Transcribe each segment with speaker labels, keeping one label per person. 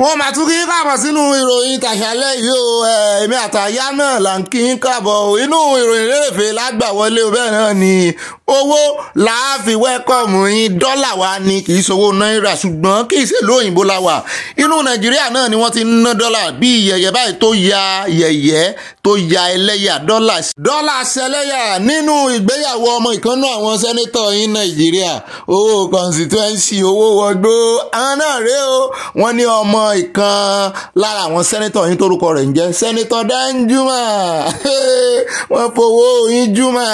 Speaker 1: wọ́n máa tún kí káàbọ̀ sínú ìròyìn tàṣálẹ́ yìí o èmi àtàyá náà là ń kí n káàbọ̀ inú ìròyìn lérèfé lágbàwọlé bẹ́ẹ̀ náà ni owó làáfi wẹ́kọ̀mù yín dọ́là wa ni kì í ṣòwò náírà ṣùgbọ́n kì í ṣe lóyìnbó la wà inú nàìjíríà náà ni wọ́n ti ń ná dọ́là bí yẹ̀yẹ́ báyìí tó ya yẹ̀yẹ́ tó ya ẹlẹ́yà dọ́là dọ́là ṣẹlẹ́yà nínú ìgbéyàwó ọmọ ìkànnú àwọn sẹ́nẹ́tọ̀ yín nàìjíríà owó constituency owó wọgbó àwọn náà rèé o wọ́n ní ọmọ àwọn ìkan lára àwọn sẹ́nitọ̀ yín tórúkọ rẹ̀ ń jẹ́ sẹ́nitọ̀ Danjuma wọ́n fowó yín juma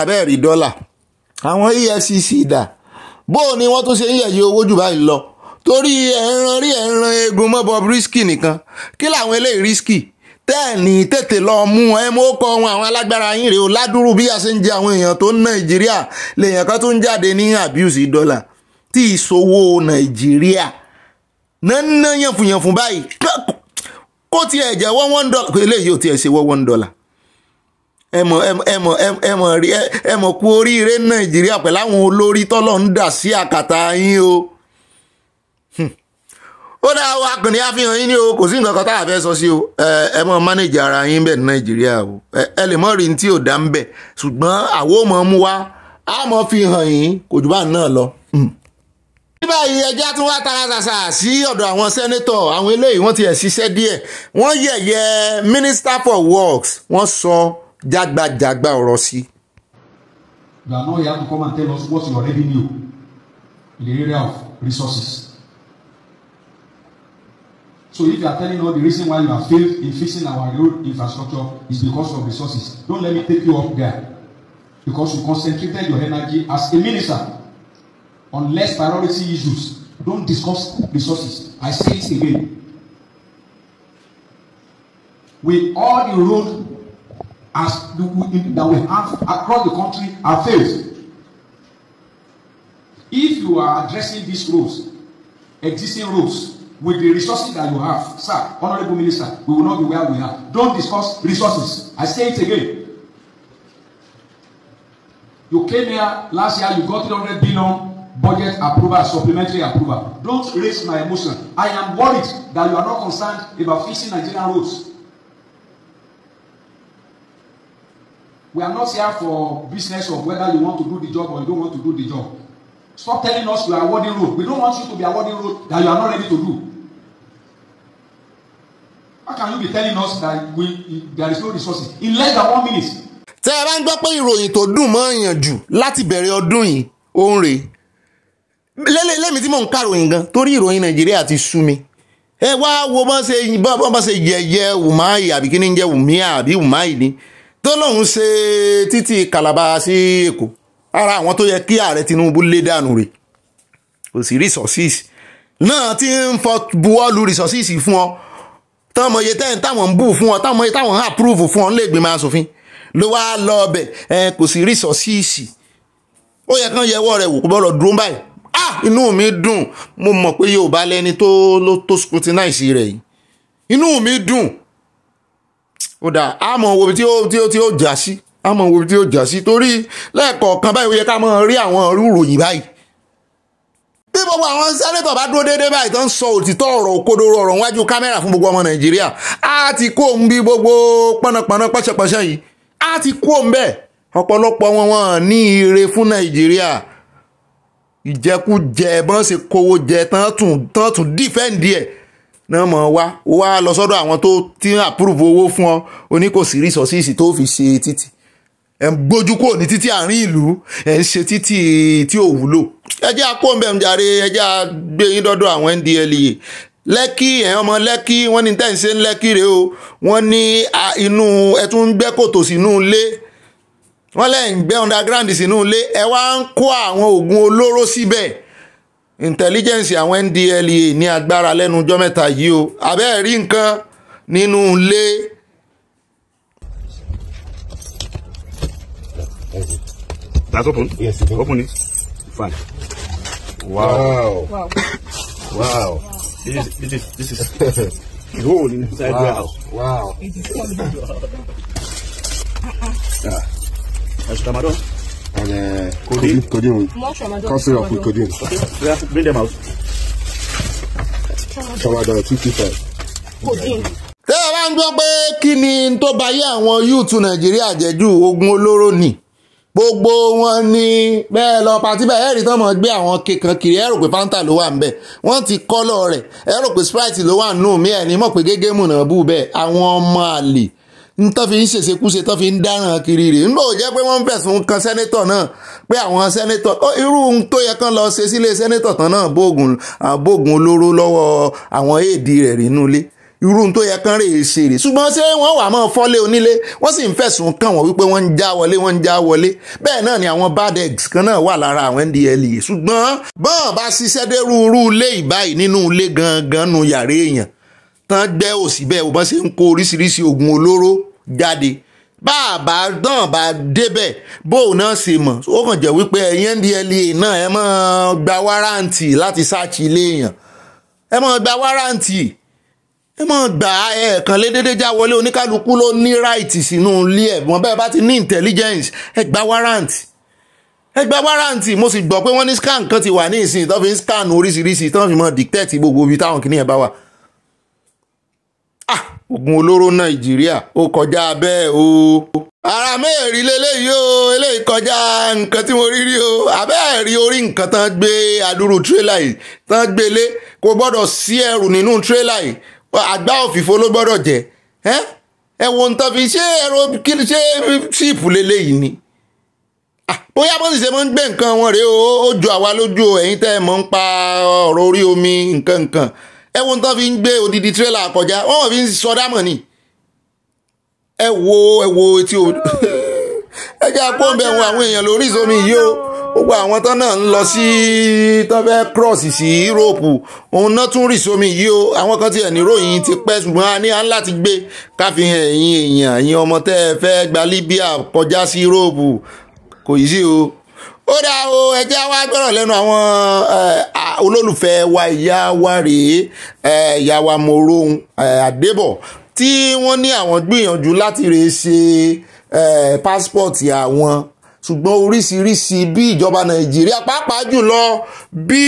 Speaker 1: abẹ́ẹ̀rí dọ́là àwọn EFCC dà bó ni wọ́n tún ṣe ń yẹ̀yẹ́ owó jù báyìí lọ torí ẹ̀ràn rí ẹ̀ràn egun mọ́ Bob Risky nìkan kí làwọn eléyìí Risky tẹ́ẹ̀nì tètè lọ mú ẹ mọ́ kọ́ wọn àwọn alágbára yín rèé o ládùúrú bí a ṣe ń jẹ àwọn èèyàn tó ń Nàìjíríà lèèyàn kan tó ń jáde ní abuse dollar. tí ìṣòwò Nàìjíríà nánà yànfùyànfù báyìí kó tiẹ̀ jẹ́ wọ́n one dollar kó eléyìí ò tiẹ̀ ṣe wọ́n one dollar ẹmọ ẹmọ ẹmọ rí ẹmọ kú oríire nàìjíríà pẹ̀lú àwọn olórí tọ́lọ̀ ń dà sí àkàtà yín o hmm. ó dá wa akànnì àfihàn yín ni o kò sí nǹkan kan táwa fẹ́ sọ sí o ẹ mọ mánéjì ara yín bẹ́ẹ̀ ní nàìjíríà o ẹ lè mọ̀ rí ní tí ò dá ń bẹ̀ ṣùgbọ́n àwọn ò mọ̀ mú wa á mọ̀ fi hàn yín kò jù bá náà lọ. Hmm ní báyìí ẹjẹ́ tún wá tara ṣàṣà sí ọ̀dọ̀ àwọn sẹ́nẹ́tọ̀ àwọn eléyìí wọ́n ti ẹ̀ ṣiṣẹ́ díẹ̀ wọ́n yẹ̀yẹ́ minister for works wọ́n sọ jágbajàgba ọ̀rọ̀ sí.
Speaker 2: gbàmọ́ ìyá tó kọ́ máa tẹ́ lọ sí what's your revenue in the area of resources. So if you are telling us the reason why you are failed in fixing our road infrastructure is because of resources, don't let me take you off guard because you concentrated your energy as a minister unless priority issues don't discuss resources i say it again With all the road as the, that we have across the country are failed if you are addressing these roads existing roads with the resources that you have sir honourable minister we will not be where we are don't discuss resources i say it again you came here last year you got three hundred billion budget approval supplementary approval don't raise my emotion i am worried that you are not concerned about fixing nigerian roads we are not here for business of whether you want to do the job or you don't want to do the job stop telling us you are awarding road we don't want you to be awarding road that you are not ready to do how can you be telling us that we there is no resources
Speaker 1: in less than one minute. tẹ́ ẹ bá ń gbọ́ pé ìròyìn tó dùn mọ́ èèyàn jù láti bẹ̀rẹ̀ ọdún yìí ó ń rèé lẹ́mi tí mò ń kàròyìn gan torí ìròyìn nàìjíríà ti sú mi ẹ wá wo bọ́n ṣe bọ́n bá ṣe yẹyẹ wùmáì àbí kí ni ń jẹ́ wùmíà àbí wùmáì ni tó lòun ṣe títí kàlàbà sí èkó ara àwọn tó yẹ kí ààrẹ tinubu lé dànù rè kò sí resources náà ti ń fọ buwọ́lu resources fún ọ táwọn iye tẹ́yìn táwọn ń bù fún ọ táwọn iye táwọn ń approve fún ọ ń lè gbìmọ̀ asòfin ló wá lọ ọbẹ̀ ẹ kò sí resources ó yẹ kán yẹwọ́ rẹ̀ wò kó bọ́ lọ dúró báyìí inú mi dùn mo mọ̀ pé Yorùbá lẹ́ni tó ló tó scrutinize rẹ̀ yìí inú mi dùn ó dà á mọ̀ wo tí ó tí ó tí ó jà sí á mọ̀ wo tí ó jà sí torí lẹ́ẹ̀kọ̀ọ̀kan báyìí ó yẹ ká mọ̀ rí àwọn rúròyìn báyìí bí gbogbo àwọn sẹ́nẹ́tọ̀ bá dúró déédéé báyìí tó ń sọ òtítọ́ ọ̀rọ̀ òkodoro ọ̀rọ̀ níwájú kámẹ́rà fún gbogbo ọmọ nàìjíríà á ti kó òun bí gbogbo pọ̀nàpọ̀nà pọ̀ṣẹ̀pọ̀ṣẹ̀ yìí á ti kó òun bẹ́ẹ̀ ọ̀pọ̀lọpọ̀ wọn wọn ní ire fún nàìjíríà ìjẹkújẹ bọ́n ṣe kówó jẹ tán tún tán tún dífẹ́ǹdì ẹ̀ náà mọ̀ wá ó wá lọ sọ́dọ̀ àwọn tó ti ń àpúrùbù owó fún ọ oní kò sí rìsọ́sìsì tó fi ṣe títì ẹ̀ ń gbójú kúrò ní títì àárín ìlú ẹ̀ ń ṣe títì tí ò wúlò ẹ jẹ́ akóńbẹ̀ ń jàre ẹ jẹ́ agbé dọ́dọ̀ àwọn NDLEA lẹ́kì ẹ̀ ọmọ lẹ́kì wọ́n ní tẹ́ǹsẹ̀ ń rèé o wọ́n ní inú ẹ̀ tún ń gbẹ́ kòtò sínú ilé wọ́n lẹ́ ń gbẹ́ underground sínú ilé ẹ wá ń kó àwọn oògùn olóró síbẹ̀ intelligence àwọn NDLEA ní agbára lẹ́nu ọjọ́ mẹ́ta yìí o àbẹ́ẹ̀ rí nǹkan nínú ilé.
Speaker 2: That's open? Yes, it Open it. Fine. Wow. Wow. Wow. This is this is this is the hole inside wow. the house. Wow. It is coming. Ah. Tramadol. And uh, codeine. Codeine.
Speaker 1: More Tramadol.
Speaker 3: Can't syrup with codeine. Okay. Yeah, bring them out. Tramadol two two five.
Speaker 1: Codeine. tẹ́ ẹ bá ń gbọ́ pé kí ni tó bá yé àwọn yúùtù nàìjíríà jẹ́jú ogun olóró ni gbogbo wọn ni bẹ́ẹ̀ lọ pàtí bẹ́ẹ̀ ẹ̀rí tán mọ̀ gbé àwọn kankan kiri ẹ rò pé fanta ló wà ń bẹ̀ wọ́n ti kọ́lọ̀ rẹ̀ ẹ rò pé sprite ló wà nù mí ẹ̀ ní mọ̀ pé gégé mùnà bú bẹ́ẹ̀ àwọn ọmọ àlè ntọ́ fi ń ṣèṣekúṣe tọ́ fi ń dáràn kiri rè ń lò jẹ́ pé wọ́n ń fẹ̀sùn kan sẹ́nẹ́tọ̀ náà pé àwọn sẹ́nẹ́tọ̀ irú tó yẹ kán lọ ṣe sílé sẹ́nẹ́tọ̀ tán náà bóògùn bóògùn olóró lọ́wọ́ àwọn èèdì rẹ̀ nínú ilé irú tó yẹ kán rè ṣe rè ṣùgbọ́n ṣé wọ́n wà máa fọ́lé onílé wọ́n sì ń fẹ̀sùn kàn wọ́n wípé wọ́n ń já wọlé wọ́n ń já wọlé bẹ́ẹ̀ náà ni àwọn bad eggs kan náà wà lára àwọn ndla e. ṣùgbọ́n bọ́ọ̀ bá ṣiṣẹ́ dérú irú ilé ìbáyìí nínú ilé gangan nu yàrá èèyàn tán gbẹ́ òsì bẹ́ẹ̀ bọ́n ṣe ń kó oríṣiríṣi oògùn olóró jáde bàbá náà bá débẹ̀ bóun náà ṣe mọ̀ ó kàn jẹ́ wípé ẹ̀yẹ́ ndla náà ẹ máa gba wáráǹtì láti sáàchì ilé èèyàn ẹ máa gba wáráǹtì ẹ máa gbà ẹ̀ẹ̀kan lédédé já wọlé oníkálukú ló ní ráìtì sínú ilé ẹ̀ wọ́n bẹ́ẹ̀ bá ti ní intelligence ẹ gba wáráǹtì ẹ gba wáráǹtì mo sì gbọ́ pé wọ́n ní scan kan ti wà ní ìsìn tó fi ń scan oríṣiríṣi tó fi mọ́ dictate gbogbo ibi táwọn kìnìyàn bá wà. Ah, oògùn olóró nàìjíríà ó kọjá bẹ́ẹ̀ o. ara mẹ́rin lélẹ́yìí o eléyìí kọjá nǹkan tí mo rí rí o abẹ́ẹ̀rí orí nǹkan tán gbé adúrú tírélà yìí tán gbélé kò gbọ́dọ̀ sí ẹrù nínú tírélà yìí àgbá òfìfo ló gbọ́dọ̀ jẹ́ ẹ́ ẹ wo nǹkan fi ṣé ẹ̀rọ kí ṣé ṣíìpù lélẹ́yìí ni ah, bóyá bó sì ṣe máa ń gbé nǹkan wọn rèé o ó ju àwa lójú ẹ̀yin tẹ́ ẹ mọ̀ ń pa ọ̀rọ̀ orí omi nǹkan nǹkan ẹ wo tán fi ń gbé odidi tírélà kọjá wọ́n fi ń sọdá mọ̀ ni ẹ wo ẹ wo etí o ẹ jẹ́ àpọ́nbẹ̀ wọn àwọn èèyàn lórí ìsomi yìí o gbogbo àwọn tán náà ń lọ sí tán fẹ́ cross sí Europe òun náà tún rì sómi yìí o àwọn kan ti ẹ̀ní ròyìn ti pẹ́ ṣùgbọ́n a ní à ń láti gbé káfíhàn ẹ̀yin èèyàn ẹ̀yin ọmọ tẹ́ ẹ fẹ́ gba Libya kọjá sí Europe kò yí sí o ó dáa o ẹ jẹ́ wá gbọ́rọ̀ lẹ́nu àwọn olólùfẹ́ wa ìyá wa rèé ìyá wa Morohun Adébọ̀ tí wọ́n ní àwọn gbìyànjú láti rè ṣe pásítọ̀tì àwọn ṣùgbọ́n oríṣiríṣi bí ìjọba Nàìjíríà pàápàá jùlọ bí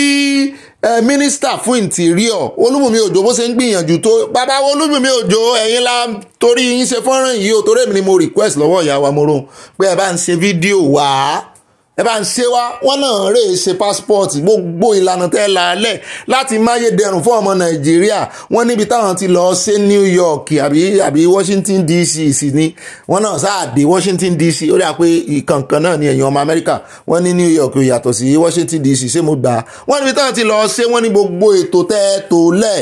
Speaker 1: mínísítà fún ìntìríọ̀ Olúbùnmi Òjó bó ṣe ń gbìyànjú tó bàbá Olúbùnmi Òjó ẹ̀yin la torí yín ṣe fọ́nrán yìí o torí èmi ni mo request lọ́wọ́ ìyá wa Morohun pé ẹ bá ń ṣe fídíò wá ẹ bá ń ṣe wá wọn náà rè é ṣe passport gbogbo ìlànà tẹ́ la lẹ̀ láti máyédẹrùn fún ọmọ nàìjíríà wọn níbi táwọn ti lọ ṣe New York àbí àbí Washington DC sì ni wọn náà sáàdé Washington DC ó dà pé ìkànkan náà ni ẹ̀yìn ọmọ Amẹ́ríkà wọn ní New York yàtọ̀ sí Washington DC ṣé mo gbà wọn níbi táwọn ti lọ ṣe wọn ní gbogbo ètò tẹ́ tó lẹ̀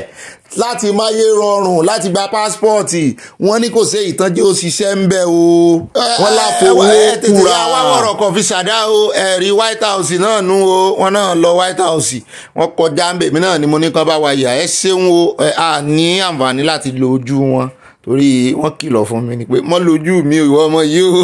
Speaker 1: láti máyé rọrùn láti gba pásítọ̀tì wọ́n ní kò sí ìtànjẹ òṣìṣẹ́ ń bẹ o wọ́n láfowó kúra. ẹ wá wọ̀rọ̀ kan fi ṣàdá o ẹ̀rí white house náà nu o wọ́n náà lọ white house wọ́n kọjá ń bèmí náà ni mo ní kán bá wa yà ẹ ṣeun o a ní àǹfààní láti lo ojú wọn torí wọ́n kìlọ̀ fún mi ni pé mọ́ lójú mi ìwọ ọmọ yìí o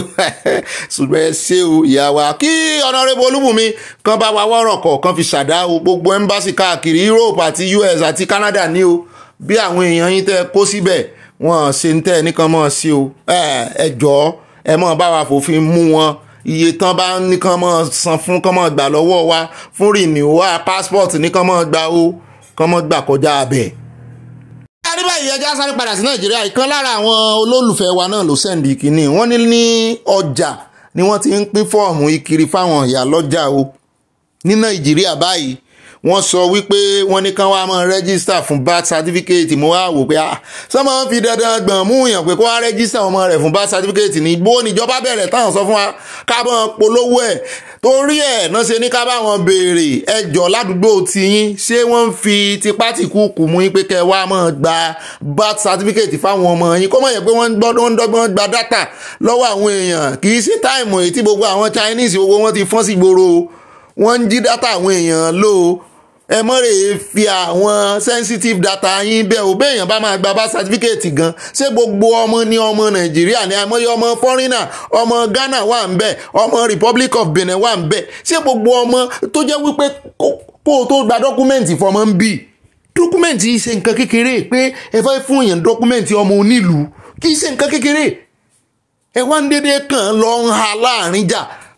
Speaker 1: ṣùgbọ́n ẹ ṣe o ìyá wa kí ọ̀nàrẹ́bù olúbùnmi kan bá wa wọ̀rọ̀ kọ̀ọ̀kan fi ṣàdá o gbogbo ẹ́mbásì káàkiri Europe àti US àti Canada ní o bí àwọn èèyàn yín tẹ́ kó síbẹ̀ wọ́n ṣe ń tẹ́ nìkan mọ́ sí o ẹ jọ̀ọ́ ẹ mọ̀ bá wa fòfin mú wọn iye tán bá nìkan mọ́ san fún kán mọ́ gbà lọ́wọ́ wa fún rìnìwá passport nìkan mọ́ gbà o kán mọ́ gbà kọjá abẹ̀. àríwá ìyẹjà sáré padà sí nàìjíríà ìkan lára àwọn olólùfẹ́ wa náà ló sẹ́ǹdì kínní wọ́n ní ní ọjà ni wọ́n ti ń pín fọ́ọ̀mù ìkiri fáwọn ìyá lọ́jà o ní nàìjíríà báyìí wọ́n sọ wípé wọ́n ní kán wá máa rẹ́gísítà fún birth certificate mo wá wò pé ah sọ́mọ fi dandan gbọ̀n mú yàn pé kó wá rẹ́gísítà ọmọ rẹ̀ fún birth certificate ní bó níjọba bẹ̀rẹ̀ táwọn sọ fún wa ká bọ́n polówó ẹ̀ torí ẹ̀ náà ṣe ní ká bá wọn béèrè ẹjọ́ ládùúgbò tiyín ṣé wọ́n ń fi tipátìkúùkù mú yín pé kẹ́ wá máa gba birth certificate fáwọn ọmọ yín kó mọ̀ yẹ pé wọ́n ń dọ́gbọ́n gba data lọ́wọ́ àwọn èèyàn kì í ṣe táìmù èyí tí gbogbo àwọn Chinese owó wọn ti fọ́n sí gbòòrò wọ́n ń jí data àwọn èèyàn lò ó ẹ mọ́ rè fi àwọn sensitive data yín bẹ́ẹ̀ ò béèyàn bá máa gba bá certificate gan ṣé gbogbo ọmọ ní ọmọ nàìjíríà ní àmọ́yé ọmọ foreigner ọmọ ghana wà ń bẹ̀ ọmọ republic of benin wà ń bẹ̀ ṣé gbogbo ọmọ tó jẹ́ wípé kó o tó gba dọ́kúmẹ́ǹtì fọmọ ń bì dọ́kúmẹ́ǹtì ṣe nǹkan kékeré pé ẹ fẹ́ fún dọ́kúmẹ́ǹtì ọmọ onílùú kì í ṣe nǹkan kékeré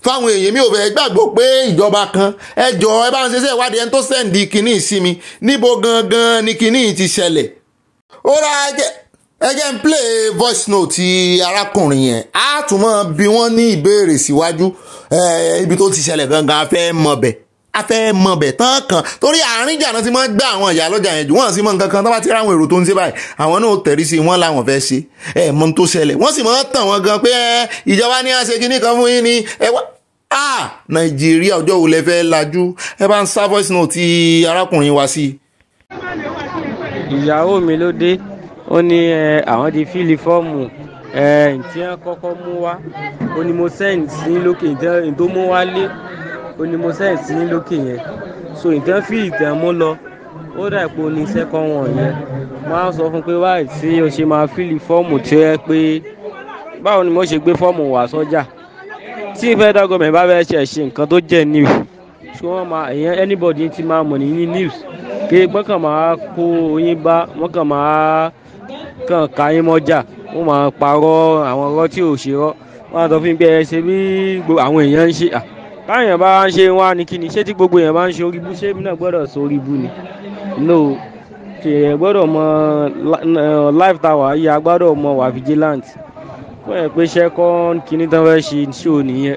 Speaker 1: fáwọn èèyàn mi ò fẹ́ gbàgbọ́ pé ìjọba kan ẹ ẹ bá ń ṣe iṣẹ́ ìwádìí ẹni tó sẹ́ǹdì kínní sí níbo gangan ni kínní ti ṣẹlẹ̀ ó ra ẹ ń play voice note ti arákùnrin yẹn á tún mọ́ bí wọ́n ní ìbéèrè síwájú ibi tó ti ṣẹlẹ̀ gangan a fẹ́ mọ̀ bẹ́ẹ̀ tán kan torí àárín jàǹdà ti máa ń gbá àwọn ìyá lọ́jà yẹn jù wọ́n sì mọ nǹkan kan tó bá ti ráwọn èrò tó ń ṣe báyìí àwọn náà tẹ̀rí sí wọ́n làwọn fẹ́ ṣe ẹ̀ mọ́ tó ṣẹlẹ̀ wọ́n sì máa ń tàn wọ́n gan pé ìjọba ní àṣẹ kan fún yín ni ẹ wá nàìjíríà ọjọ́ wo lẹ fẹ́ lajú
Speaker 4: ẹ bá ń sá voice note ti arákùnrin wa sí i. ìyàwó mi ló dé ó ní àwọn ti fíìlì fọ́ọ̀mù tí wọ́n kọ́kọ́ mú wá ó ní mo send sí lókè tó mú wá lé ó ní mo send sí lókè yẹn so ìtàn fíìlì tẹ̀ mú lọ ó dà pé ó ní second one yẹn máa sọ fún pé báyìí tí o ṣe máa fíìlì fọ́ọ̀mù tí ó pé báwo ni mo ṣe gbé fọ́ọ̀mù wá sọ́jà. So, tí federal government bá fẹ́ ṣe ṣe nǹkan tó jẹ́ news tí wọ́n máa èèyàn anybody ti máa mọ̀ ní news pé wọ́n kàn máa kó oyin bá wọ́n kàn máa kàn ká yín mọ́jà wọ́n máa parọ́ àwọn ọ̀rọ̀ tí ò ṣe rọ́ wọ́n á sọ fún mi pé ẹ ṣe bí àwọn èèyàn ń ṣe báyọ̀ bá ń ṣe wọn á ní kí ni ṣé tí gbogbo èèyàn bá ń ṣe orí bú ṣé èmi náà gbọ́dọ̀ sọ orí bú ni no kì í gbọ́dọ̀ mọ life tower yìí a gbọ́dọ̀ mọ wà vigilante wọ́n yẹ pé second kínní tán fẹ́ ṣe ṣó nìyẹn.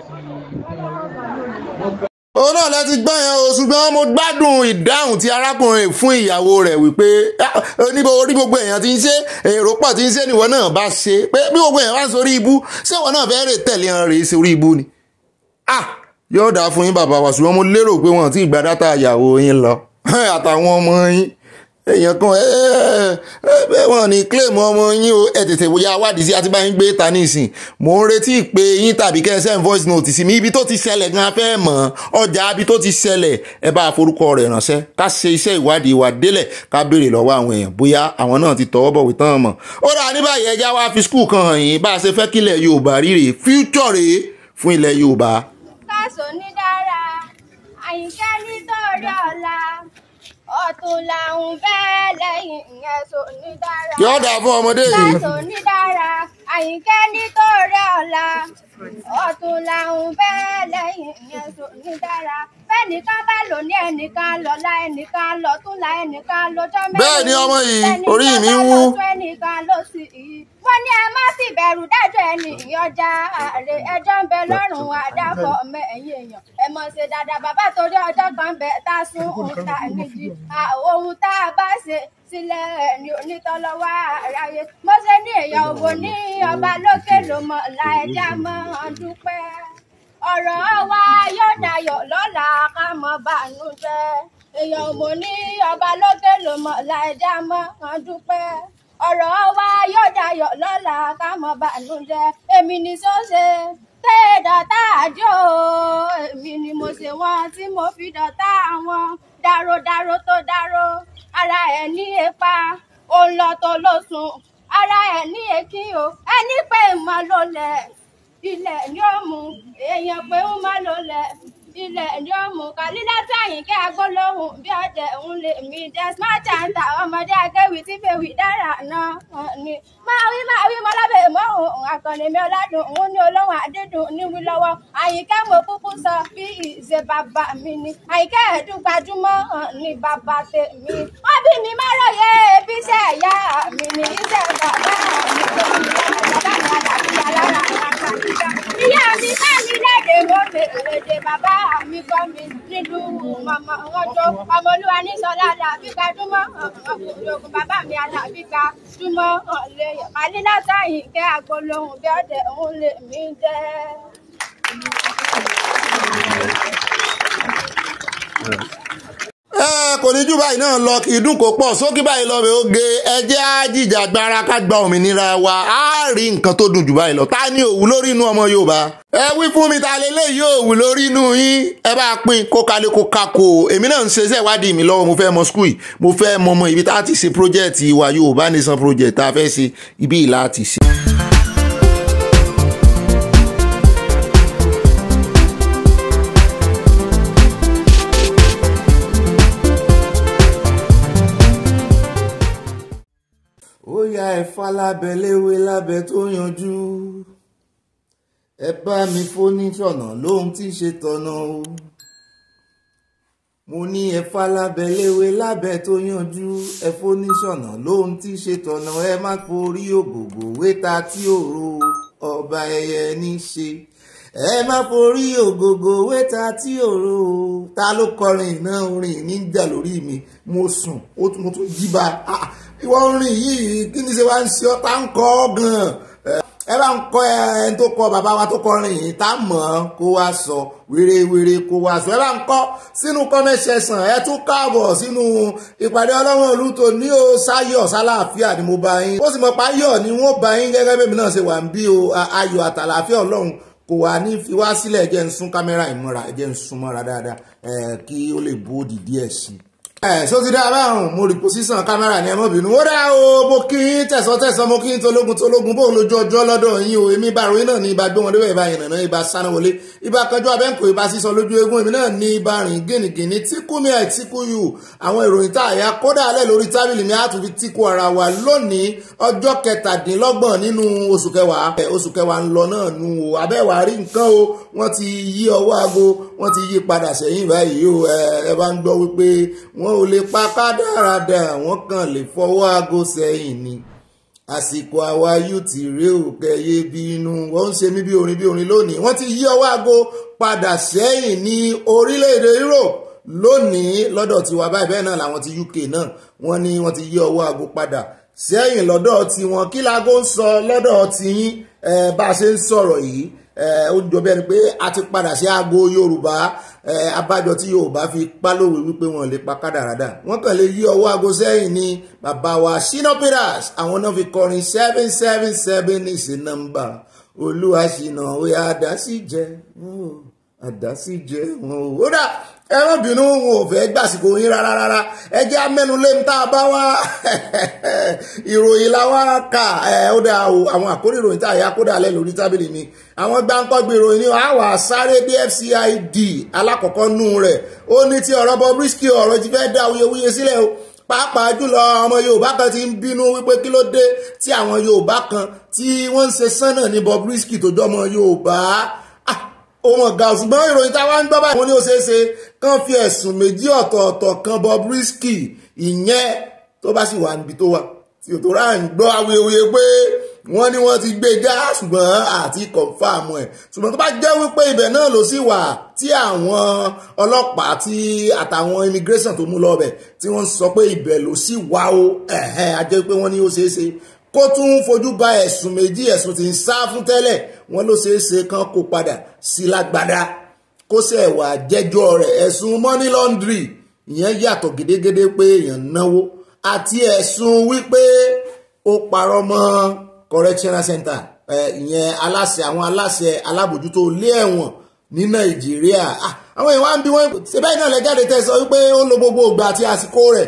Speaker 1: òun náà lẹ ti gbọ́ yẹn o ṣùgbọ́n mo gbádùn ìdáhùn tí arákùnrin fún ìyàwó rẹ̀ wípé ah, oníbo orí gbogbo èèyàn ti ń ṣe èrò pọ̀ ti ń ṣe nìwọ náà bá ṣe pé bí gbogbo èèyàn bá ń sorí ibú ṣé ìwọ náà fẹ́ẹ́ rè tẹ̀lé hàn rèé sorí ibú ni. Ah, yóò dáa fún yín bàbá wa ṣùgbọ́n mo lérò pé wọn ò tí ì gba dátà ìyàwó yín lọ àtàwọn ọmọ yín èèyàn kan ẹ ẹ wọn ní claim ọmọ yín o ẹ tètè wòye awádìí sí àti báyìí ń gbé ta nísìn mò ń retí ìpè yín tàbí kẹsẹ̀ voice note sí mi ibi tó ti ṣẹlẹ̀ gan afẹ́ mọ̀ ọjà ibi tó ti ṣẹlẹ̀ ẹ bá forúkọ rẹ̀ ránṣẹ́ ká ṣe iṣẹ́ ìwádìí ìwà délẹ̀ ká béèrè lọ́wọ́ àwọn èèyàn bóyá àwọn náà ti tọwọ́ bọ̀wé tán mọ̀ ó rà ní báyìí ẹja wá fi skul kan hàn yín bá a ṣe fẹ́ kílẹ̀ Yorùbá rírè future rèé fún ilẹ̀ Yorùbá.
Speaker 5: káṣọ ní dára àyíkẹ́ nítorí ọ̀la ọ̀tún làwọn bẹ́ẹ̀ lẹ́yìn ìyẹn tó
Speaker 1: ní dára. yọ̀ọ́dà fún ọmọdé yìí. tó ní
Speaker 5: dára àyìnkẹ́ nítorí ọ̀la ọ̀tún làwọn bẹ́ẹ̀ lẹ́yìn ìyẹn sòní dára bẹ́ẹ̀nìkan bá lò ní ẹnìkan lọ́la ẹnìkan lọ́túnla ẹnìkan lọ́jọ́ mẹ́rin bẹ́ẹ̀ ni ọmọ yìí orí mi ń wú ẹnìkan ló sì yí mo ní ẹ má sì bẹ̀rù dájọ́ ẹni ìyọjà ààrẹ ẹjọ́ ń bẹ lọ́rùn àdáfọ́ ọmọ ẹ̀yìn èèyàn ẹ mọ̀ ṣe dáadáa bàbá torí ọjọ́ kan bẹ tá a sún òun ta nídìí ohun tá a bá ṣe tilẹ̀ ẹni onítọ́lọ́wọ́ aráyé mo ṣe ní èèyàn òbò ní ọba lókè ló mọ̀ láìjà mọ́ dúpẹ́ ọ̀rọ̀ wa yóò dayọ̀ lọ́la ká mọ́ bànújẹ́ èèyàn òbò ní ọba lókè ló mọ̀ láìjà mọ́ dúpẹ́ ọ̀rọ̀ wa yóò dayọ̀ lọ́la ká mọ́ bànújẹ́ èmi ni sọ́sẹ̀ tẹ́ dọ̀tá àjò èmi ni mo ṣe wọ́n tí mo fi dọ̀tá wọn. dàròdàrò tó dáró ara ẹ ní ipa ó ń lọ tó lóṣùn ara ẹ ní èkí o ẹni pé ń máa lólẹ̀ ilẹ̀ ni ó mú èèyàn pé ń máa lólẹ̀. ilẹ̀ yọ̀mù kàlílátà àyìnkẹ́ agbólóhùn bí ọ̀jẹ̀ òun lè mí desmata ń ta ọmọdé akéwì tí fèwì dára náà ni. máa wí máa wí mọ́lábẹ̀ mọ́ òun àkànní mi ọ̀làdùn òun ní olóhùn àdídùn níwí lọ́wọ́ àyìnkẹ́ mo kúkú sọ bí ìṣe bàbá mi ni àyìnkẹ́ ẹ̀dùn gbajúmọ̀ ni bàbá tèmi. wọ́n bí mi má ròyè bí iṣẹ́ ìyá mi ni iṣẹ́ bàbá mi ni
Speaker 6: bàbá mi Ìyá mi bá
Speaker 5: mi lédè lóde, èdè bàbá mi kọ́ mi nílùú mọ̀mọ́ ọjọ́. Ọmọ olúwa ní sọlá àlàbí ká dúmọ́ ọkùnrin ogun bàbá mi àlàbí ká dúmọ́ ọ̀lẹ́. Màlílá sáyìn kẹ́ àgbọ̀lọ́hùn bí ọ̀dẹ̀ òun lè mí jẹ́.
Speaker 1: Thank you. Eh, kò ní jù báyìí náà lọ kì í dùn kó pọ̀ sókè báyìí lọ rẹ̀ oge ẹjẹ́ á gbára ká gba òmìnira wa á rí nǹkan tó dùn jù báyìí lọ ta ni òwú lórí inú ọmọ Yorùbá. ẹ wí fún mi ta lélẹ́ yóò wù lórí inú yín ẹ bá pín kó kalẹ̀ èmi náà ń ṣe iṣẹ́ ìwádìí mi lọ́wọ́ mo fẹ́ mọ skul mo fẹ́ mọ ọmọ ibi tá a ti ṣe project ìwà Yorùbá nation project tá a fẹ́ ṣe ibi ìlà ti ṣe. ifá lábẹ́ léwé lábẹ́ tó yanjú ẹ bá mi fónítọ̀nà lóhun tí í ṣe tọ̀nà o mo ní ẹ̀fà lábẹ́ léwé lábẹ́ tó yanjú ẹ̀fóníṣọ̀nà lóhun tí í ṣe tọ̀nà ẹ má forí
Speaker 4: òbòbò wéta
Speaker 1: tí òro ọba ẹyẹ ní ṣe ẹ má forí ògògò wéta tí òro ta ló kọrin iná orin níjà lórí mi mo sùn mo tún jí ba ìwọ orin yìí kí ni ṣe wá ń ṣe ọ́ tá ń kọ́ ọ́ gan-an ẹ bá ń kọ́ ẹni tó kọ bàbá wa tó kọrin yìí tá mọ̀ ọ́n kó wá sọ wérewére kó wá sọ ẹ bá ń kọ́ sínú comment section ẹ tún káàbọ̀ sínú ìpàdé ọlọ́run ìlú tó ní o sáyọ̀ sálàáfíà ni mo bá yín ó sì mọ̀ páyọ̀ ni wọ́n bá yín gẹ́gẹ́ bẹ́ẹ̀ mi náà ṣe wà ń bí o ayọ̀ àtàlàáfíà ọlọ́run kò wá ní fi wá sílẹ̀ ẹ ń sún kámẹ́rà ìmúra ẹ ń sún mọ́ra dáadáa kí ó lè bó òdì díẹ̀ sí ẹ sọ ti dá báwọn mo rí pòsíṣàn kámẹ́rà ní ẹmọ bínú ó dá o mo kí n tẹ̀sán tẹ̀sán mo kí n tológun tológun bóun lójú ọjọ́ lọ́dọ̀ yín o èmi bá ròyìn náà ní ibà gbé wọn débẹ̀ ibà ìrìnà ibà sanáwọlé ibà kanjú abẹ́ǹkò ibà sísọ lójú eégún èmi náà ní ibà rìn gínigíní tíkú mi ẹ̀ tíkú yù àwọn ìròyìn tá a yá kódà alẹ́ lórí tábìlì mi àtún tíkú ara wa lónìí ọjọ́ kẹtàdínlọ́gbọ̀n nu o abẹ́wà rí nǹkan o wọ́n ti yí ọwọ́ aago wọ́n ti yí wọn ò lè pa kádàrádà wọn kàn lè fọwọ́ aago sẹ́yìn ni àsìkò àwa yóò ti rèé òkèyè bínú wọn ń ṣe mí bí orin bí orin lónìí wọn ti yí ọwọ́ aago padà sẹ́yìn ní orílẹ̀-èdè Europe lónìí lọ́dọ̀ tiwa báyìí bẹ́ẹ̀ náà làwọn ti UK náà wọ́n ní wọ́n ti yí ọwọ́ aago padà sẹ́yìn lọ́dọ̀ tiwọn kí laago ń sọ lọ́dọ̀ tiyín bá a ṣe ń sọ̀rọ̀ yìí ó jọ bẹ́ẹ̀ ni pé a ti padà sí aago Yorùbá abájọ tí Yorùbá fi pálówe wípé wọn lè pa kádàrádà wọn kàn lè yí ọwọ́ aago sẹ́yìn ni bàbá wa Shina Peters àwọn náà fi kọrin seven seven seven is a number Olúwa Shina ó yá àdásí jẹ àdásí jẹ wọn ò rà ẹ má bínú wọn ò fẹ́ gbàsìkò yín rárá rárá ẹ jẹ́ amẹ́nulé ń tá a bá wá ìròyìn làwa kà ẹ ó dáa o àwọn àkórí ìròyìn tá a yá kódà lẹ́ lórí tábìlì mi àwọn gbáǹkọ́gbé ìròyìn ni a wà sáré dé FCID alákọ̀ọ́kọ́ nù rẹ̀ ó ní ti ọ̀rọ̀ Bobrisky ọ̀rọ̀ ti fẹ́ dá awuyewuye sílẹ̀ o pàápàá jùlọ ọmọ yorùbá kan ti ń bínú wípé kí ló dé tí àwọn yorùbá kan tí wọ́n ń ṣe sánà ní Bobrisky tó jọmọ yorùbá ohun ọ̀gá ṣùgbọ́n ìròyìn táwa ń gbọ́ báyìí wọ́n ní ó ṣeé ṣe kán fi ẹ̀sùn méjì ọ̀tọ̀ọ̀tọ̀ kan Bobrisky ìyẹn tó bá sì wà níbi tó wà tí ò tó rà ń gbọ́ awuyewuye pé wọ́n ní wọ́n ti gbé já e ṣùgbọ́n àti kọ̀ǹfàmù ẹ̀ ṣùgbọ́n tó bá jẹ́ wípé ibẹ̀ náà ló sì wà tí àwọn ọlọ́pàá tí àtàwọn immigration tó mú lọ́bẹ̀ tí wọ́n sọ pé ibẹ̀ ló sì wà ó ẹ̀hẹ́ ajẹ́ pé wọ́n ní ó ṣeé ṣe kó tún fojú ba ẹ̀sùn méjì ẹ̀sùn tí ń sá fún tẹ́lẹ̀ wọn ló ṣeé ṣe kán kó padà sí lágbádá kó ṣe wà jẹ́jọ́ rẹ̀ ẹ̀sùn money laundry ìyẹn yàtọ̀ gédégédé pé èèyàn náwó àti ẹ̀sùn wípé ó parọ́ mọ́ correctional center ìyẹn aláṣẹ àwọn aláṣẹ alábòjútó ilé ẹ̀wọ̀n ní nàìjíríà ah, àwọn èèyàn wá ń bí wọ́n ṣe bẹ́ẹ̀ náà lẹ́jáde tẹ̀sán wípé ó lo gbogbo ìgbà àti àsìkò rẹ̀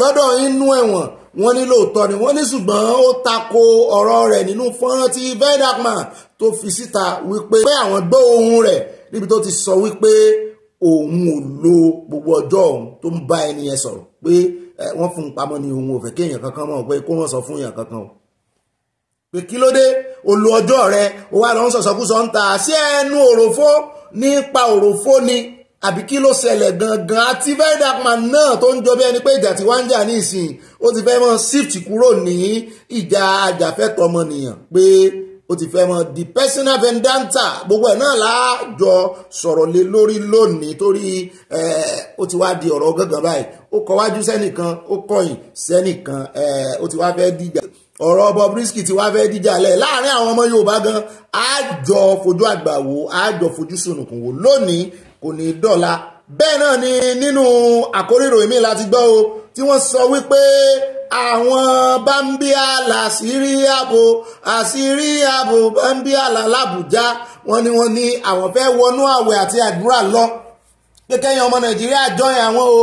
Speaker 1: lọ́dọ̀ inú ẹ̀wọ̀n wọ́n ní lóòótọ́ ni wọ́n ní ṣùgbọ́n ó tako ọ̀rọ̀ rẹ̀ nínú fọ́nrán tí vedakman tó fi síta wípé pé àwọn gbọ́ ohun rẹ̀ níbi tó ti sọ wípé òun ò lo gbogbo ọjọ́ òun tó ń bá ẹni yẹn sọ̀rọ̀ pé wọ́n fún un pamọ́ ní òun ò fẹ́ kéèyàn kankan mọ̀ pé kó wọ́n sọ fún èèyàn kankan o pé kí ló dé o lo ọjọ́ rẹ o wá lọ ń sọ̀sọ́kúsọ ń ta sí ẹnu òròfó nípa òròfó ni àbí kí ló ṣẹlẹ̀ gangan àti very dark man náà tó ń jọ bí ẹni pé ìjà tí wọ́n ń jà ní ìsìn ó ti fẹ́ mọ́ shift kúrò ní ìjà àjàfẹ́tọ̀ ọmọnìyàn pé ó ti fẹ́ mọ́ the personal vendanta, gbogbo ẹ̀ náà láàjọ sọ̀rọ̀ lé lórí lónìí torí ó ti wá di ọ̀rọ̀ gangan báyìí ó kọ wájú sẹ́nìkan ó kọ̀yìn sẹ́nìkan ó ti wá fẹ́ dìjà ọ̀rọ̀ Bobrisky ti wá fẹ́ dìjà lẹ̀ láàrin àwọn ọmọ Yorùbá gan àjọ fojú àgbà wò àjọ fojú sunùkùn wò lónìí kò ní dọ̀la bẹ́ẹ̀ náà ni nínú àkórí ìròyìn mi láti gbọ́ o tí wọ́n sọ wípé àwọn bambia làṣírí ààbò àṣírí ààbò bambia làlàbùjá wọ́n ní wọ́n ní àwọn fẹ́ wọnú àwẹ̀ àti àdúrà lọ kékeré ọmọ nàìjíríà jọyìn àwọn o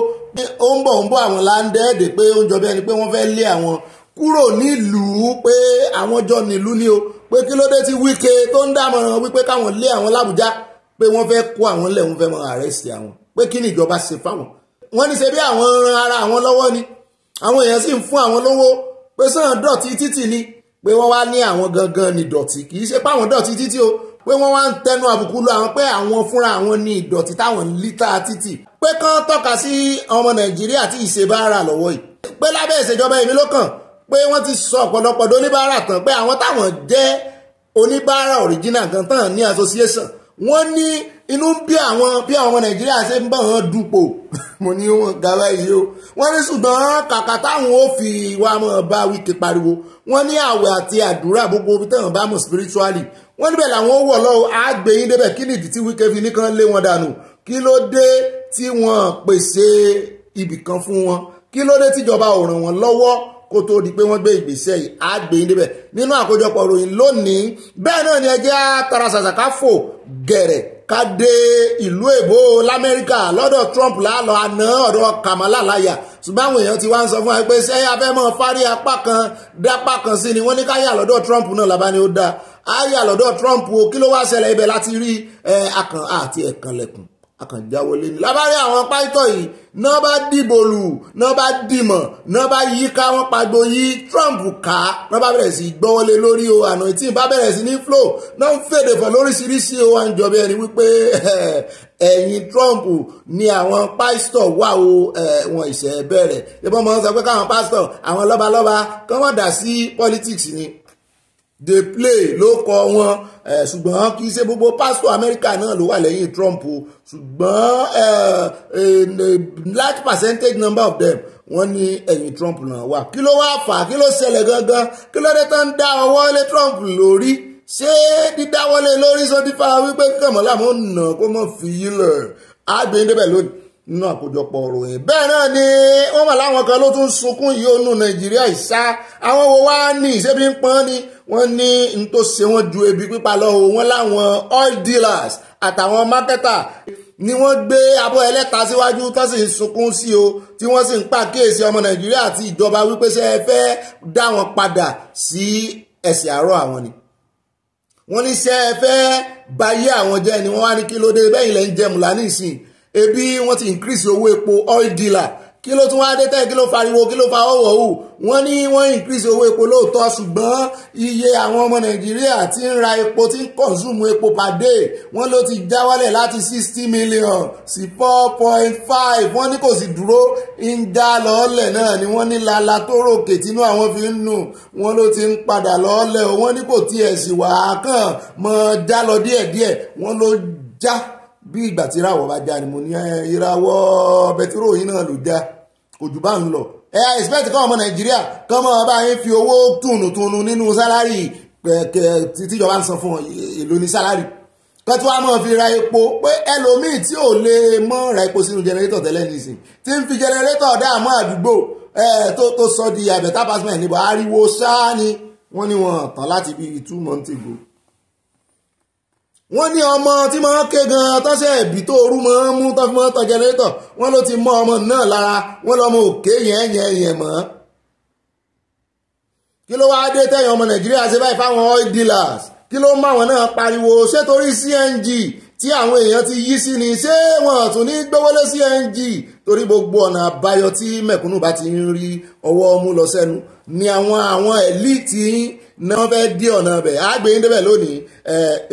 Speaker 1: ó ń bọ̀ ń bọ̀ àwọn láńdẹ́ẹ̀dẹ̀ pé ó ń jọ bí ẹni pé wọ́n fẹ́ lé àwọn kúrò nílùú pé àwọn jọ nílùú ni o pé kí ló dé tí Wike tó ń dámọ̀ràn wípé káwọn lé àwọn làbújá pé wọ́n fẹ́ kó àwọn lẹ̀ wọ́n fẹ́ mọ àrẹ́sì àwọn pé kí ni ìjọba ṣe fáwọn wọ́n ní ṣe bí àwọn ran ara àwọn lọ́wọ́ ni àwọn èèyàn sì ń fún àwọn lówó pé sàn dọ̀tí títì ni pé wọ́n wá ní àwọn gangan ní dọ̀tí kì í ṣe pé àwọn dọ̀tí títì o pé wọ́n wá ń tẹnu àbùkù lọ àwọn pé àwọn fúnra àwọn ní ìdọ̀tí táwọn lítà títì pé kán tọ́ka sí ọmọ nàìjíríà tí ìṣèbára lọ́wọ́ yìí pé lábẹ́ ìṣèjọba èmi ló kàn pé wọ́n ti sọ ọ̀pọ̀lọpọ̀ oníbàárà tán pé àwọn táwọn jẹ́ oníbàárà original gan tán ní association wọ́n ní inú bí àwọn bí àwọn nàìjíríà ṣe ń bá wọn dupò mo ní wọn ga báyìí o wọ́n ní ṣùgbọ́n kàkà táwọn ó fi wá mọ́ bá wíkì pariwo wọ́n ní àwẹ̀ àti àdúrà gbogbo ibi táwọn bá mọ̀ spiritually wọ́n níbẹ̀ làwọn ó wọ̀ lọ́wọ́ àgbẹ̀yìn débẹ̀ kí nìdí tí wíkẹ́ fi nìkan lé wọn dànù kí ló dé tí wọ́n pèsè ibìkan fún wọn kí ló dé tíjọba ò ràn wọ́n lọ́wọ́ kó tó di pé wọ́n gbé ìgbésẹ̀ yìí á gbé yín débẹ̀ nínú àkójọpọ̀ ròyìn lónìí bẹ́ẹ̀ náà ni ẹ jẹ́ tara ṣàṣà ká fò gẹ̀rẹ̀ ká dé ìlú èbó lamẹ́ríkà lọ́dọ̀ Trump lálọ́ àná ọ̀dọ̀ Kamala láyà ṣùgbọ́n àwọn èèyàn ti wá ń sọ fún wa pé ṣé a fẹ́ mọ́ fárí apá kan dápá kan sí ni wọ́n ní ká yà lọ́dọ̀ Trump náà làbá ni ó dáa á yà lọ́dọ̀ Trump o kí ló wá ṣẹlẹ̀ ibẹ̀ láti rí ẹ̀ akàn àti ẹ̀kànlẹ̀kùn akànjáwọlé ni lábárí àwọn pásítọ̀ yìí náà bá dìbò lù náà bá dìmọ̀ náà bá yíká wọn pagbo yí Trump ká náà bá bẹ̀rẹ̀ sí gbọ́wọ́lé lórí o àná tí bá bẹ̀rẹ̀ sí ní flow náà ń fèdè fọ̀ lóríṣiríṣi o à ń jọ bí ni wípé ẹ̀yìn Trump ni àwọn pásítọ̀ wà o wọn ìṣẹ̀ bẹ̀rẹ̀ ìbọn mọ̀ ń sọ pé káwọn pásítọ̀ àwọn lọ́balọ́ba kọ́ wọ́n dà sí politics ni The play ló kọ wọn ṣùgbọ́n kì í ṣe gbogbo pásítọ̀ amẹ́ríkà náà ló wà lẹ́yìn trump o ṣùgbọ́n large percentage number of them wọ́n ní ẹ̀yìn trump náà wà kí ló wá fà kí ló ṣẹlẹ̀ gangan kí ló dé tán dá ọwọ́ lé trump lórí ṣé dídáwọ́lé lórí sọ́dífà wípé kí kàmọ́lá mọ́ nà kó mọ́ fi yí lẹ̀ á gbé e débẹ̀ lónìí nínú àkójọpọ̀ òròyìn bẹ́ẹ̀ náà ni wọ́n mà láwọn kan ló tún sunkún yìí onú nàìjíríà ìsá àwọn wo wá ní ìṣẹ́bí ń pọ́n ni wọ́n ní n tó ṣe wọ́n ju ebi pípa lọ o wọ́n láwọn oil dealers àtàwọn mákẹ́tà ni wọ́n gbé abọ́ ẹlẹ́ta síwájú tó sì ń sunkún sí o tí wọ́n sì ń pàkíyèsí ọmọ nàìjíríà àti ìjọba wípé ṣe é fẹ́ dá wọn padà sí ẹ̀sìn àárọ̀ àwọn ni wọ́n ní ṣe é fẹ́ bayé àwọn jẹ́ ni wọ́n wá ní kí ló dé bẹ́yìn lẹ́ ń jẹmùlá nísìnyí ebi wọ́n ti increase owó epo oil dealer kí ló tún wá dé tẹ́ẹ̀ kí ló fariwo kí ló fa ọ̀wọ̀ hù wọ́n ní wọ́n increase owó epo lóòótọ́ ṣùgbọ́n iye àwọn ọmọ nàìjíríà ti ń ra epo ti ń consume epo per day wọ́n ló ti já wálẹ̀ láti sixty million sí four point five wọ́n ní kò sì dúró ń já lọ́ọ̀lẹ̀ náà ni wọ́n ní lala tó ròkè tínú àwọn fi ń nù wọ́n ló ti ń padà lọ́ọ̀lẹ̀ wọ́n ní kò tiẹ̀ sì wàá kàn mọ́ já lọ díẹ̀díẹ̀ wọ́n ló já. Ja bí ìgbà tí ìràwọ̀ bá já ni mo ní ìràwọ̀ bẹtiró yìí náà ló já òjò bá ń lọ ẹ expect kọ́ ọmọ nàìjíríà kọ́ ọmọ ọba yẹn fi owó tùnùtùnù nínú sálárì kẹ̀kẹ́ tíjọba ń san fún èlò ní sálárì kọ́ tí wàá mọ̀ fi ra epo pé ẹlòmíì tí ò lè mọ́ ra epo sínú jẹnẹrétọ̀ tẹ́lẹ̀ nìsín tí ń fi jẹnẹrétọ̀ dààmú àdúgbò tó tó sọ di àbẹ̀tà pásítọ̀ níbo ariwo sáà ni wọ́n ní wọn tán láti bí two months ago wọ́n ní ọmọ tí máa ń ké gan tọ́sẹ̀ ẹ̀bí tó orú máa ń mú tán fi máa ń tan jẹnẹrétọ̀ wọ́n ló ti mọ ọmọ náà lára wọ́n lọ́mọ òkè yẹn yẹn yẹn mọ́. kí ló wáá dé tẹ̀yìn ọmọ nàìjíríà ṣe báyìí fáwọn oil dealers kí ló mú àwọn náà pariwo ṣé torí cng tí àwọn èèyàn ti yí sí ni ṣé wọn tún ní gbówólé cng torí gbogbo ọ̀nà àbáyọ tí mẹ̀kúnnù bá ti ń rí ọwọ́ mú lọ sẹ́nu ni àwọn àwọn elite ní wọ́n fẹ́ẹ́ dí ọ̀nà bẹ̀ àgbẹ̀yìn débẹ̀ lónìí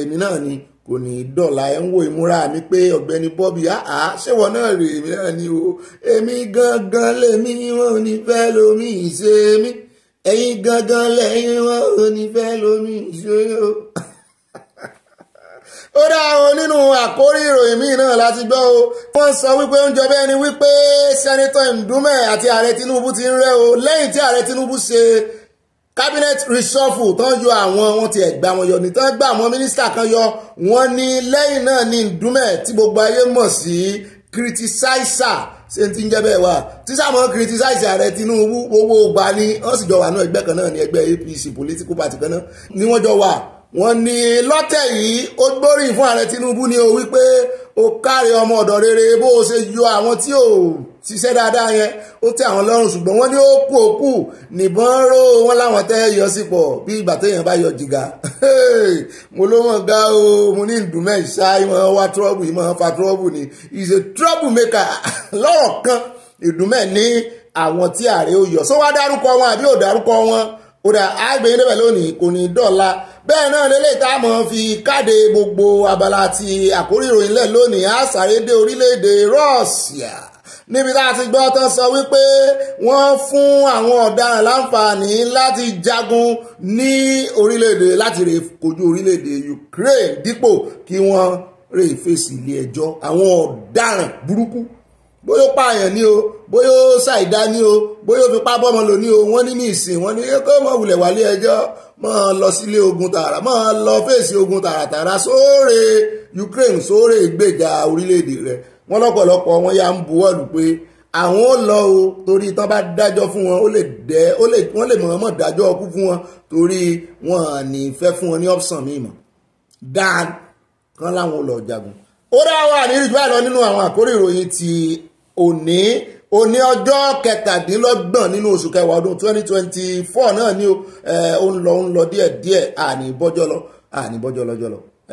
Speaker 1: èmi náà ni kò ní í dọ̀la ẹ̀ ń wo ìmúra mi pé ọ̀gbẹ́ni Bobby àá ṣéwọ náà rè èmi náà ni o èmi gangan lèmi wọn ò ní fẹ́ lomi ìṣe mi ẹ̀yin gangan lẹ́yìn wọn ò ní fẹ́ lomi ìṣe o. ó dá àwọn nínú àkórí ìròyìn míì náà láti gbọ́ o wọ́n sọ wípé ó ń jọ bẹ́ẹ̀ ni wípé sẹ́nitọ́ Ndúmẹ̀ àti ààrẹ Tinubu ti ń rẹ́ o lẹ́yìn tí ààrẹ Tinubu ṣe cabinet reshuffle tán yọ àwọn wọn ti ẹ̀gbà wọn yọ ní tán gbà àwọn mínísítà kan yọ wọn ní lẹ́yìn náà ní ndúmẹ̀ tí gbogbo ayé mọ̀ sí criticizer ṣe ti ń jẹ́ bẹ́ẹ̀ wá tí sáwọn criticizer ààrẹ Tinubu owó gba ni wọ́n sì jọ wà náà ẹgbẹ́ kan náà ní ẹgbẹ́ APC political party kan náà ni wọ́n jọ wà wọ́n ní lọ́tẹ̀ yìí ó gbóríyìn fún ààrẹ Tinubu ni o wípé o káre ọmọ ọ̀dọ̀ rere bó o ṣe yọ àwọn tí ò ṣiṣẹ́ dáadáa yẹn ó tẹ́ àwọn lọ́rùn ṣùgbọ́n wọ́n ní ó kú òkú nìbọn ró wọn láwọn tẹ́ yọ sípò bí ìgbà téèyàn bá yọ jìgà mo ló mọ̀ gá o mo ní ìdùnmẹ́ ìṣá ìmọ̀ wá trọ́bù ìmọ̀ fa trọ́bù ni is a trouble maker lọ́rọ̀ kan ìdùnmẹ́ ní àwọn tí ààrẹ ó yọ sọ wá dárúkọ wọn àbí ò dárúkọ wọn ó dà àgbẹ̀ ilé bẹ̀ lónìí kò ní dọ́là bẹ́ẹ̀ náà lélẹ̀ tá a mọ̀ fi káde gbogbo abala àti àkórí ìròyìn lẹ̀ lónìí á orílẹ̀-èdè Russia níbi tá a ti gbọ́ tán sọ wípé wọ́n fún àwọn ọ̀daràn láǹfààní láti jagun ní orílẹ̀-èdè láti rè kojú orílẹ̀-èdè Ukraine dípò kí wọ́n rè fèsì ilé ẹjọ́ àwọn ọ̀daràn burúkú bóyá ó pààyàn ní o bóyá ó ṣàìdá ní o bóyá ó fipá bọ́mọ lò ní o wọ́n ní ní ìsìn wọ́n ní kó mọ̀ wulẹ̀ wálé ẹjọ́ mọ̀ lọ sílé ogun tààrà mọ̀ lọ fèsì ogun tààràtààrà sóòrè Ukraine sóòrè ìgbèjà orílẹ̀-èdè rẹ̀ wọ́n lọ́pọ̀lọpọ̀ wọn yà ń buwọ́ lù pé àwọn ò lọ o torí tán bá dájọ́ fún wọn ó lè dẹ́ ó lè wọ́n lè mọ̀ọ́mọ̀ dájọ́ ọkú fún wọn torí wọn ní fẹ́ fún wọn ní option míì mọ̀ dáa kan láwọn ò ó dá wà ní ìjọba lọ nínú àwọn àkórí ìròyìn ti òní òní ọjọ́ kẹtàdínlọ́gbọ̀n nínú oṣù kẹwàá ọdún twenty twenty four náà ni ó ń lọ ń lọ díẹ̀díẹ̀ àní bọ́jọ́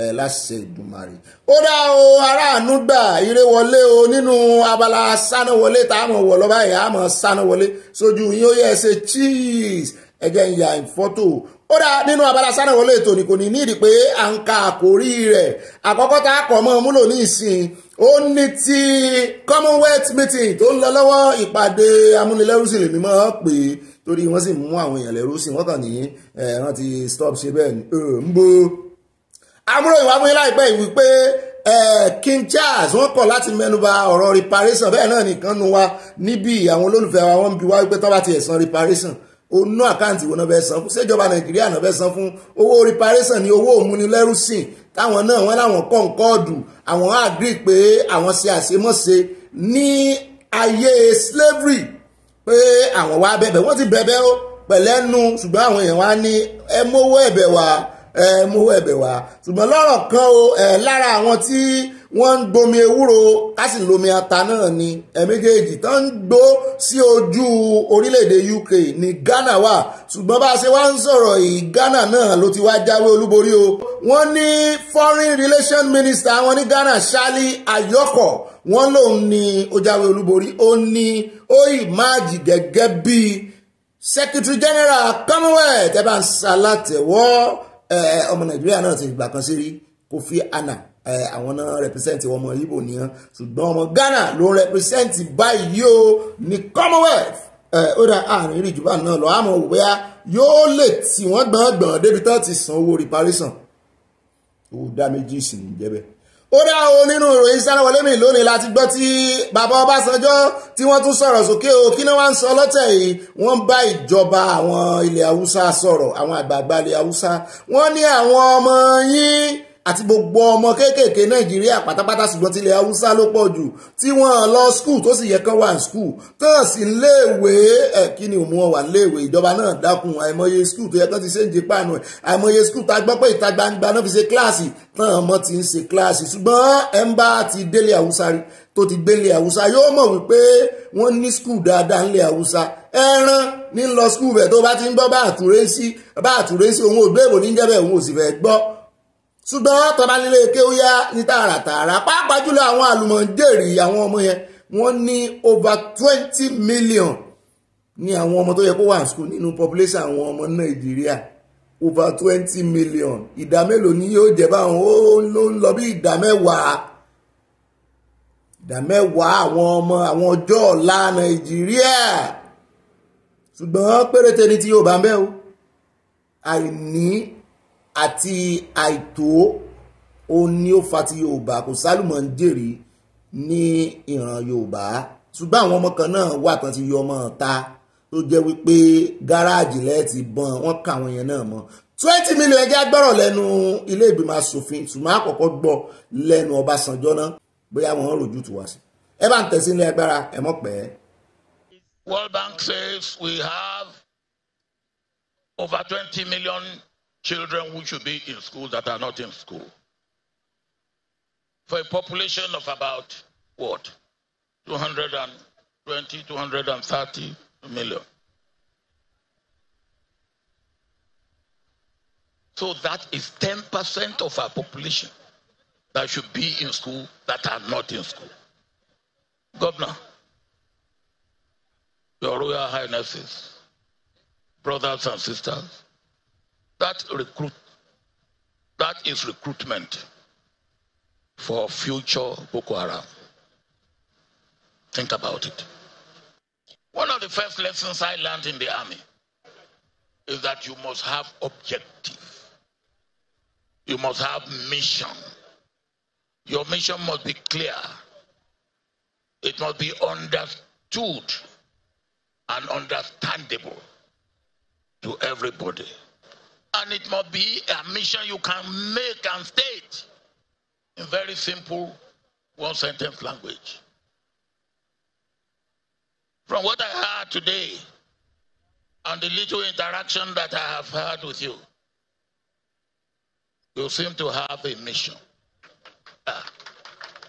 Speaker 1: ẹ láṣẹ ìdùmarè. ó dá o aráàánú gbà ire wọlé o nínú abala sáná wọlé tá a mọ̀ wọ̀ lọ́ba ẹ̀ a mọ̀ sáná wọlé sójú yín ó yẹ ẹ ṣe cheese ẹ jẹ́ ń ya ìfọ́tò ó dá nínú abala sáná wọlé ètò ní kò ní nídìí pé à ń ka àkórí rẹ̀ àkọ́kọ́ tá a kọ̀ mọ́ múlò ní ìsìn ó ní ti commonwealth meeting tó ń lọ lọ́wọ́ ìpàdé amúnilẹ́rú sì lè mímọ́ pé torí wọ́n sì mú àwọn èèyàn lẹ́rú sí wọ́n kàn ní ẹ̀ràn ti stop ṣe bẹ́ẹ̀ ń bó amúròyìn wa fún yín láìpẹ́ yìí wípé King Charles wọ́n kọ̀ láti mẹ́nuba ọ̀rọ̀ reparation bẹ́ẹ̀ náà nìkan nu wa níbi àwọn olólùfẹ́ wa wọ́n ń bi wá wípé tó bá ti ẹ̀san reparation onú àkáǹtì wo náà bẹ́ẹ̀ san fún ṣèjọba Nàìjíríà náà bẹ́ẹ̀ san fún owó reparation ní owó òmúnilẹ́rùsìn táwọn náà wọ́n láwọn kọ̀ǹkọ́ọ̀dù àwọn àgbì pé àwọn ṣe àṣemọ́ṣe ní ayé slavery pé àwọn wá bẹ̀bẹ̀ wọ́n ti bẹ̀bẹ̀ ó pẹ̀lẹ́nu ṣùgbọ́n àwọn èèyàn wá ní ẹ mówó ẹ̀bẹ̀ wá ẹ ẹ̀bẹ̀ wá ṣùgbọ́n lọ́rọ̀ kan o lára àwọn tí wọ́n ń gbomi ewúro kásì lomi ata náà ni ẹ tó ń gbó sí ojú orílẹ̀-èdè UK ní Ghana wà ṣùgbọ́n bá a ṣe wá ń sọ̀rọ̀ yìí Ghana náà ló ti wá jáwé olúborí o wọ́n ní foreign relations minister wọn ní Ghana Charlie Ayoko wọ́n lòun ni ó olúborí ó ní ó ì máa jì gẹ́gẹ́ bíi secretary general commonwealth ẹ bá ń ṣàlàtẹ̀wọ́ ọmọ nàìjíríà náà ti gbà kan sí rí Kofi Annan àwọn náà represent ọmọ Ìgbò nìyẹn ṣùgbọ́n ọmọ Ghana ló represent báyìí o ní Commonwealth ó dá àárín ìrìn ìjùbá náà lọ àmọ́ bóyá yóò lè tì wọ́n gbọ̀ngbọ̀n débi tán ti san owó reparation owó dá méjì sì ń jẹ́ bẹ́ẹ̀ ó dá o nínú ìròyìn sáráwọlé mi lónìí láti gbọ́ tí bàbá Ọbásanjọ́ tí wọ́n tún sọ̀rọ̀ sókè o kí ni wọ́n ń sọ lọ́tẹ̀ yìí wọ́n bá ìjọba àwọn ilẹ̀ haúsá sọ̀rọ̀ àwọn àgbààgbà ilẹ̀ haúsá wọ́n ní àwọn ọmọ yín àti gbogbo ọmọ kéékèèké nàìjíríà pátápátá ṣùgbọ́n tilẹ̀ haúsá ló pọ̀ jù tí wọ́n lọ skul tó sì yẹ kán wà skul tán sì ń léèwé ẹ̀ kí ni òun wà léèwé ìjọba náà dákun àìmọye skul tó yẹ kán ti ṣe ń jẹ páànù ẹ̀ àìmọye skul tá a gbọ́ pé ìta gbangba náà fi ṣe kíláàsì tán ọmọ ti ń ṣe kíláàsì ṣùgbọ́n ẹ̀ ń bá ti délé haúsá rí tó ti gbélé haúsá yóò mọ̀ wípé wọ́n ní skul dáadáa ńlẹ̀ haúsá ẹran ní lọ skul bẹ̀ tó bá ti ń gbọ́ bá àtúrẹ́sí bá àtúrẹ́sí òun ò gbé èbò níjẹ́ bẹ́ẹ̀ òun ò sì fẹ́ gbọ́ ṣùgbọ́n tọ́ba nílé kéwúyá ní tààràtààrà pàápàá jùlọ àwọn àlùmọ̀jèrè àwọn ọmọ yẹn wọ́n ní over twenty million ní àwọn ọmọ tó yẹ kó wà ní school nínú population àwọn ọmọ nàìjíríà over twenty million ìdá mélòó ni yóò jẹ́ báwọn ó ló ń lọ bí ìdá mẹ́wàá ìdá mẹ́wàá àwọn ọmọ àwọn ọjọ́ ọ̀la nàìjíríà ṣùgbọ́n péréte ni ti yóò bá ń bẹ́ o àìní àti àìtó òun ni ó fa ti yorùbá kò sálùmọ̀ ń jèrè ní ìran yorùbá ṣùgbọ́n àwọn ọmọ kan náà wà tán ti yọ ọmọ ta tó jẹ́ wípé gáràjì lẹ́ẹ̀tì bọ́n wọ́n kà àwọn yẹn náà mọ́ twenty million ẹja gbọ́rọ̀ lẹ́nu ilé ìgbìmọ̀ asòfin ṣùgbọ́n àkọ́kọ́ gbọ́ lẹ́nu Ọbásanjọ́ náà bóyá wọ́n rojú tù wá sí ẹ bá ń tẹ̀sí ilé agbára
Speaker 2: ẹ mọ̀
Speaker 7: pẹ́. World Bank says we have over twenty million children who should be in school that are not in school. For a population of about what? 220, 230 million. So that is 10% of our population that should be in school that are not in school. Governor, Your Royal Highnesses, brothers and sisters, that recruit that is recruitment for future Boko Haram. Think about it. One of the first lessons I learned in the army is that you must have objective. You must have mission. Your mission must be clear. It must be understood and understandable to everybody. And it must be a mission you can make and state in very simple one sentence language. From what I heard today and the little interaction that I have had with you, you seem to have a mission. Uh,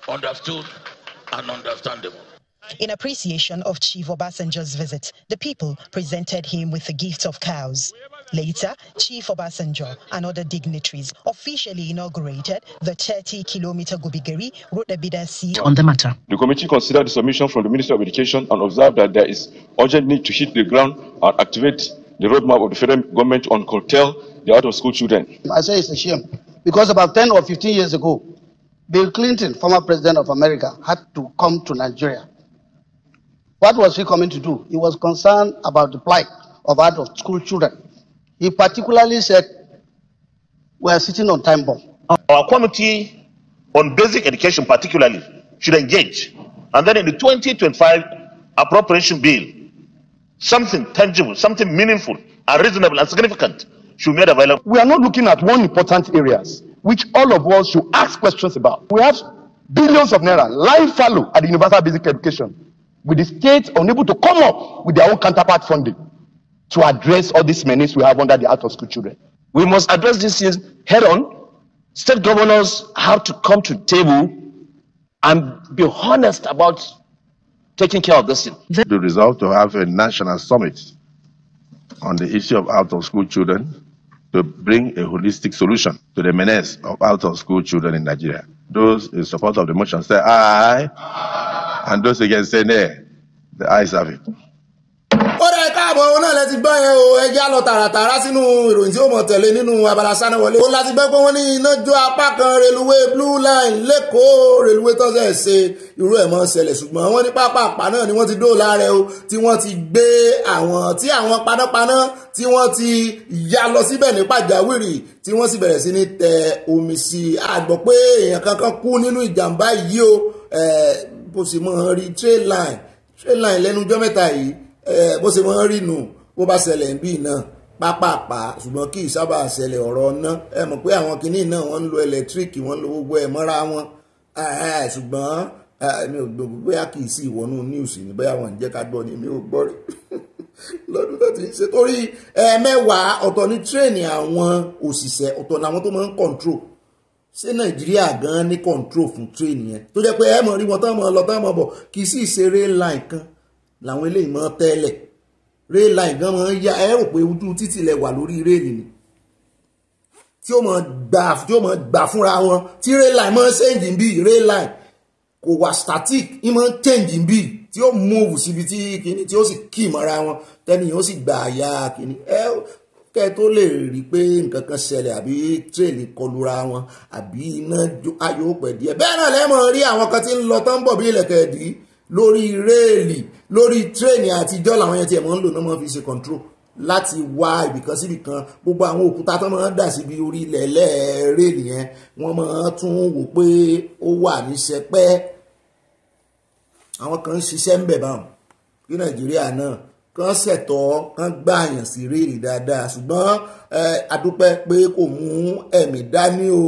Speaker 7: understood and understandable.
Speaker 6: In appreciation of Chief Obasanjo's visit, the people presented him with the gift of cows. Later, Chief Obasanjo and other dignitaries officially inaugurated the 30-kilometer Gubigiri Rodabida Sea. On the
Speaker 2: matter, the committee considered the submission from the Minister of Education and observed that there is urgent need to hit the ground and activate the roadmap of the federal government on curtail the out-of-school children.
Speaker 4: I say it's a shame because about 10 or 15 years ago, Bill Clinton, former president of America, had to come to Nigeria. What was he coming to do? He was concerned about the plight of out-of-school children he particularly said, We are sitting on time bomb. Our committee
Speaker 3: on basic education, particularly, should engage. And then in the 2025 appropriation bill, something tangible, something meaningful, and reasonable and significant should be made available. We are not looking at one important areas which all of us should ask
Speaker 2: questions about. We have billions of naira lying fallow at the universal basic education, with the states unable to come up with their own counterpart funding to address all these menace we
Speaker 6: have under the Act of School Children. We must address these things head on. State governors have to come to table and be honest about taking
Speaker 3: care of this thing. The result to have a national summit on the issue of out of school children to bring a holistic solution to the menace of out of school children in Nigeria. Those in support of the motion say aye, aye. and those against say nay. The ayes have it.
Speaker 1: àbọ̀ owó náà lẹ ti gbọ́ yẹn o ẹjẹ́ àlọ́ tààràtààrà sínú ìròyìn tí ó mọ̀ tẹ̀lé nínú abala sanáwọlé. ó láti gbọ́ pé wọ́n ní iná jó apá kan reluwé blue line lẹ́kọ̀ọ́ reluwé tọ́sẹ̀ ṣe irú ẹ̀ mọ́ ṣẹlẹ̀ ṣùgbọ́n wọ́n ní pápá àpá náà ni wọ́n ti dóòlà rẹ̀ o tí wọ́n ti gbé àwọn tí àwọn panápaná tí wọ́n ti ya lọ síbẹ̀ ní pàjáwìrì tí wọ́n sì bẹ̀rẹ̀ sí ní tẹ omi sí i pé èèyàn kankan kú nínú ìjàmbá yìí o bó sì mọ̀ rí trail line trail line lẹ́nu ọjọ́ mẹ́ta yìí bó ṣe wọ́n rí nù bó bá ṣẹlẹ̀ ń bí náà pápápá ṣùgbọ́n kì í sábà ṣẹlẹ̀ ọ̀rọ̀ náà ẹ mọ̀ pé àwọn kinní náà wọ́n ń lo ẹlẹtíríkì wọ́n ń lo gbogbo ẹ̀ mọ́ra wọn ṣùgbọ́n mi ò gbogbo bóyá kì í sí ìwọ́nú níwùsì ní bóyá wọn ń jẹ́ ká gbọ́ ni mi ò gbọ́ rí lọ́dún tó ti ń ṣe torí ẹ̀ẹ̀mẹ́wàá ọ̀tọ̀ ní tírẹ̀nì àwọn òṣìṣẹ́ ọ̀tọ̀ làwọn tó máa ń kọ̀ǹtró ṣé nàìjíríà gan ní kọ̀ǹtró fún tírẹ̀nì yẹn tó jẹ́ pé ẹ̀ẹ́mọ̀ rí wọn táwọn lọ táwọn bọ̀ kì í sì ṣeré ńlá nǹkan làwọn eléyìí mọ́ tẹ́lẹ̀ rail line gan mọ́ ya ẹ rò pé ojú títì lẹ wà lórí rail ni tí ó mọ̀ gbà tí ó mọ̀ gbà fúnra wọn tí rail line mọ́ ṣéǹjì bí rail line kò wà static ń mọ́ ṣéǹjì bí tí ó move síbi tí kìíní tí ó sì kì mọ́ra wọn tẹ́nìyàn ó sì gbà àyà kìíní ẹ kẹ́ tó lè rí pé nǹkan kan ṣẹlẹ̀ àbí tírèlì kọlura wọn àbí iná ayò pẹ̀ díẹ̀ bẹ́ẹ̀ náà lẹ́mọ̀ rí àwọn kan tí ń lọ tán bọ̀ bí ilẹ̀kẹ̀ dìí lórí réèlì lórí tírèènì àtijọ́ làwọn yẹn tiẹ̀ mọ́ ń lò náà mọ́ fi ṣe control láti wá ibìkan síbì kan gbogbo àwọn òkúta tó máa ń dà síbi orí ilẹ̀ lẹ́ẹ̀rẹ́ nìyẹn wọ́n máa tún wò pé ó wà ní sẹpẹ́ àwọn kan ń ṣiṣẹ́ ń bẹ̀ báwọn ní nàìjíríà náà kán ṣètò kán gbààyàn sí rèèrè dáadáa ṣùgbọ́n adúpẹ́ pé kò mú ẹ̀mí dání o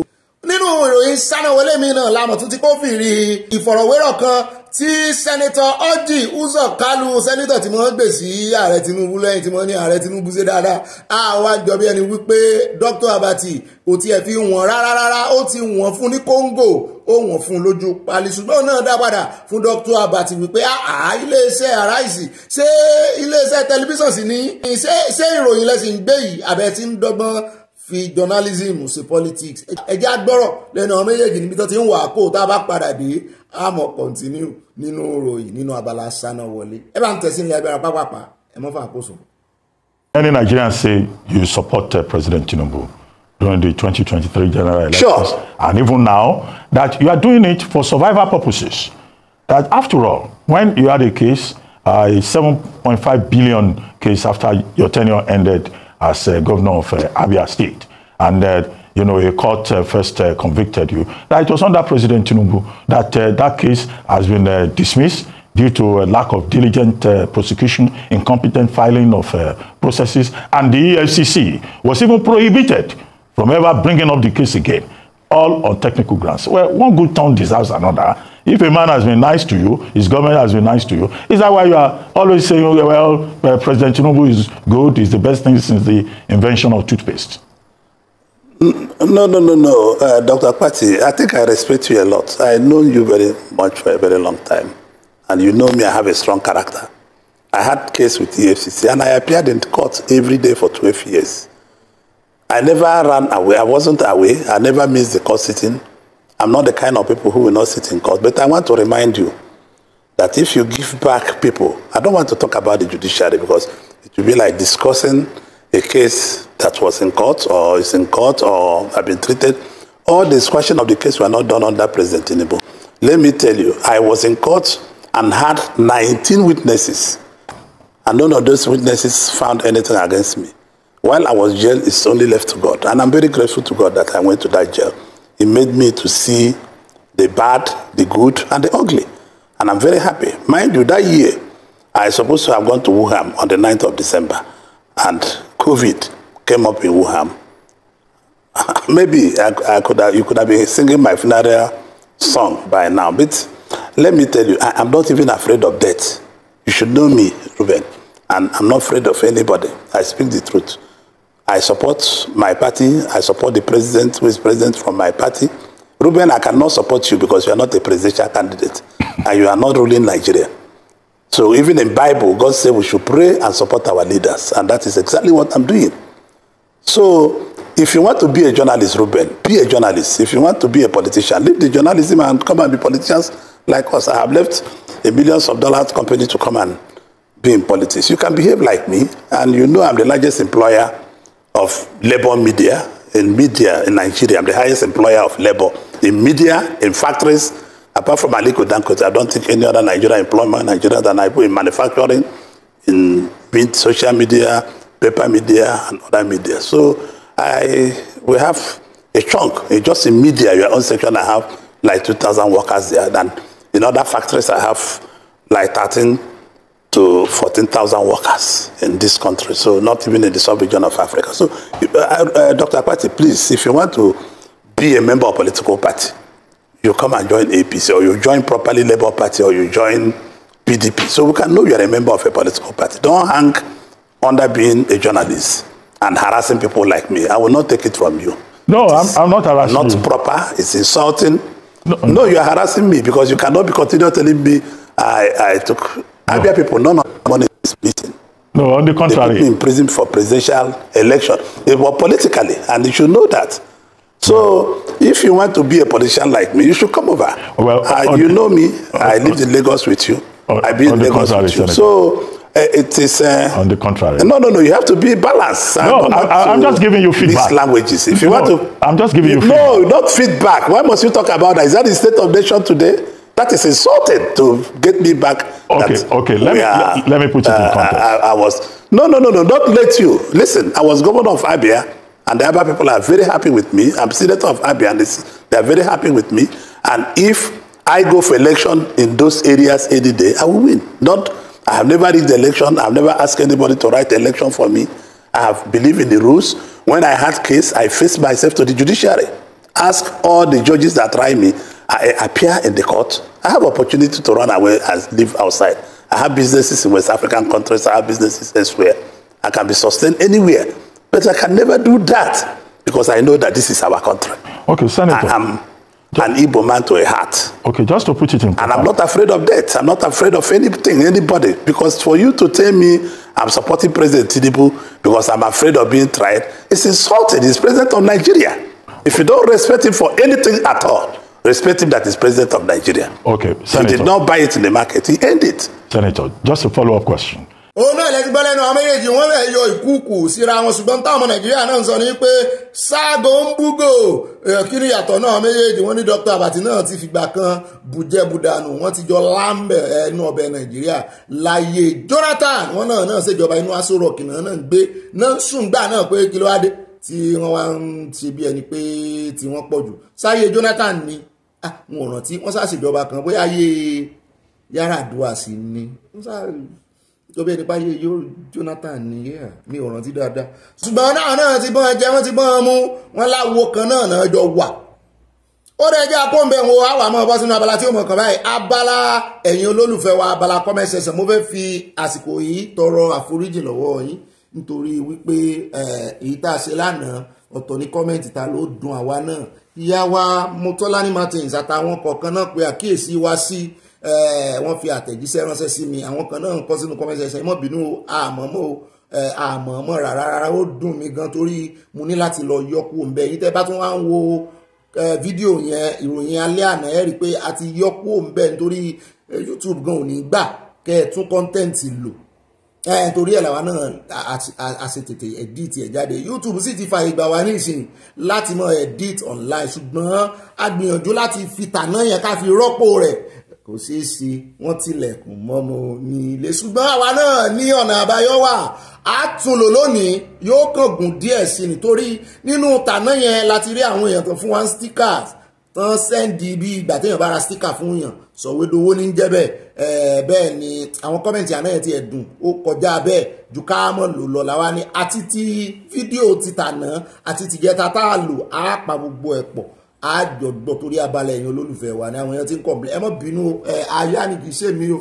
Speaker 1: nínú ìròyìn sánáwọlé mi náà la mọ̀ tún ti kófìrí ìfọ̀rọ̀wérọ̀ kan tí sẹ́nitọ́ ọ́dì uzọ̀ kálù sẹ́nitọ́ tí wọ́n gbè sí ààrẹ tinubu lẹ́yìn tí wọ́n ní ààrẹ tinubu ṣe dáadáa àwa jọ bí ẹni wípé dr abati ò tiẹ̀ fi wọ̀n rárá rárá ó ti wọ̀n fún ní kóńgò ó wọ̀n fún lójú pali ṣùgbọ́n náà dá padà fún dr abati wípé àá iléeṣẹ́ aráàlú ṣé iléeṣẹ́ tẹlifíṣàn sì ní ṣé ìròyìn lẹ́sìn gbé yìí àbẹ̀ tí ń dọ́gbọ́n fi journalism ṣe politics ẹjẹ́ agbọ́rọ̀ lẹ́nu ọmọ méjèèjì níbi tó ti ń wà kó tá a bá padà dé a mọ̀ continue nínú ròyìn nínú abala ṣáná wọlé ẹ bá ń tẹ̀sí ní agbára pápápá ẹ mọ́ fún àkóso.
Speaker 3: Many Nigerians say you support uh, President Tinubu during the 2023 general election? Sure. And even now, that you are doing it for survival purposes. That after all, when you had a case, uh, a 7.5 billion case after your tenure ended, as uh, governor of uh, Abia State. And uh, you know, a court uh, first uh, convicted you. Now, it was under President Tinubu that uh, that case has been dismissed due to a lack of diligent prosecution, incompetent filing of processes, and the EFCC was even prohibited from ever bringing up the case again, all on technical grounds. Well, one good town deserves another, If a man has been nice to you, his government has been nice to you, is that why you are always saying, well, uh, President Tinubu is good, is the best thing since the invention of toothpaste?
Speaker 8: No, no, no, no. Uh, Dr. Kwati, I think I respect you a lot. I know you very much for a very long time. And you know me, I have a strong character. I had case with EFCC and I appeared in court every day for 12 years. I never ran away. I wasn't away. I never missed the court sitting. I'm not the kind of people who will not sit in court, but I want to remind you that if you give back people, I don't want to talk about the judiciary because it will be like discussing a case that was in court or is in court or have been treated. All discussion of the case were not done under President Tinubu. Let me tell you, I was in court and had 19 witnesses, and none of those witnesses found anything against me. While I was jailed, it's only left to God. And I'm very grateful to God that I went to that jail. He made me to see the bad, the good, and the ugly. And I'm very happy. Mind you, that year, I supposed to have gone to Wuhan on the 9th of December, and COVID came up in Wuhan. Maybe I, I could have, you could have been singing my funeral song by now, but let me tell you, I, am not even afraid of death. You should know me, Ruben, and I'm not afraid of anybody. I speak the truth. I support my party. I support the president who is president from my party. Ruben, I cannot support you because you are not a presidential candidate and you are not ruling Nigeria. So even in Bible, God said we should pray and support our leaders. And that is exactly what I'm doing. So if you want to be a journalist, Ruben, be a journalist. If you want to be a politician, leave the journalism and come and be politicians like us. I have left a millions of dollars company to come and be in politics. You can behave like me, and you know I'm the largest employer of labor media in media in Nigeria. I'm the highest employer of labor in media, in factories. Apart from Aliko Dankote, I don't think any other Nigerian employment, Nigeria than I put in manufacturing, in social media, paper media, and other media. So I we have a chunk. In just in media, your own section, I have like 2,000 workers there. And in other factories, I have like 13 to 14,000 workers in this country, so not even in the sub-region of Africa. So, uh, uh, uh Dr. Akwati, please, if you want to be a member of a political party, you come and join APC, or you join properly Labour Party, or you join PDP. So we can know you are a member of a political party. Don't hang under being a journalist and harassing people like me. I will not take it from you. No, I'm, I'm not harassing Not you. proper. It's insulting. No, no, no, you are harassing me because you cannot be continue telling me I, I took Abia people, none of them money is missing. No, on the contrary. They put me in prison for presidential election. It was politically, and you should know that. So, if you want to be a politician like me, you should come over. Well, uh, on, you know me. On, I lived in Lagos with you. On, I be in Lagos with you. So, uh, it is uh, on the contrary. No, no, no. You have to be balanced. No, I, I'm just giving you feedback. These languages. If you no, want to, I'm just giving you. No, feedback. not feedback. Why must you talk about that? Is that the state of nation today? That is insulting to get me back. Okay, okay. Let me, are, let, me put it uh, in context. I, I, was, no, no, no, no, not let you. Listen, I was governor of Abia, and the Abia people are very happy with me. I'm senator of Abia, and they are very happy with me. And if I go for election in those areas any day, I will win. Not, I have never reached the election. I've never asked anybody to write the election for me. I have believed in the rules. When I had case, I faced myself to the judiciary. Ask all the judges that try me. I appear in the court. I have opportunity to run away and live outside. I have businesses in West African countries. I have businesses elsewhere. I can be sustained anywhere. But I can never do that because I know that this is our country.
Speaker 3: Okay, Senator. I
Speaker 8: am an Igbo man to a heart.
Speaker 3: Okay, just to put it in. And
Speaker 8: I'm not afraid of death. I'm not afraid of anything, anybody. Because for you to tell me I'm supporting President Tinubu because I'm afraid of being tried, it's insulting. He's president of Nigeria. If you don't respect him for anything at all, respecting that is president of Nigeria.
Speaker 3: Okay, Senator. He did
Speaker 8: not buy it in the market. He ended. it.
Speaker 3: Senator, just a follow-up question.
Speaker 1: òun náà lẹ́sìn gbọ́ lẹ́nu ọmọ méjèèjì wọ́n fẹ́ yọ ìkúùkù síra wọn ṣùgbọ́n táwọn ọmọ nàìjíríà náà ń sọ ní pé ṣáàgó ń búgò kí ni yàtọ̀ náà abati náà ti fìgbà kan bùjẹ́bùdànù wọ́n ti jọ lámbẹ̀ ẹnu ọbẹ̀ nàìjíríà láàyè jonathan wọn náà náà ṣèjọba inú aṣọ rọ̀kì náà náà ń gbé náà ń sùn gbà náà pé tí wọ́n wá ń ṣe bí ẹni pé tí wọ́n pọ̀ jù sáyé Jonathan ni wọn ah, ò rántí wọ́n ṣàṣèjọba kan bóyá ayé Yar'Adua sí ni wọ́n ṣàjọba ẹni páyé yóò Jonathan ni mi ò rántí dáadáa ṣùgbọ́n náà náà ti bọ́n jẹ wọ́n ti bọ́n mú wọn láwo kan náà náà jọ wà ó rẹ̀ jẹ́ apọ́nbẹ̀ wo àwọn àmọ́ ọbọ̀ sínú abala tí ó mọ̀ kàn báyìí abala ẹ̀yin olólùfẹ́ wa abala kọ́mẹ́sẹsẹ̀ mo fẹ́ fi àsìkò yìí tọrọ àforíjì lọ́wọ́ yín nítorí wípé èyí tá a ṣe lánàá ọ̀tọ̀ ní kọ́mẹ́ǹtì ta ló dùn àwa náà ìyá wa mutolani martins àtàwọn kọ̀ọ̀kan náà pé àkíyèsí wa sí wọ́n fi àtẹ̀jíṣẹ́ ránṣẹ́ sí mi àwọn kan náà ń kọ́ sínú kọ́mẹ́ǹtì ẹ̀ṣẹ̀ mọ́ bínú àmọ́mọ́ àmọ́mọ́ rárá rárá ó dùn mí gan torí mo ní láti lọ yọkú òǹbẹ yìí tẹ́ bá tún wá ń wo fídíò yẹn ìròyìn alẹ́ àná ẹ̀ rí i pé a ti yọkú òǹbẹ nítorí YouTube gan ò ní gbà kẹ́ ẹ̀ tún kọ́ńtẹ́ǹtì lò Eh, torí ẹ̀ làwa náà àṣetètè edit ẹ̀ jáde YouTube sì ti fa ìgbà wa ní ìsìn láti mọ edit online ṣùgbọ́n a gbìyànjú láti fi tàná yẹn ká fi rọ́pò rẹ̀ kò ṣeé ṣe wọ́n tilẹ̀kùn mọ́mọ ní ilé ṣùgbọ́n àwa náà ní ọ̀nà àbáyọ wà á tún lò lónìí yóò kàn gùn díẹ̀ sí nítorí nínú tàná yẹn láti rí àwọn èèyàn tó fún wa stickers tán sẹ́ndì bí ìgbà téèyàn bá ra stíkà fún yàn sọ̀wédowó ní jẹ́ bẹ́ẹ̀ bẹ́ẹ̀ ni àwọn kọ́mẹ̀ntì àmẹ́yẹ ti ẹ̀dùn ó kọjá bẹ́ẹ̀ ju káàmọ̀ lò lọ làwa ni àti ti fídíò ti tànà àti tìjẹta tá a lò á pa gbogbo ẹ̀ pọ̀ á jọ̀gbọ̀ torí abalẹ̀ ẹ̀yìn olólùfẹ́ wa ni àwọn èèyàn ti ń kọ̀m̀pìlẹ̀ ẹ má bínú aya ni kì í ṣe mi o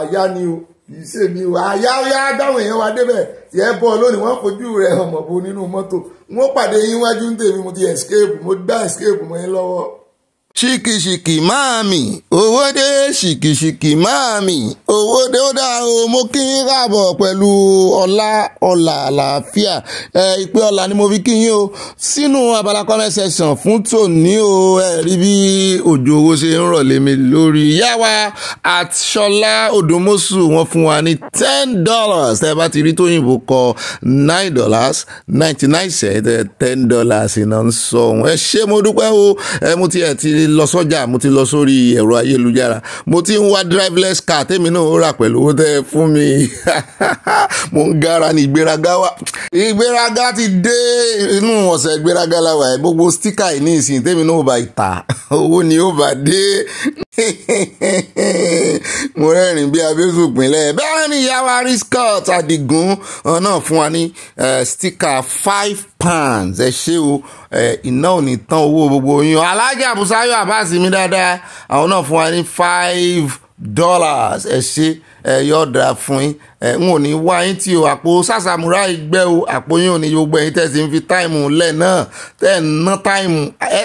Speaker 1: aya ni o kì í ṣe mi o aya ya dáwọn èèyàn wa débẹ̀ yẹ bọ́ lónìí wọ́n kojú rẹ̀ ọmọ bo nínú mọ́tò wọ́n pàdé yín wájú ń tèmi mo ti escape mo gbá escape mọ́ yín lọ́wọ́ ṣìkìṣìkì máàmì owó dé ṣìkìṣìkì máàmì owó dé ó dáa o mo kí n káàbọ̀ pẹ̀lú ọlá ọlà àlàáfíà ẹ ìpè ọlà ni mo fi kí yín o sínú abala conversation section fún tòní o ẹ rí bí òjò owó ṣe ń rọ̀ lé mi lórí ìyá wa àtṣọlá odòmọ́sù wọ́n fún wa ní ten dollars tẹ́ ẹ bá ti rí tóyìnbó kọ nine dollars ninety nine cents ten dollars iná ń sọ ohun ẹ ṣé mo dúpẹ́ o ẹ mo tiẹ̀ ti lọ sọ́jà mo ti lọ sórí ẹ̀rọ ayélujára mo ti ń wá driveless car tèmi náà ó rà pẹ̀lú owó tẹ́ ẹ fún mi mo ń gara ní ìgbéraga wa ìgbéraga ti dé inú ọ̀sẹ̀ ìgbéraga la wà gbogbo stika yìí ní ìsìn tèmi náà ó bá ìta owó ni ó bá dé. mo rẹ́rìn bí abẹ́sùpínlẹ̀ bẹ́ẹ̀ ni yàrá riscot adigun náà fún wa ní stika five pounds ẹ ṣé o iná ò ní tán owó gbogbo yín alájà àbúsáyọ àbáàsì mi dáadáa àwọn náà fún wa ní five dollars ẹ ṣé ẹ yóò dáa fún yín ẹ n ò ní wá yín tí o àpò sàṣàmúrà ìgbẹ́ o àpò yín ò ní gbogbo ẹ̀yin tẹ̀sí ń fi táìmù lẹ̀ náà tẹ̀ ń ná táìmù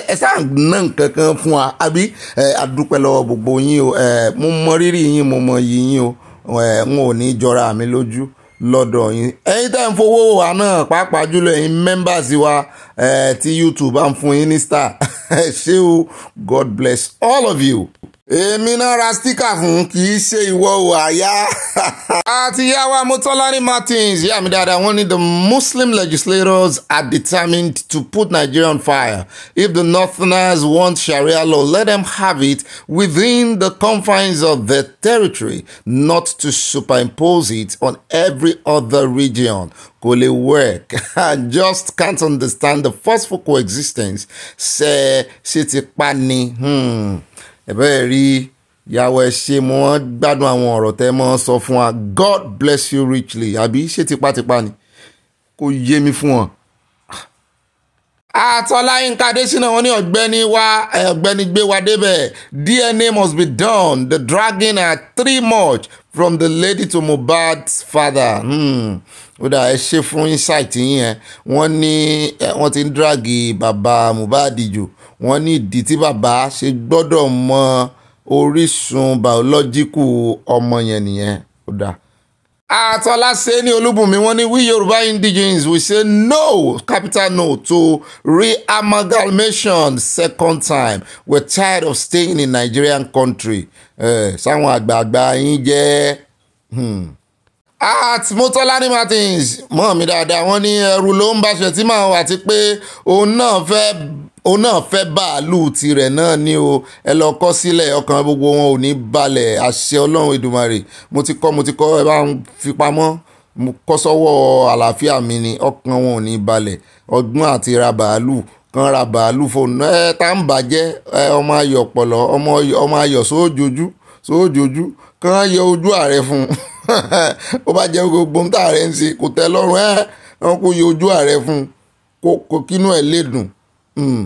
Speaker 1: ẹ sáà ná nǹkan kan fún wa àbí ẹ àdúpẹ́ lọ́wọ́ gbogbo yín o ẹ mo mọ rírì yín mo mọ yì yín o ẹ n ò ní jọra mi lójú lọ́dọ̀ yín ẹ̀yin tẹ̀ ń fowó wa náà pàápàá jùlọ ẹ̀yin members wa ẹ ti YouTube à ń fún yín ní star ẹ ṣé o God bless all of you èmi náà ra stíkà fún kì í ṣe ìwọ o àyà. àti yàwá mutolani martins yà mí dáadáa wọ́n ní the muslim legislators are determined to put nigeria on fire if the northerners want sharia law let them have it within the confines of their territory not to superimpose it on every other region will it work? I just can't understand the forceful coexistence. Say, City Pani. Hmm ẹ̀bẹ̀rẹ̀ rí ìyàwó ẹ ṣe mo wọ́n gbádùn àwọn ọ̀rọ̀ tẹ́ mọ́ sọ fún wa God bless you richly àbí ṣé tipátipá ni kò yé mi fún wọn. Atọ́láyínká Adésínà wọn ní ọ̀gbẹ́ni wa ọ̀gbẹ́ni gbé wa débẹ̀ DNA must be done the dragon are three much from the lady to Mohbad's father. Hmm ó dà ẹ ṣe fún insight yín yẹn wọ́n ní wọ́n ti ń dragi bàbá Mohbad jù wọ́n ní ìdí tí bàbá ṣe gbọ́dọ̀ mọ orísun bàọ́lọ́jíkù ọmọ yẹn nìyẹn ó dà. Atọ́lá ṣe ní Olúbùnmi wọ́n ní we Yorùbá indigenes we say no capital no to re-amalgamation second time we're tired of staying in Nigerian country. Sáwọn àgbààgbà yín jẹ́. Hmm at motolani martins mọ̀ mi dáadáa wọ́n ní ẹrù ló ń báṣẹ tí màá wà àti pé òun náà fẹ́ òun náà fẹ́ bàálù tirẹ̀ náà ni o ẹ lọ kọ́ sílẹ̀ ọkàn gbogbo wọn ò ní balẹ̀ àṣẹ ọlọ́run Èdùmàrè mo ti kọ́ mo ti kọ́ ẹ bá ń fi pamọ́ mo kọ́ sọ́wọ́ àlàáfíà mi ni ọkàn wọn ò ní balẹ̀ ọgbọ́n àti ra bàálù kan ra bàálù fóònù ẹ tá ń bàjẹ́ ẹ ọmọ ayọ̀ pọ̀lọ́ ọmọ ayọ̀ sóòjòjú sóòjòjú kan yọ ojú ààrẹ fún un. ó bá jẹ́ gbogbo ń tà rẹ ń ṣe kò tẹ́ lọ́rùn ẹ́ wọn kò yẹ ojú ààrẹ fún un kò kínú ẹ̀ lè dùn. Hmm.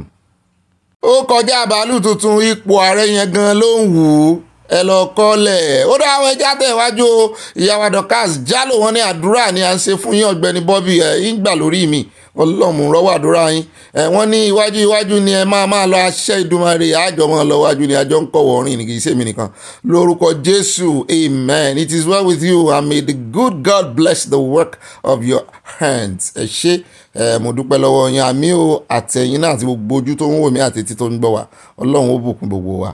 Speaker 1: ó kọjá bàálù tuntun ipò ààrẹ yẹn gan ló ń wù ú ẹ lọ kọ́lẹ̀ ó dá àwọn ẹja tẹ̀ wájú o ìyàwó adọ́kàs jálò wọn ní àdúrà ni à ń ṣe fún yín ọ̀gbẹ́ni Bobby ẹ̀ ń gbà lórí mi ọlọ́mù rọ́wọ́ àdúrà yín ẹ̀ wọ́n ní iwájú iwájú ni ẹ máa máa lọ aṣẹ́ ìdúmọ̀rè àjọ máa lọ wájú ni àjọ ń kọ̀wọ̀ ọ̀rìn ní kìí sèmi nìkan lórúkọ Jésù amen it is well with you and may the good God bless the work of your hands ẹ ṣé ẹ mo dúpẹ́ lọ́wọ́ yín àmì o àtẹ̀yìn náà àti gbogbo ojú tó ń wò mí àti etí tó ń gbọ́ wa ọlọ́run ó bùkún gbogbo wa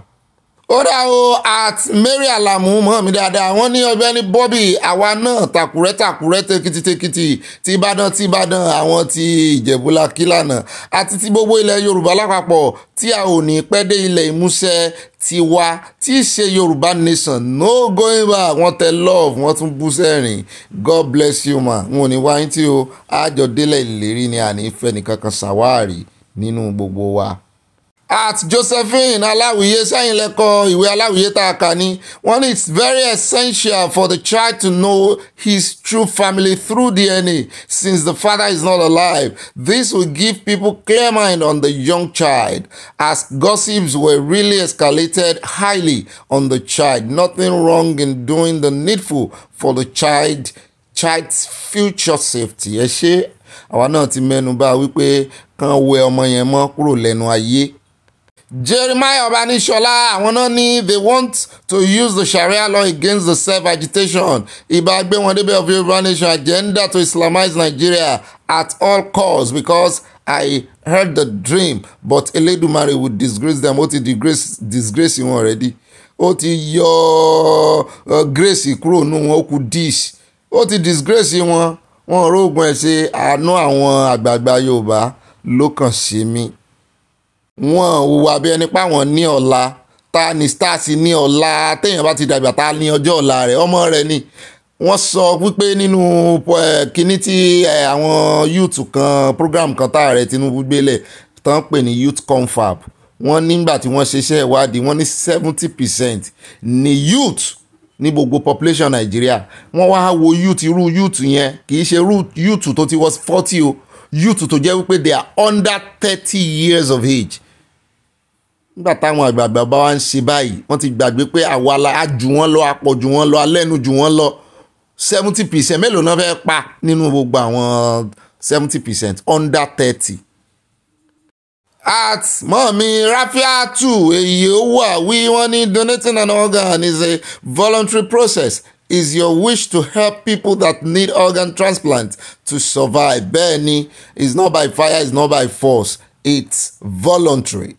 Speaker 1: ó dá o at Mary Alamu mọ̀ mí dáadáa wọ́n ní Ọ̀gbẹ́ni Bobby àwa náà tàkùrẹ́ tàkùrẹ́ tẹkìtìtẹkìtì ti Ìbàdàn ti Ìbàdàn àwọn ti Ìjẹ̀bú-Ilá kílànà àti ti gbogbo ilẹ̀ Yorùbá lápapọ̀ tí a ò ní pẹ́ dé ilẹ̀ ìmúṣẹ tiwa tí í ṣe Yorùbá nation no going back wọ́n tẹ love wọ́n tún bú sẹ́rìn God bless you ma n ò ní wáyé tí o àjọ délẹ̀ ìlérí ni àní ìfẹ́ nìkan kan ṣàwárí nínú gbogbo wa at josephine aláwìyé sẹ́yìn lẹ́kọ̀ọ́ ìwé aláwìyé tá a kà ní wọ́n ní it's very essential for the child to know his true family through DNA since the father is not alive this will give people clear mind on the young child as gossips were really escalated highly on the child nothing wrong in doing the needful for the child child's future safety ẹ ṣe àwa náà ti mẹ́nu bà wípé kàn wẹ ọmọ yẹn mọ́ kúrò lẹ́nu ayé Jeremiah Obanishola àwọn náà ní they want to use the Sharia law against the self-agitation ìbá gbé wọn débẹ̀ of Yorùbá nation agenda to Islamize Nigeria at all costs because I heard the dream but Elédùmarè would disgrace them ó ti disgrace disgrace wọn already ó ti yọ uh, grace kúrò nù wọn ó kú dish ó ti disgrace wọn wọn ò rógun ẹ ṣe àánú àwọn àgbààgbà Yorùbá ló kàn sí mi wọn hùwà bí ẹni páwọn ní ọ̀la ta ni stars ní ọ̀la téèyàn bá ti dàgbà ta ni ọjọ́ ọ̀la rẹ̀ ọmọ rẹ̀ ni wọ́n sọ wípé nínú eh, kínní tí eh, àwọn youth kan program kan tá ààrẹ Tinubu gbélẹ̀ tán pè ní youth confab wọ́n nígbà tí wọ́n ṣeṣẹ́ ìwádìí wọ́n ní seventy percent ni youth ní gbogbo population Nàìjíríà wọ́n wá wo youth irú youth yẹn kì í ṣe youth tó ti wọ forty o youth tó jẹ́ wípé they are under thirty years of age nígbà táwọn àgbààgbà bá wá ń ṣe báyìí wọ́n ti gbàgbé pé àwa la á ju wọ́n lọ apọ̀ ju wọ́n lọ alẹ́nu ju wọ́n lọ seventy percent mélòó náà fẹ́ pa nínú gbogbo àwọn seventy percent under thirty. at mọ́mí two. èyí owó àwí wọ́n ní donating an organ is a voluntary process is your wish to help people that need organ transplant to survive bẹ́ẹ̀ ni it's not by fire it's not by force it's voluntary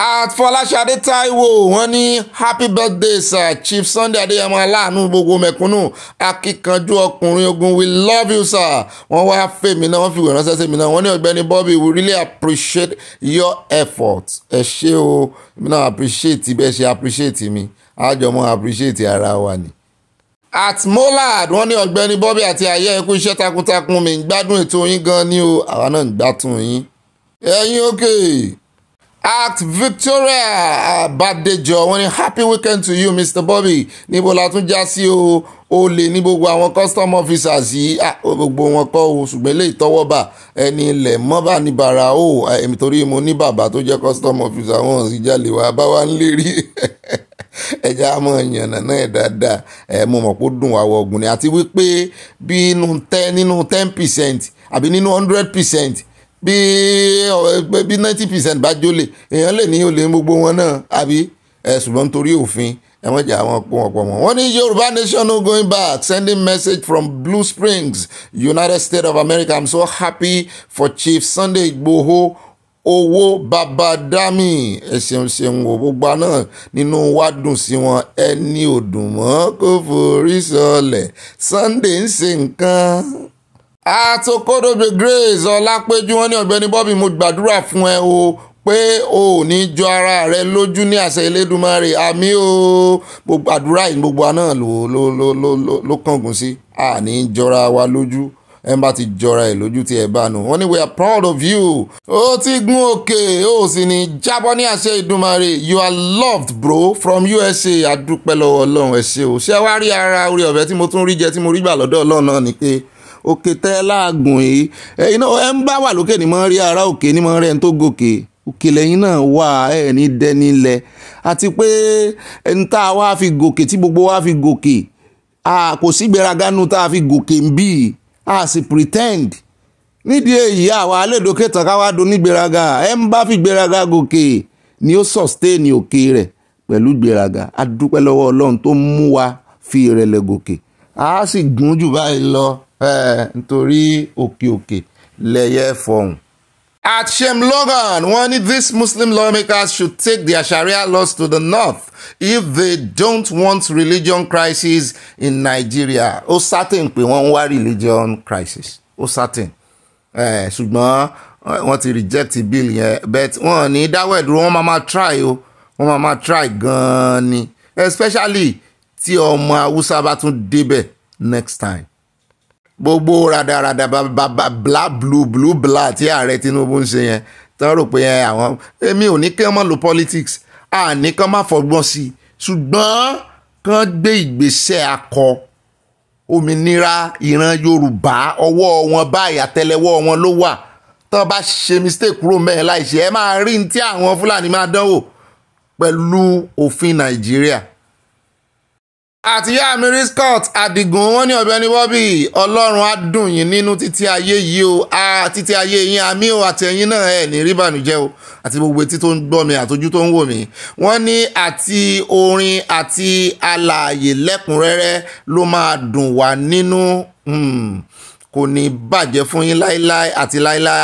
Speaker 1: at fọláṣadé táíwò wọ́n ní happy birthday sir chief sunday adéyẹmọ aláàánú gbogbo mẹ̀kúnnù akíkanjú ọkùnrin ogun we love you sir wọ́n wá fèmí náà wọ́n fi wò ránṣẹ́ sèmi náà wọ́n ní ọ̀gbẹ́ni bobby we really appreciate your effort ẹ ṣé o èmi náà appreciate bẹ́ẹ̀ ṣe appreciate mi àjọmọ́ appreciate ara wa ni at molad wọ́n ní ọ̀gbẹ́ni bobby àti ayé ẹkú iṣẹ́ takuntakun mi ń gbádùn ètò yín gan ni o àwa náà ń gbádùn yín ẹ̀yin òkè. Okay act victoria abadejo wọ́n ní happy weekend to you mr bobby níbo la tún já sí o ó lè ní gbogbo àwọn custom officers yìí ah, gbogbo wọn kọ́ o ṣùgbọ́n lè tọwọ́ bà ẹni ilẹ̀ mọ́bà ní bàrà o ah, èmi torí mo ní bàbá tó jẹ́ custom officer wọn sì jalè wá bá wa ń lè rí ẹja mọ̀ yànnà náà dáadáa ẹ mo mọ̀ pé ó dùn wá wọ̀gùn ni àti wípé bí ten nínú ten percent àbí nínú hundred percent bí bí ninety percent bá jólè èèyàn lè ní olè gbogbo wọn náà àbí ṣùgbọ́n nítorí òfin ẹ̀wọ̀n jà wọn pọ̀ pọ̀ mọ́. wọ́n ní yorùbá nation no going back sending message from blue springs united states of america i'm so happy for chief sunday igboho owó babadami ẹ̀sìn ṣeun ògbógbá náà nínú wa dùn sí wọn ẹni ò dùn mọ́ kó forí sọlẹ̀ sunday ń ṣe nǹkan àtòkòdòbè Grace Ọlápẹ́jú wọn ní ọ̀gbẹ́ni Bobby mo gbàdúrà fún ẹ o pé o ò ní jọ ara rẹ lójú ní àṣẹ Elédùmarè àmì o gbogbo àdúrà yìí gbogbo wa náà ló ló ló ló ló kángun sí àní jọra wa lójú ẹ bá ti jọra ẹ lójú tí ẹ bá nù wọn ni we are proud of you ó ti gun òkè ó sì ní jábọ́ ní àṣẹ ìdùnmọ̀rẹ́ you are loved bro from USA adúpẹ́ lọ́wọ́ ọlọ́run ẹ ṣé o ṣé wàá rí ara orí ọ̀fẹ́ tí mo tún rí jẹ tí mo rí gbà lọ́dọ̀ ọlọ́run náà ni pé òkè tẹ́ láàgùn yìí ẹ̀yin náà ẹ ń bá wà lókè ní mọ́ rí ara òkè ní mọ́ rẹ̀ ń tó gòkè òkè lẹ́yìn náà wà ẹ̀ ní dẹ́ni lẹ̀ àti pé ẹni tá a wá fi gòkè tí gbogbo wa fi gòkè kò sí gbéragánu tá a fi gòkè ń bì á sì pretend nídìí èyí àwa alédòkè tán ká wá do ní gbéraga ẹ ń bá fi gbéraga gòkè ni ó sustain òkè rẹ̀ pẹ̀lú gbéraga a dúpẹ́ lọ́wọ́ ọlọ́run tó mú wa fi ìrẹ̀lẹ̀ gòkè a sì gùn jù báyìí lọ nítorí òkè òkè lẹ́yẹ fọ̀hún. At Shem Logan, one of these Muslim lawmakers should take their Sharia laws to the north if they don't want religion crisis in Nigeria. Ó certain pé wọ́n ń wá religion crisis. Ó certain. Ṣùgbọ́n wọ́n ti reject bill yẹn but wọ́n ní dáwọ́ ìdúró wọ́n máa máa try o wọ́n máa máa try gan-an ni especially tí ọmọ Haúsá bá tún débẹ̀ next time gbogbo radarada bàbà bla blue blue bla tí ààrẹ Tinubu ń ṣe yẹn tán rò pé àwọn èmi ò ní kí wọ́n má lo politics àní kán má fọgbọ́n sí i ṣùgbọ́n kán gbé ìgbésẹ̀ akọ òmìnira ìran Yorùbá ọwọ́ wọn báyìí àtẹlẹwọ́ wọn ló wà tán bá ṣe mistake kúrò mẹ́rin láì ṣe ẹ máa rí ní tí àwọn Fúlàní máa dánwò pẹ̀lú òfin Nàìjíríà àti yá amiri scott adigun wọn ní ọ̀gbẹ́ni Bobby Ọlọ́run á dùn yín nínú títí ayé yìí o títí ayé yín àmì o àtẹ̀yìn náà ẹ ní rí bànújẹ́ o àti gbogbo etí tó ń gbọ́ mi àtọjú tó ń wò mí wọ́n ní àti orin àti àlàyé lẹ́kùnrẹ́rẹ́ ló máa dùn wá nínú hmm, kò ní bàjẹ́ fún yín láéláé àti láéláé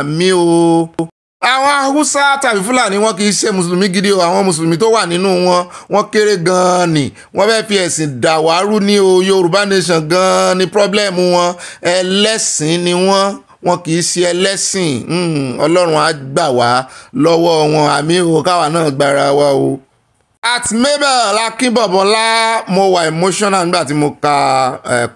Speaker 1: àmì o àwọn haúsá tàbí fúlàní wọn kì í ṣe mùsùlùmí gidi o àwọn mùsùlùmí tó wà nínú wọn wọn kéré gan-an ni wọn fẹ́ fi ẹ̀sìn dàwárú ní o yorùbá nation gan-an ni pírọ́blẹ́mù wọn ẹlẹ́sìn ni wọn wọn kì í ṣe ẹlẹ́sìn hmm, ọlọ́run á gbà wá lọ́wọ́ wọn àmì o káwa náà gbára wa o. at mabel akínbọ̀bọ̀lá mo wà emotional nígbà tí mo ka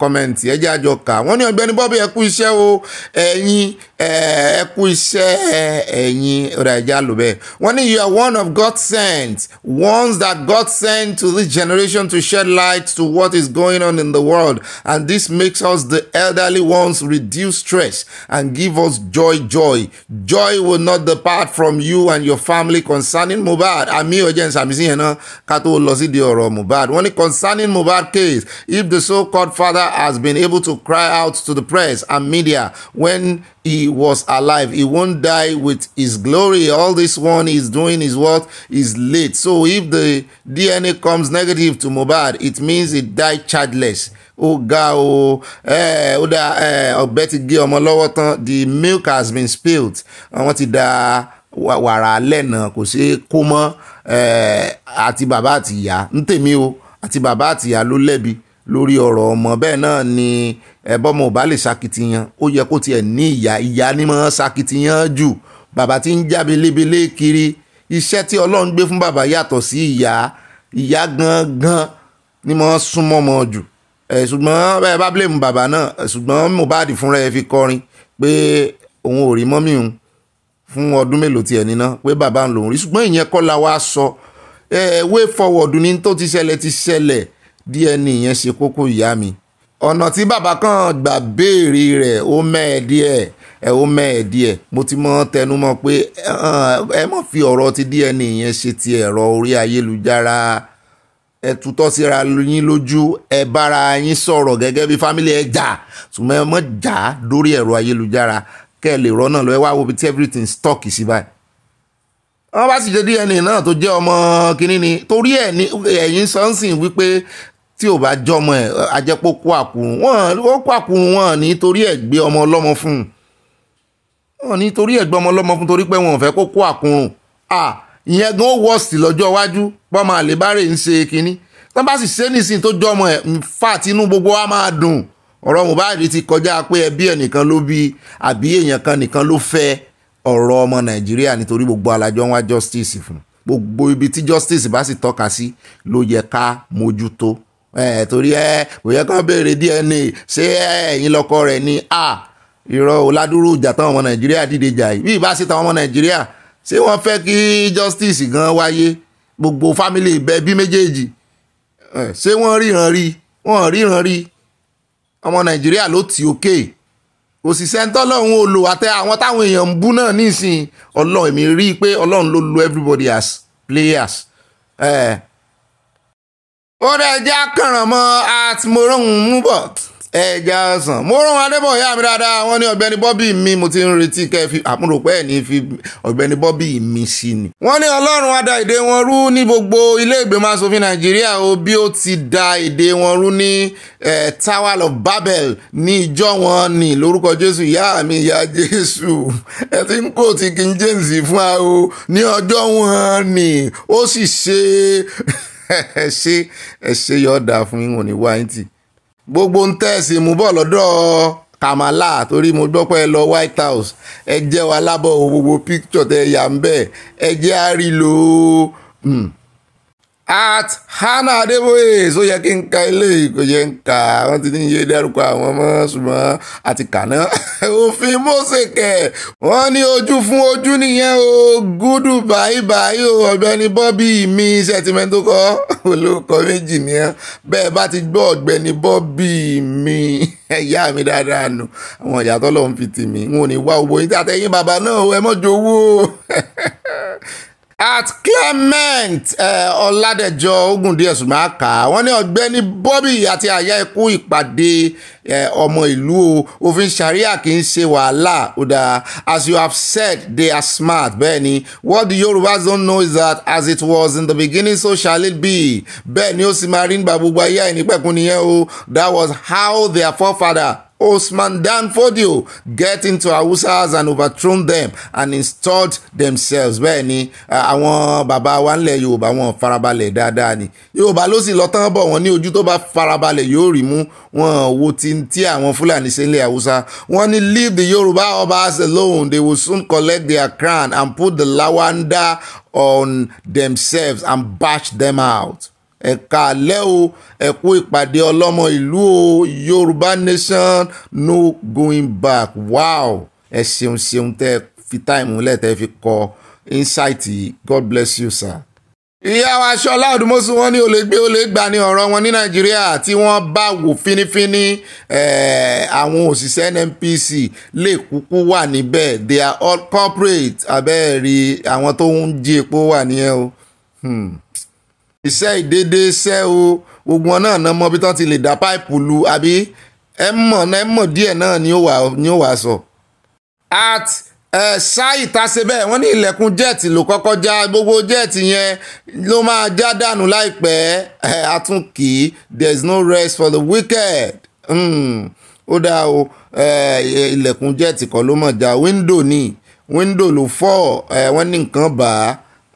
Speaker 1: kọ́mẹ̀ntì eh, ẹ̀jẹ̀ àjọ kà wọ́n ní ọ̀gbẹ́ni bọ́bí ẹ kú iṣẹ́ o ẹ̀yin ẹ kú iṣẹ́ ẹ̀yin ọ̀dàjà lò bẹ́ẹ̀ wọ́n ní you are one of God sent ones that God sent to this generation to shed light to what is going on in the world and this makes us the elderly ones reduce stress and give us joy joy joy will not depart from you and your family concerning Mohbad àmì ọ̀jẹ̀ nsàmìsí yẹn náà ká tó lọ sí di ọ̀rọ̀ Mohbad wọ́n ní concerning Mohbad case if the so-called father has been able to cry out to the press and media when he was alive. He won't die with his glory. All this one is doing is what is late. So if the DNA comes negative to Mubad, it means he died childless. ó ga o ẹ ó dá ẹ ọ̀gbẹ́ ti gé ọmọ the milk has been spilled wọ́n ti da wara lena kò ṣeé kó mọ́ àti bàbá àti ati ń tèmi o àti bàbá àti ìyá ló lẹ́bi lórí ọ̀rọ̀ ọmọ bẹ́ẹ̀ náà ni ẹ̀bọ́mọ ò bá lè ṣakitiyan ó yẹ kó tiẹ̀ ní ìyá ìyá ni mọ́ ṣakitiyan jù bàbá tí ń já belebele kiri iṣẹ́ tí ọlọ́run gbé fún bàbá yàtọ̀ sí ìyá ìyá gangan ni mọ́ súnmọ́ ọmọ jù ẹ̀ ṣùgbọ́n bẹ́ẹ̀ bá blame bàbá náà ṣùgbọ́n Mohbad fúnra ẹ̀ fi kọrin pé òun ò rí mọ́mí òun fún ọdún mélòó tiẹ̀ níná pé bàbá ń lòun rí ṣùgbọ́n ìyẹn kọ́ la wá sọ ẹ̀ way forward ni tó ti ṣẹlẹ̀ ti ṣẹlẹ̀ bí ẹni yẹn ṣe kókó ìyá mi ọ̀nà tí bàbá kan gbà béèrè rẹ̀ ó mẹ́ẹ̀ díẹ̀ ẹ ó mẹ́ẹ̀ díẹ̀ mo ti mọ tẹnu mọ́ pé ẹ mọ̀ fi ọ̀rọ̀ ti DNA yẹn ṣe ti ẹ̀rọ orí ayélujára ẹ tutọ́ síra yín lójú ẹ bára yín sọ̀rọ̀ gẹ́gẹ́ bí fámílì ẹ jà ṣùgbọ́n ẹ mọ̀ jà lórí ẹ̀rọ ayélujára kẹ́ ẹ lè rọ́nà lọ ẹ wá wo bí tí everything stock sí báyìí wọ́n bá sì ṣe DNA náà tó jẹ́ ọmọ kínní ni torí ẹ̀ ní ẹ̀yìn sọ́nsìn wípé tí ò bá jọmọ ẹ ajẹpọ kó àkùrùn wọn wọn kó àkùrùn wọn nítorí ẹ gbé ọmọ ọlọ́mọ fún un wọn nítorí ẹ gbé ọmọ ọlọ́mọ fún un torí pé wọn ò fẹ́ kó kó àkùrùn à ìyẹn gan ó wọ̀sì lọ́jọ́ iwájú bọ́mọ àlébárè ń ṣe kínní tó bá sì ṣe nísìnyí tó jọmọ ẹ fà tínú gbogbo wa máa dùn ọ̀rọ̀ Mohbad ti kọjá pé ẹbí ẹnìkan ló bí àbí èèyàn kan nìkan ló fẹ́ ọ̀rọ̀ ọmọ Nàìjíríà nítorí gbogbo alájọ ń wá justice fún gbogbo ibi tí justice bá sì tọ́ka sí ló yẹ ká mójútó ẹ torí ẹ kò yẹ kán béèrè DNA ṣé ẹ̀yin lọ́kọ rẹ̀ ni a irọ́ oládùúrú ìjà táwọn ọmọ nàìjíríà dìde jà yìí bí ìbá sí táwọn ọmọ nàìjíríà ṣé wọ́n fẹ́ kí justice gan wáyé gbogbo fámìlì bẹbí méjèèjì ṣé wọ́n ríran rí wọ́n ríran rí ọmọ nàìjíríà ló ti òkè òṣìṣẹ́ ń tọ́lọ́run ò lò àtẹ àwọn táwọn èèyàn ń bú náà nísìnyí ọlọ́run èmi rí i pé ọlọ́run ló lo everybody as players. Eh, ó dẹ̀ jẹ́ àkànràn mọ́ at morohun múbọ̀ ẹja ọsàn Morong adébọ̀yá mi dáadáa wọ́n ní ọ̀gbẹ́ni bọ́bí mi mo ti ń retí kẹfì àmúròpẹ́ ẹ̀ ní fi ọ̀gbẹ́ni bọ́bí mi sí ni. wọ́n ní ọlọ́run adá èdè wọn rú ní gbogbo ilé ìgbìmọ̀ asòfin nàìjíríà o bí ó ti da èdè wọn rú ní tower of babel ní ìjọ wọn ní lórúkọ jésù ìyá mi ìyá jésù ẹ ti ń kó ti King James fún wa ní ọjọ́ wọn ni ó sì ṣe ẹ ṣe ẹ ṣe yọ ọ̀dà fún yín òní wá yín tì gbogbo ń tẹ̀sí mú bọ̀ lọ́dọ̀ Kamala torí mo gbọ́ pé ẹ lọ White House ẹ jẹ́ wa lábọ̀ gbogbo píkítọ̀ tẹ yà ń bẹ̀ ẹ jẹ́ àrílò at hannah adébóyè só yẹ kí n ka eléyìí kò yẹ n kà wọ́n ti ní iye dárúkọ àwọn ọmọ ṣùgbọ́n àti kàná òfin Mósè kẹ wọ́n ní ojú fún ojú nìyẹn o gúdù báyìí báyìí o ọ̀gbẹ́ni Bobby mi sẹtimẹtò kọ olóòkọ méjì nìyẹn bẹ́ẹ̀ bá ti gbọ́ ọ̀gbẹ́ni Bobby mi ẹyà mi dáadáa nù àwọn ìyàtọ̀ lọ́n fi tì mí n ò ní wá owó yín tí àtẹ̀yìn bàbá náà ẹ mọ́jọ owó at Clement eh, ọ̀làdẹ̀jọ ogundie sùmáàkà wọ́n ní ọ̀gbẹ́ni Bobby àti àyà ikú ìpàdé eh, ọmọ ìlú o òfin sharia kì í ṣe wàhálà ọ̀dà as you have said they are smart bẹ́ẹ̀ ni what the Yorubas don't know is that as it was in the beginning so shall it be bẹ́ẹ̀ ni ó sì máa rí nígbà gbogbo ayé àìnípẹ̀kun nìyẹn o that was how their forefather Osman Danfodio get into Hausas and overthrown them and installed themselves. Bẹ́ẹ̀ ni uh, àwọn bàbá wa ńlẹ̀ Yorùbá wọn farabalẹ̀ dáadáa ni. Yorùbá ló sì lọ tán bọ̀ wọ́n ní ojú tó bá farabalẹ̀ yóò rí mú wọn wo ti tí àwọn Fúlàní ṣe ńlẹ̀ Hausa. Wọ́n ní leave the Yorùbá Obas alone they will soon collect their crown and put the lawanda on themselves and bash them out ẹ̀ka alẹ́ o ẹ̀kú ìpàdé ọlọ́mọ ìlú o yorùbá nation no going back wow ẹ ṣeun ṣeun tẹ fi táìmù lẹ tẹ fi kọ insight god bless you sir. ìyá wa aṣọlá ọdúnmọ́sù wọn ní olè gbé olè gbà ní ọ̀rọ̀ wọn ní nàìjíríà tí wọ́n bá wò fínífíní àwọn òṣìṣẹ́ nnpc lè kúkú wà níbẹ̀ they are all corporate abẹ́ẹ̀rí àwọn tó ń jí epo wà nìyẹn o. Hmm iṣẹ́ ìdédé iṣẹ́ o gbogbo wọn náà mọ ibi tán ti lè dá páìpù lu àbí ẹ mọ̀ ẹ mọ̀ díẹ̀ náà ni ó wà sọ. at ṣáì ta ṣe bẹ́ẹ̀ wọ́n ní ilẹ̀kùn jẹ́ẹ̀tì ló kọ́kọ́ já gbogbo jẹ́ẹ̀tì yẹn ló máa já dànù láìpẹ́ àtúnkì there is no rest for the wicked. Hmm, ó dáa o ilẹ̀kùn jẹ́ẹ̀tì kan ló mọ̀ já wíńdò ni window ló fọ́ wọ́n ní nǹkan bàá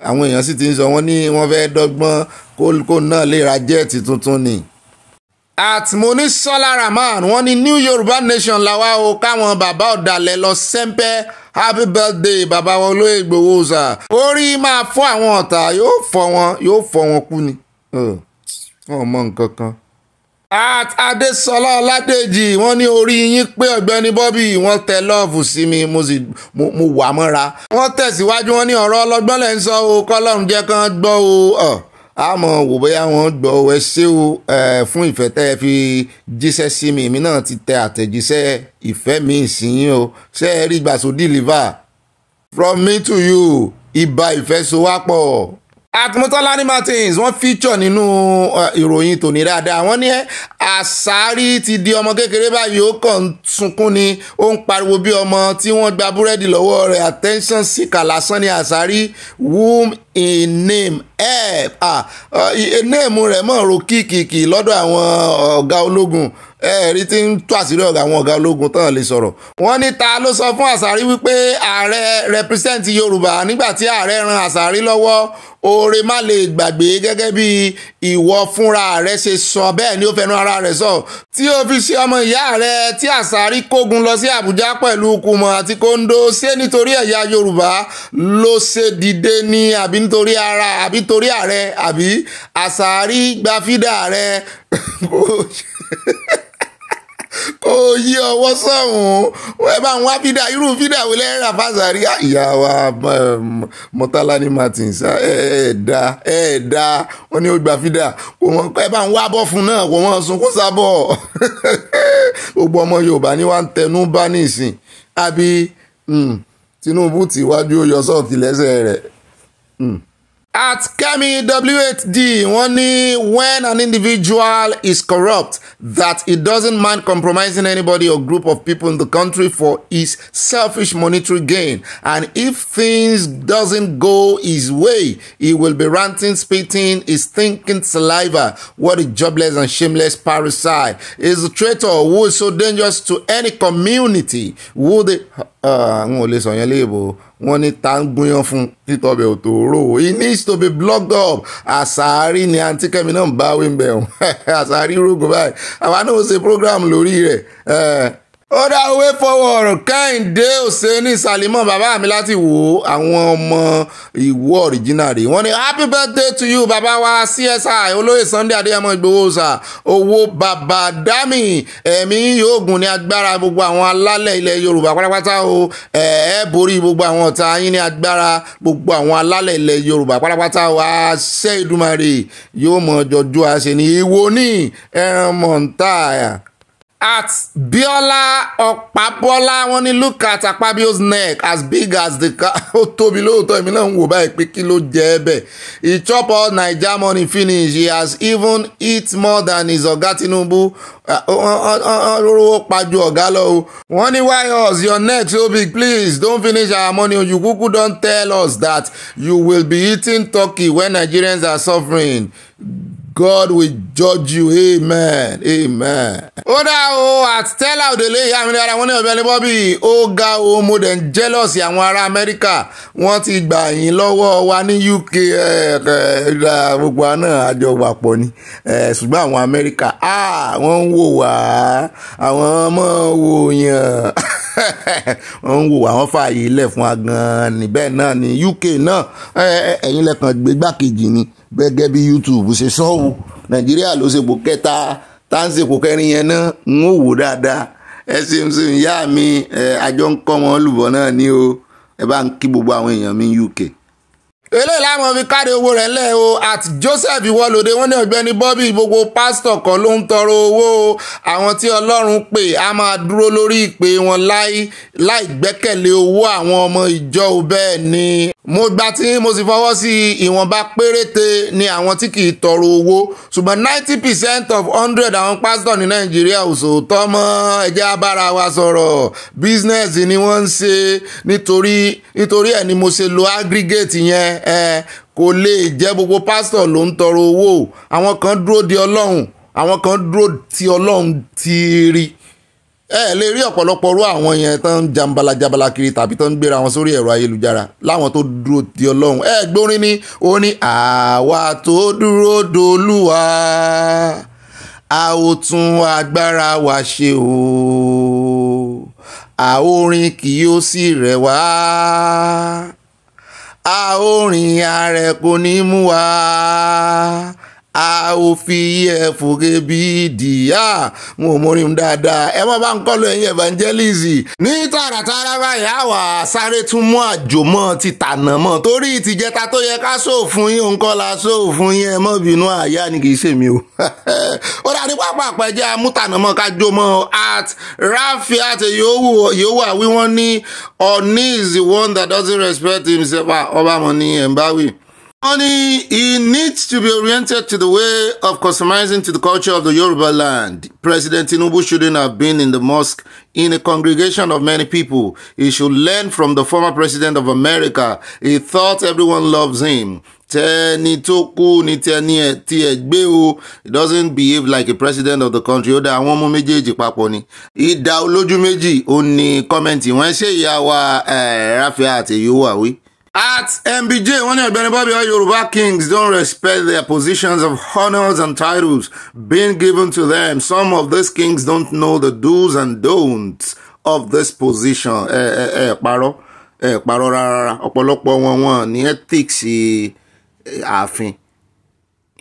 Speaker 1: àwọn èèyàn sì ti ń sọ wọ́n ní wọ́n fẹ́ dọ́gbọ́n kó náà lè ra jẹ́ẹ̀tì tuntun ni. àtìmọ́nísọ́lá rahman wọ́n ní new yorùbá nation làwa o káwọn bàbá ọ̀dàlẹ̀ lọ sẹ́ńpẹ́ happy birthday bàbá wọn olóyè Ìgbòho sà orí máa fọ́ àwọn ọ̀tá yóò fọ́ wọn yóò fọ́ wọn kú ni. ọmọ nǹkan kan at adesola ọládèjì wọ́n ní orí yín pé ọ̀gbẹ́ni Bobby wọ́n tẹ lọ́ọ̀fù sí mi mo wà mọ́ra wọ́n tẹ̀síwájú wọ́n ní ọ̀rọ̀ ọlọ́gbọ́n lẹ́ ń sọ o kọ́lọ́run jẹ́ kán gbọ́ o àmọ́ wò bóyá wọ́n gbọ́ ọ ẹ ṣé o fún ìfẹ́ tẹ́ ẹ fi jíṣẹ́ sí mi èmi náà ti tẹ àtẹ̀jíṣẹ́ ìfẹ́ mi ìsìn o ṣé ẹ rí gbàsó deliver from me to you ìbá ìfẹ́ so wá pọ̀ at Motolani Martins wọ́n feature nínú uh, ìròyìn tòní dáadáa wọ́n ní Àṣàrí ti di ọmọ kékeré báyìí ó kàn ń sunkún ni ó ń pariwo bí ọmọ tí wọ́n gba búrẹ́dì lọ́wọ́ rẹ̀ attention seeker lásán ni Àṣàrí womb in name help eh, ah uh, name rẹ̀ mọ̀ ro kìkìkì lọ́dọ̀ àwọn uh, ọ̀gá ológun ẹ̀rí tí ń tú àṣírí ọ̀gá àwọn ọ̀gá ológun tán lè sọ̀rọ̀ wọ́n ní ta ló sọ fún àṣàrí wípé ààrẹ represent yorùbá nígbà tí ààrẹ ran àṣàrí lọ́wọ́ oore má lè gbàgbé gẹ́gẹ́ bí ìwọ fúnra rẹ ṣe sọ bẹ́ẹ̀ ni ó fẹnu ara rẹ̀ sọ tí ó fi ṣe ọmọ ìyá rẹ tí àṣàrí kógun lọ sí àbújá pẹ̀lú kùmọ̀ àti kóńdó ṣé nítorí ẹ̀yà yorùbá ló ṣe dìde ni àbí nítorí ara àbí torí ààrẹ àbí àṣàrí gba fídà rẹ. kò yí ọwọ́ sọ̀hún ẹ bá ń wá fídà irú fídà wo lẹ́rà fásárì ah, ìyá wa Mọ́tálání um, Martins ah, ẹ dá ẹ dá wọn ni ó gba fídà ẹ bá ń wá bọ́ fún náà kò wọ́n sunkún sábọ̀ gbogbo ọmọ Yorùbá ni wọ́n ń tẹnu bá nísìn àbí um, Tinubu tìwájú ó yọ sọ́ọ̀tì lẹ́sẹ̀ rẹ̀. Um, at Kemi W8D, wọ́n ní when an individual is corrupt that he doesn't mind compromising anybody or group of people in the country for his selfish monetary gain. And if things doesn't go his way, he will be ranting, spitting, his thinking saliva. What a jobless and shameless parasite. Is a traitor who is so dangerous to any community. Who the àwọn ah, ò lè sọ yẹn léèbò wọ́n ní ta fún títọ́bẹ̀ òtòòrò he needs to be blocked up àṣàárí ni àǹtí kẹ́mi náà ń bá wíńbẹ̀ ọ̀hún àṣàárí rògùn báyìí àwa náà ṣe program lórí rẹ̀. Eh, ó dáwé fọwọ́rọ̀ kẹ́hìndé òsèní salimon bàbá mi láti wò ó àwọn ọmọ ìwọ original wọ́n ní happy birthday to you bàbá wa csi olóyè sunday adéyẹmọ ìgbòho sà owó bàbá dami ẹ̀mí yóò gùn ní agbára gbogbo àwọn alálẹ̀ ilẹ̀ yorùbá pátápátá o ẹ̀ẹ́ borí gbogbo àwọn ọ̀tá yín ní agbára gbogbo àwọn alálẹ̀ ilẹ̀ yorùbá pátápátá o àṣẹ ìdúmọ̀ rè yóò mọ̀ ọjọ́jú àṣẹ ní ìwọ at Biola Opabola wọ́n ní look at Akpabio's neck as big as the car ó tóbi lóòótọ́ èmi náà ń wò báyìí pé kí ló jẹ́ ẹ bẹ́ẹ̀ he chop all Naija money finish he has even eat more than his ọ̀gá Tinubu uh, rówó pajú ọ̀gá lọ o. wọ́n ní why us your neck so big please don finish our money o you kuku don tell us that you will be eating turkey when Nigerians are suffering God will judge you. Amen. Amen. Ó dá o àtẹ́là òdèlé ìyá mi dára wọn ní ọ̀bẹ ní bọ́bí. Ó ga o mo dẹ̀ ń jẹ́lọ̀sì àwọn ará Amẹ́ríkà. Wọ́n ti gbà yín lọ́wọ́ wa ní UK eh, eh, eh, gbogbo àná àjọ wà pọ̀ ni. Ṣùgbọ́n àwọn Amẹ́ríkà ah, wọ́n ń wò wá. Àwọn ọmọ wò yàn. wọ́n ń wo àwọn fààyè ilẹ̀ fún wa gan-an níbẹ̀ náà ní UK náà ẹ̀yin lẹ́kàn gbé gbákejì ni gẹ́gẹ́ bí YouTube ṣe sọ o Nàìjíríà ló ṣe kò kẹta tá ń ṣe kò kẹrin yẹn náà ń wò dáadáa ẹ ṣeun ṣeun ìyá mi àjọ ń kọ́ wọn lùbọ̀ náà ní o ẹ bá ń kí gbogbo àwọn èèyàn mi UK eléyìí láwọn fi káre owó rẹ̀ ńlẹ̀ o àti Joseph Ìwọ́lódé wọ́n ní ọ̀gbẹ́ni Bobby gbogbo pásítọ̀ kan ló ń tọrọ owó àwọn tí Ọlọ́run pè á máa dúró lórí ìpè wọn láì láì gbẹ́kẹ̀lé owó àwọn ọmọ ìjọ bẹ́ẹ̀ ni mo gba tí mo sì fọwọ́ sí ìwọ̀nba péréte ni àwọn tí kì í tọrọ owó ṣùgbọ́n ninety percent of hundred àwọn pásítọ̀ ní Nàìjíríà ò sòótọ́ mọ́ ẹjẹ́ abára wa sọ̀rọ̀ business ni wọ́n ń ṣe nítorí nítorí ẹ̀ ni mo ṣe lo aggregate yẹn ẹ kò lè jẹ́ gbogbo pásítọ̀ ló ń tọrọ owó àwọn kan dúró de ọlọ́run àwọn kan dúró ti ọlọ́run ti rí ẹ lè rí ọ̀pọ̀lọpọ̀ rú àwọn yẹn tó ń jambala jambala kiri tàbí tó ń gbéra wọn sórí ẹ̀rọ ayélujára láwọn tó dúró ti ọlọ́run ẹ gbórin ní ó ní àwa tó dúró dolúwa a ó tún agbára wa ṣe o àorin kì yóò sì rẹ̀ wá a ó rìn arẹ kò ní mú wa a ò fi ef rebidi a mo mórí mu dáadáa ẹ má bá ń kọ́ lọ ẹ̀yin evangelist ní tààràtààrà báyìí a sáré tún mú àjòmọ́ ti tànà mọ́ torí ìtìjẹta tó yẹ ká sóòfún yín nǹkan la sóòfún yín ẹ mọ́ bínú àyà ni kì í ṣèmi o ó dàbí pápá àpẹjẹ amútànàmọ́ ká jó at rafiat yòówù àwí wọ́n ní onis the one that doesn't respect himself ọba mọ̀ ní ẹ̀ ń báwí. Money, he needs to be oriented to the way of customizing to the culture of the Yoruba land. President Tinubu shouldn't have been in the mosque in a congregation of many people. He should learn from the former president of America. He thought everyone loves him. Tẹ́ni tó ni tẹ́ni ẹ̀ tí ẹ̀ o. He doesn't behave like a president of the country. Ó dá àwọn ọmọ méjèèjì papọ̀ ni. Ìdá olójú méjì ó ní kọ́mẹ́ǹtì wọ́n ṣé ìyá wa eh, Rafiat Èyí wà wí. At MBJ, one of Ọ̀gbẹ́ni Bobby all Yoruba kings don't respect their positions of honors and titles being given to them. Some of these kings don't know the do's and don'ts of this position. Eh, eh, eh. Paro, eh, paro, rárá ọ̀pọ̀lọpọ̀ wọn wọn ní ethics ààfin.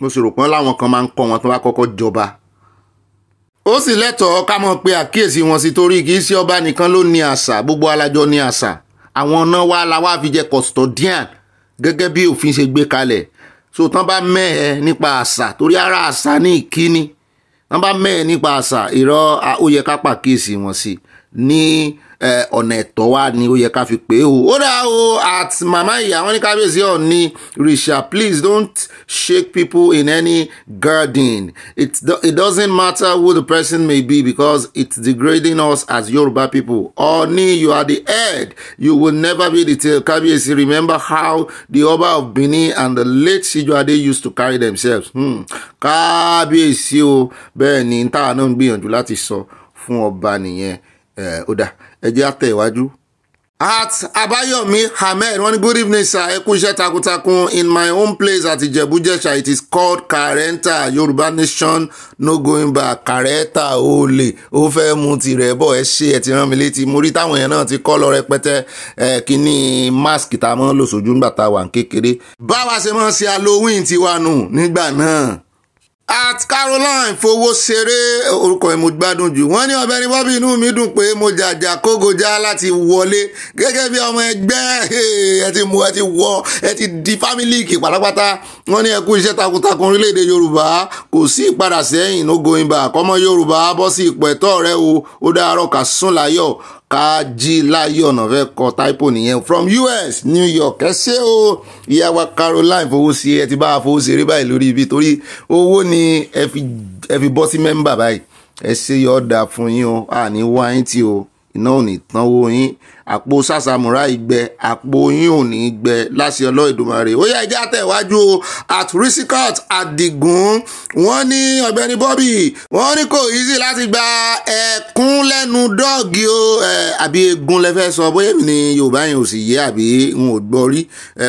Speaker 1: Mo afin. rò pé láwọn kan máa ń kọ́ wọn tó bá kọ́kọ́ jọba. Ó sì lẹ́tọ̀ọ́ ká mọ̀ pé àkíyèsí wọn sí torí kì í ṣe ọba nìkan ló ní àṣà gbogbo alájọ ní àṣà àwọn náà wá la wá fi jẹ custodian gẹ́gẹ́ bí òfin ṣe gbé kalẹ̀ so tán bá mẹ́ẹ̀ nípa àṣà torí ara àṣà ní ìkíni tán bá mẹ́ẹ̀ nípa àṣà ìrọ̀ ó yẹ wọn sí ní ọ̀nà ẹ̀tọ́ wa ni ó yẹ ká fi pè o ó dà o at mama ìyá wọn ní kábíyèsí ni Risha please don't shake people in any garden it, it doesn't matter who the person may be because it's degrading us as Yoruba people ọ̀ni you are the head you will never be the tail kábíyèsí remember how the Oba of Benin and the late Sijuade used to carry themselves hmm. kábíyèsí o bẹ́ẹ̀ ni táwọn náà ń gbìyànjú láti sọ fún ọba nìyẹn ó dáa ẹ jẹ́ àtẹ̀ at abayomi ahmed wọ́n ní good evening sir ẹ kú iṣẹ́ takuntakun in my own place at ìjẹ̀bú-jẹ̀ṣà it is called karenta yorùbá nation no going back karenta olè ó fẹ́ mu tirẹ̀ bọ̀ ẹ ṣe ẹ ti rán mi létí mo rí táwọn èèyàn náà ti kọ́ lọ rẹpẹtẹ ẹ kíní mask tá a mọ́ lò sójú nígbà tá a wà ń kékeré. báwa ṣe máa ń ṣe halloween tiwa nù nígbà náà at Caroline fowó ṣeré orúkọ ìmọ̀ gbádùn jù wọ́n ní ọ̀bẹ́ni Bobby inú mi dùn pé mo jàjà kógojá láti wọlé gẹ́gẹ́ bí ọmọ ẹgbẹ́ ẹ ti mú ẹ ti wọ ẹ ti di fámílì kì pátápátá wọ́n ní ẹ kú iṣẹ́ takuntakun orílẹ̀-èdè Yorùbá kò sí ìpadà sẹ́yìn no going back ọmọ Yorùbá bọ́ sí ipò ẹ̀tọ́ rẹ o ó dáárọ̀ kà sún láyọ̀ kájíláyé ọ̀nà fẹ́ kọ táìpò nìyẹn from US New York ẹ ṣé o ìyá wa Caroline fowósí ẹ ti bá a fowósí eré báyìí lórí ibi torí owó ni ẹ fi bọ́ sí mẹ́mbà báyìí ẹ ṣe yọ̀ọ́ dà fún yín o àní wá yín tí o iná ò ní tánwó yín àpò sàṣàmùrà ìgbẹ àpò yín ò ní gbẹ láṣẹ ọlọ́ọ̀dùnmarè ó yá ẹjẹ́ àtẹ̀wájú at risikat adigun wọ́n ní ọ̀gbẹ́ni Bobby wọ́n ní kò easy láti gba ẹ̀kún lẹ́nu dọ́ọ̀gì o àbí egun lẹ́fẹ́ sọ bóyá èmi ni Yorùbá yẹn ò sì yé àbí n ò gbọ́ rí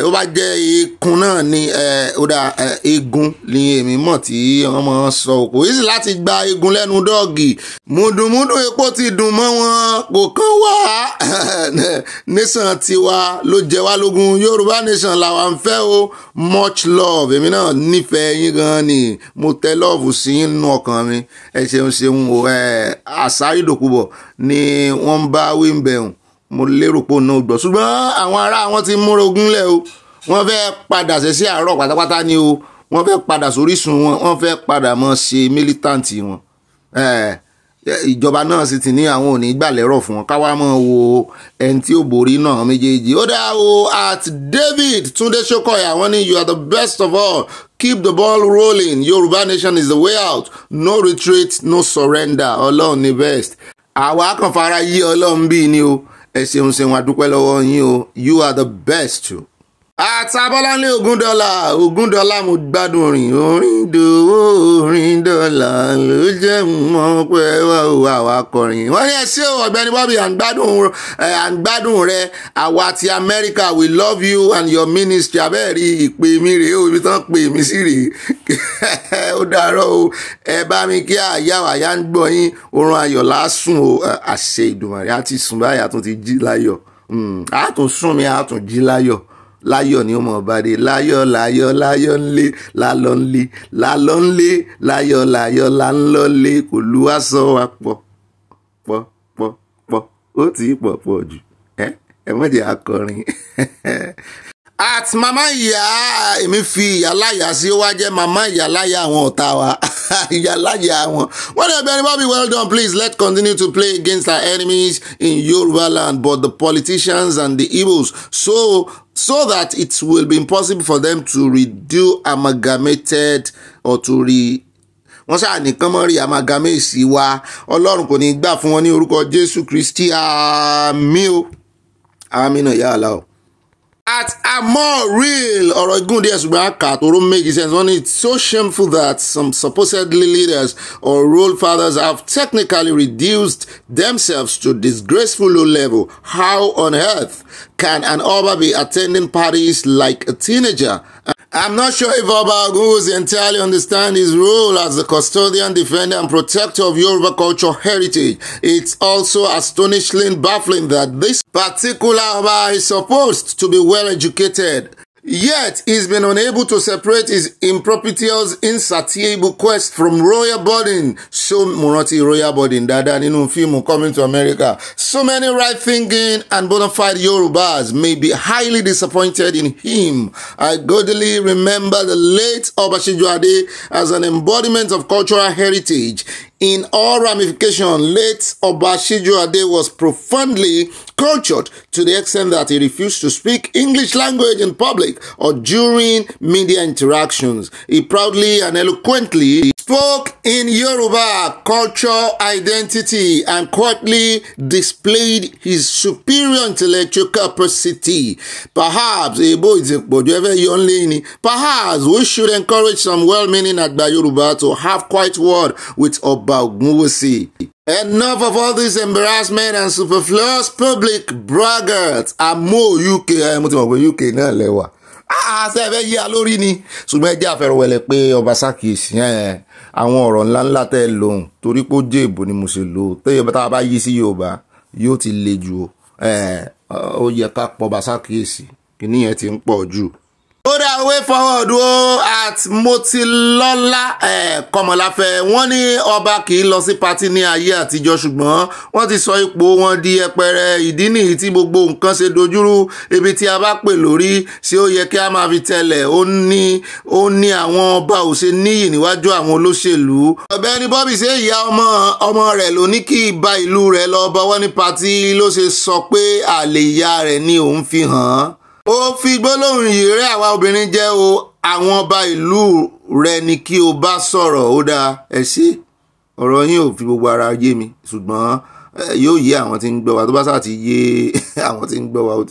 Speaker 1: ó bá jẹ́ ikun náà ni ó dà egun ni èmi mọ̀ tí wọ́n mọ̀ sọ kò easy láti gba egun lẹ́nu dọ́ọ̀gì mùdùmùdù epo ti dùn mọ́ wọn kò kán wá náà nation tiwa ló jẹ wá lógún yorùbá nation làwa ń fẹ́ o much love èmi náà nífẹ̀ẹ́ yín gan ni mo tẹ love sí yín nínú ọkàn mi ẹ ṣeun ṣeun o ẹ àṣàrí ni wọ́n ń bá wí ń bẹ̀rùn mo lérò pé òun náà gbọ́ ṣùgbọ́n àwọn ará wọn ti múra ogúnlẹ̀ o wọ́n fẹ́ padà ṣẹ̀ṣẹ̀ àárọ̀ pátápátá ni o wọ́n fẹ́ padà sórísun wọn wọ́n fẹ́ padà mọ́ ṣe mílítàǹtì wọn. Eh, ìjọba náà sì ti ní àwọn ò ní gbà lẹ́rọ̀ fún wọn káwá mọ́ wo ẹni tí ó borí náà méjèèjì ó dáa o at David Túndé Ṣókọ̀yà wọ́n ní you are the best of all keep the ball rolling Yorùbá nation is the way out no retreat no surrender ọlọ́run ni best àwa kan fara yí ọlọ́run bíi ni o ẹ ṣeun ṣeun a lọ́wọ́ yín o you are the best o àtàbọ́láńlé ogún dọ́là ogún dọ́là mo gbádùn orin orin dòwó orin dọ́là ló jẹ́ mọ́ pé wà wá kọrin. wọ́n ní ẹsẹ̀ o ọ̀gbẹ́ni Bobby à rẹ àwa ti Amẹ́ríkà we love you and your ministry abẹ́ẹ̀rí ìpè mi rèé o ibi tán pè mí sí rèé ó dàárọ̀ o ẹ bá mi kí àyà àyà ń gbọ́ yín oorun ayọ̀ lásùn o àṣẹ Ìdùmarè ti sùn báyà tún ti jí láyọ̀ àtúnsùn hmm, mi àtún jí láyọ̀ láyọ̀ ni ó mọ̀ bá dé láyọ̀ láyọ̀ láyọ̀ ńlé lálọ́ ńlé lálọ́ ńlé láyọ̀ láyọ̀ láńlọ́ lé kò lu aṣọ wa pọ̀ pọ̀ pọ̀ pọ̀ ó ti pọ̀ pọ̀ jù ẹ ẹ mọ̀ jẹ́ akọrin. at mama ìyá èmi fi ìyáláyà sí ó wá jẹ́ mama ìyáláyà àwọn ọ̀tá wa ìyáláyà wọn. wọ́n ní ẹ̀bẹ̀ ni Bobby well done please let continue to play against our enemies in Yoruba land but the politicians and the Igbos so so that it will be impossible for them to redo amalgamated or to re wọ́n ṣáà nìkan mọ́ rí amalgamate wa ọlọ́run kò ní gbà fún wọn ní orúkọ jésù kristi àmì o àmì náà yà á láwọ̀ at a more real ọ̀rọ̀ igun díẹ̀ ṣùgbọ́n àkà tóró méjì sense wọ́n ní it's so shameful that some supposedly leaders or role fathers have technically reduced themselves to disgraceful low level how on earth can an oba be attending parties like a teenager I'm not sure if Oba Aguzi entirely understand his role as the custodian, defender, and protector of Yoruba cultural heritage. It's also astonishingly baffling that this particular Oba is supposed to be well educated Yet he's been unable to separate his improprious insatiable quest from royal burden. So Murati royal burden dada nínú fíìmù Coming to America. So many right-thinking and bona fide Yorubas may be highly disappointed in him. I godly remember the late Obashiju Ade as an embodiment of cultural heritage in all ramifications, late Oba Ade was profoundly cultured to the extent that he refused to speak English language in public or during media interactions. He proudly and eloquently spoke in Yoruba culture identity and quietly displayed his superior intellectual capacity. Perhaps, perhaps we should encourage some well-meaning Agba Yoruba to have quiet word with Oba Ọba Ògúnwùsì. Enough of all this embarrassment and superfluous public braggarts. Àmọ́ UK ẹ mo ti mọ̀ pé UK náà lẹ́wà. Àṣẹ ah, ẹ̀fẹ́ yíyá lórí ni. Ṣùgbọ́n ẹ jẹ́ àfẹrẹwẹlẹ̀ pé ọba ṣàkíyèsí àwọn ọ̀rọ̀ ńláńlá tẹ́ ẹ lòun torí pé ó jẹ́ èbó ni mo ṣe lò ó. Tẹ́yọ̀ bá tá a bá yí sí Yorùbá yóò ti le jù ó. Ó yẹ ká pọ̀ ọba ṣàkíyèsí. ti ń pọ̀ kódà way forward o at Motilọ́lá Kọmọláfẹ́ wọ́n ní ọba kì í lọ sí patí ní ayé àtijọ́ ṣùgbọ́n wọ́n ti sọ ipò wọn di ẹpẹrẹ ìdí nìyí tí gbogbo nǹkan ṣe dojúrú ibi tí a bá pè lórí ṣé ó yẹ kí a máa fi tẹ̀lẹ̀ ó ní ó ní àwọn ọba ò ṣe níyì níwájú àwọn olóṣèlú. Ọ̀gbẹ́ni Bobby ṣe ìyá ọmọ ọmọ rẹ̀ ló ní kí ìba ìlú rẹ̀ lọ bọ́wọ́ ní patí ló ṣe sọ pé àlè ìyá rẹ̀ ni òun fi hàn án ó fi gbólóhùn yìí rẹ́ àwa obìnrin jẹ́ o àwọn ọba ìlú rẹ ni kí o bá sọ̀rọ̀ ó dáa ẹ ṣe ọ̀rọ̀ yín ò fi gbogbo ara yé mi ṣùgbọ́n yóò yé àwọn tí ń gbọ́ wa tó bá sáà ti yé àwọn tí ń gbọ́ wa ó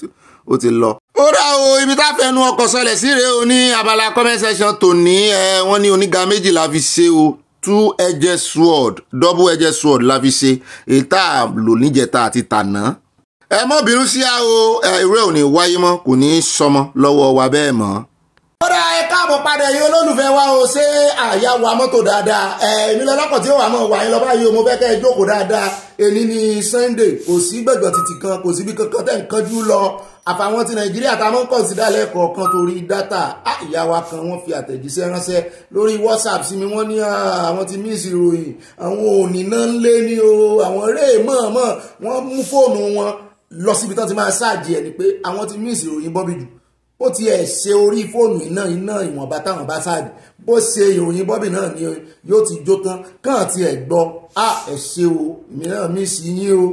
Speaker 1: ti lọ. ó dá o ibi tá a fẹnu ọkọ̀ sọlẹ̀ sí rèé o ní abala comment section tòní ẹ wọ́n ní oníga méjì la fi ṣe o two edges sword double edges sword la fi ṣe èyí tá a lò níjẹta àti tànà ẹ mọ́ bínú sí a o ìrẹ́ ò ní wáyé mọ́ kò ní í sọmọ lọ́wọ́ wa bẹ́ẹ̀ mọ́. kódà ẹ káàbọ̀ padà yìí olólùfẹ́ wa o ṣé àyà wa mọ́tò dáadáa èmi lọ́lọ́kọ̀ tí ó wà mọ́ wà yín lọ o mo fẹ́ kẹ́ ẹ jókòó dáadáa èní ni Sunday kò sí gbẹ̀gbẹ̀ títì kan kò síbi kankan tẹ̀ ń kánjú lọ àfàwọn ti nàìjíríà tá a mọ̀ ń kàn sí dálẹ́ kọ̀ọ̀kan torí dátà á ìyá wa kan wọ́n fi àtẹ̀jíṣẹ́ ránṣẹ́ lórí whatsapp sí mi wọ́n ní ah, àwọn ti mí ìsìròyìn àwọn òní náà ń lé ní o àwọn eré mọ̀ọ́mọ̀ wọ́n mú fóònù wọn lọ síbi tán ti máa ṣáàjì ẹ̀ ni pé àwọn ti mí ìsìròyìn Bobby jù ó ti ẹ̀ ṣe orí fóònù iná iná ìwọ̀nba táwọn bá ṣáàjì bó ṣe ìròyìn Bobby náà ni yóò ti jó tán kàn ti ẹ̀ gbọ́ a ẹ̀ ṣe o mìíràn mí sí yín o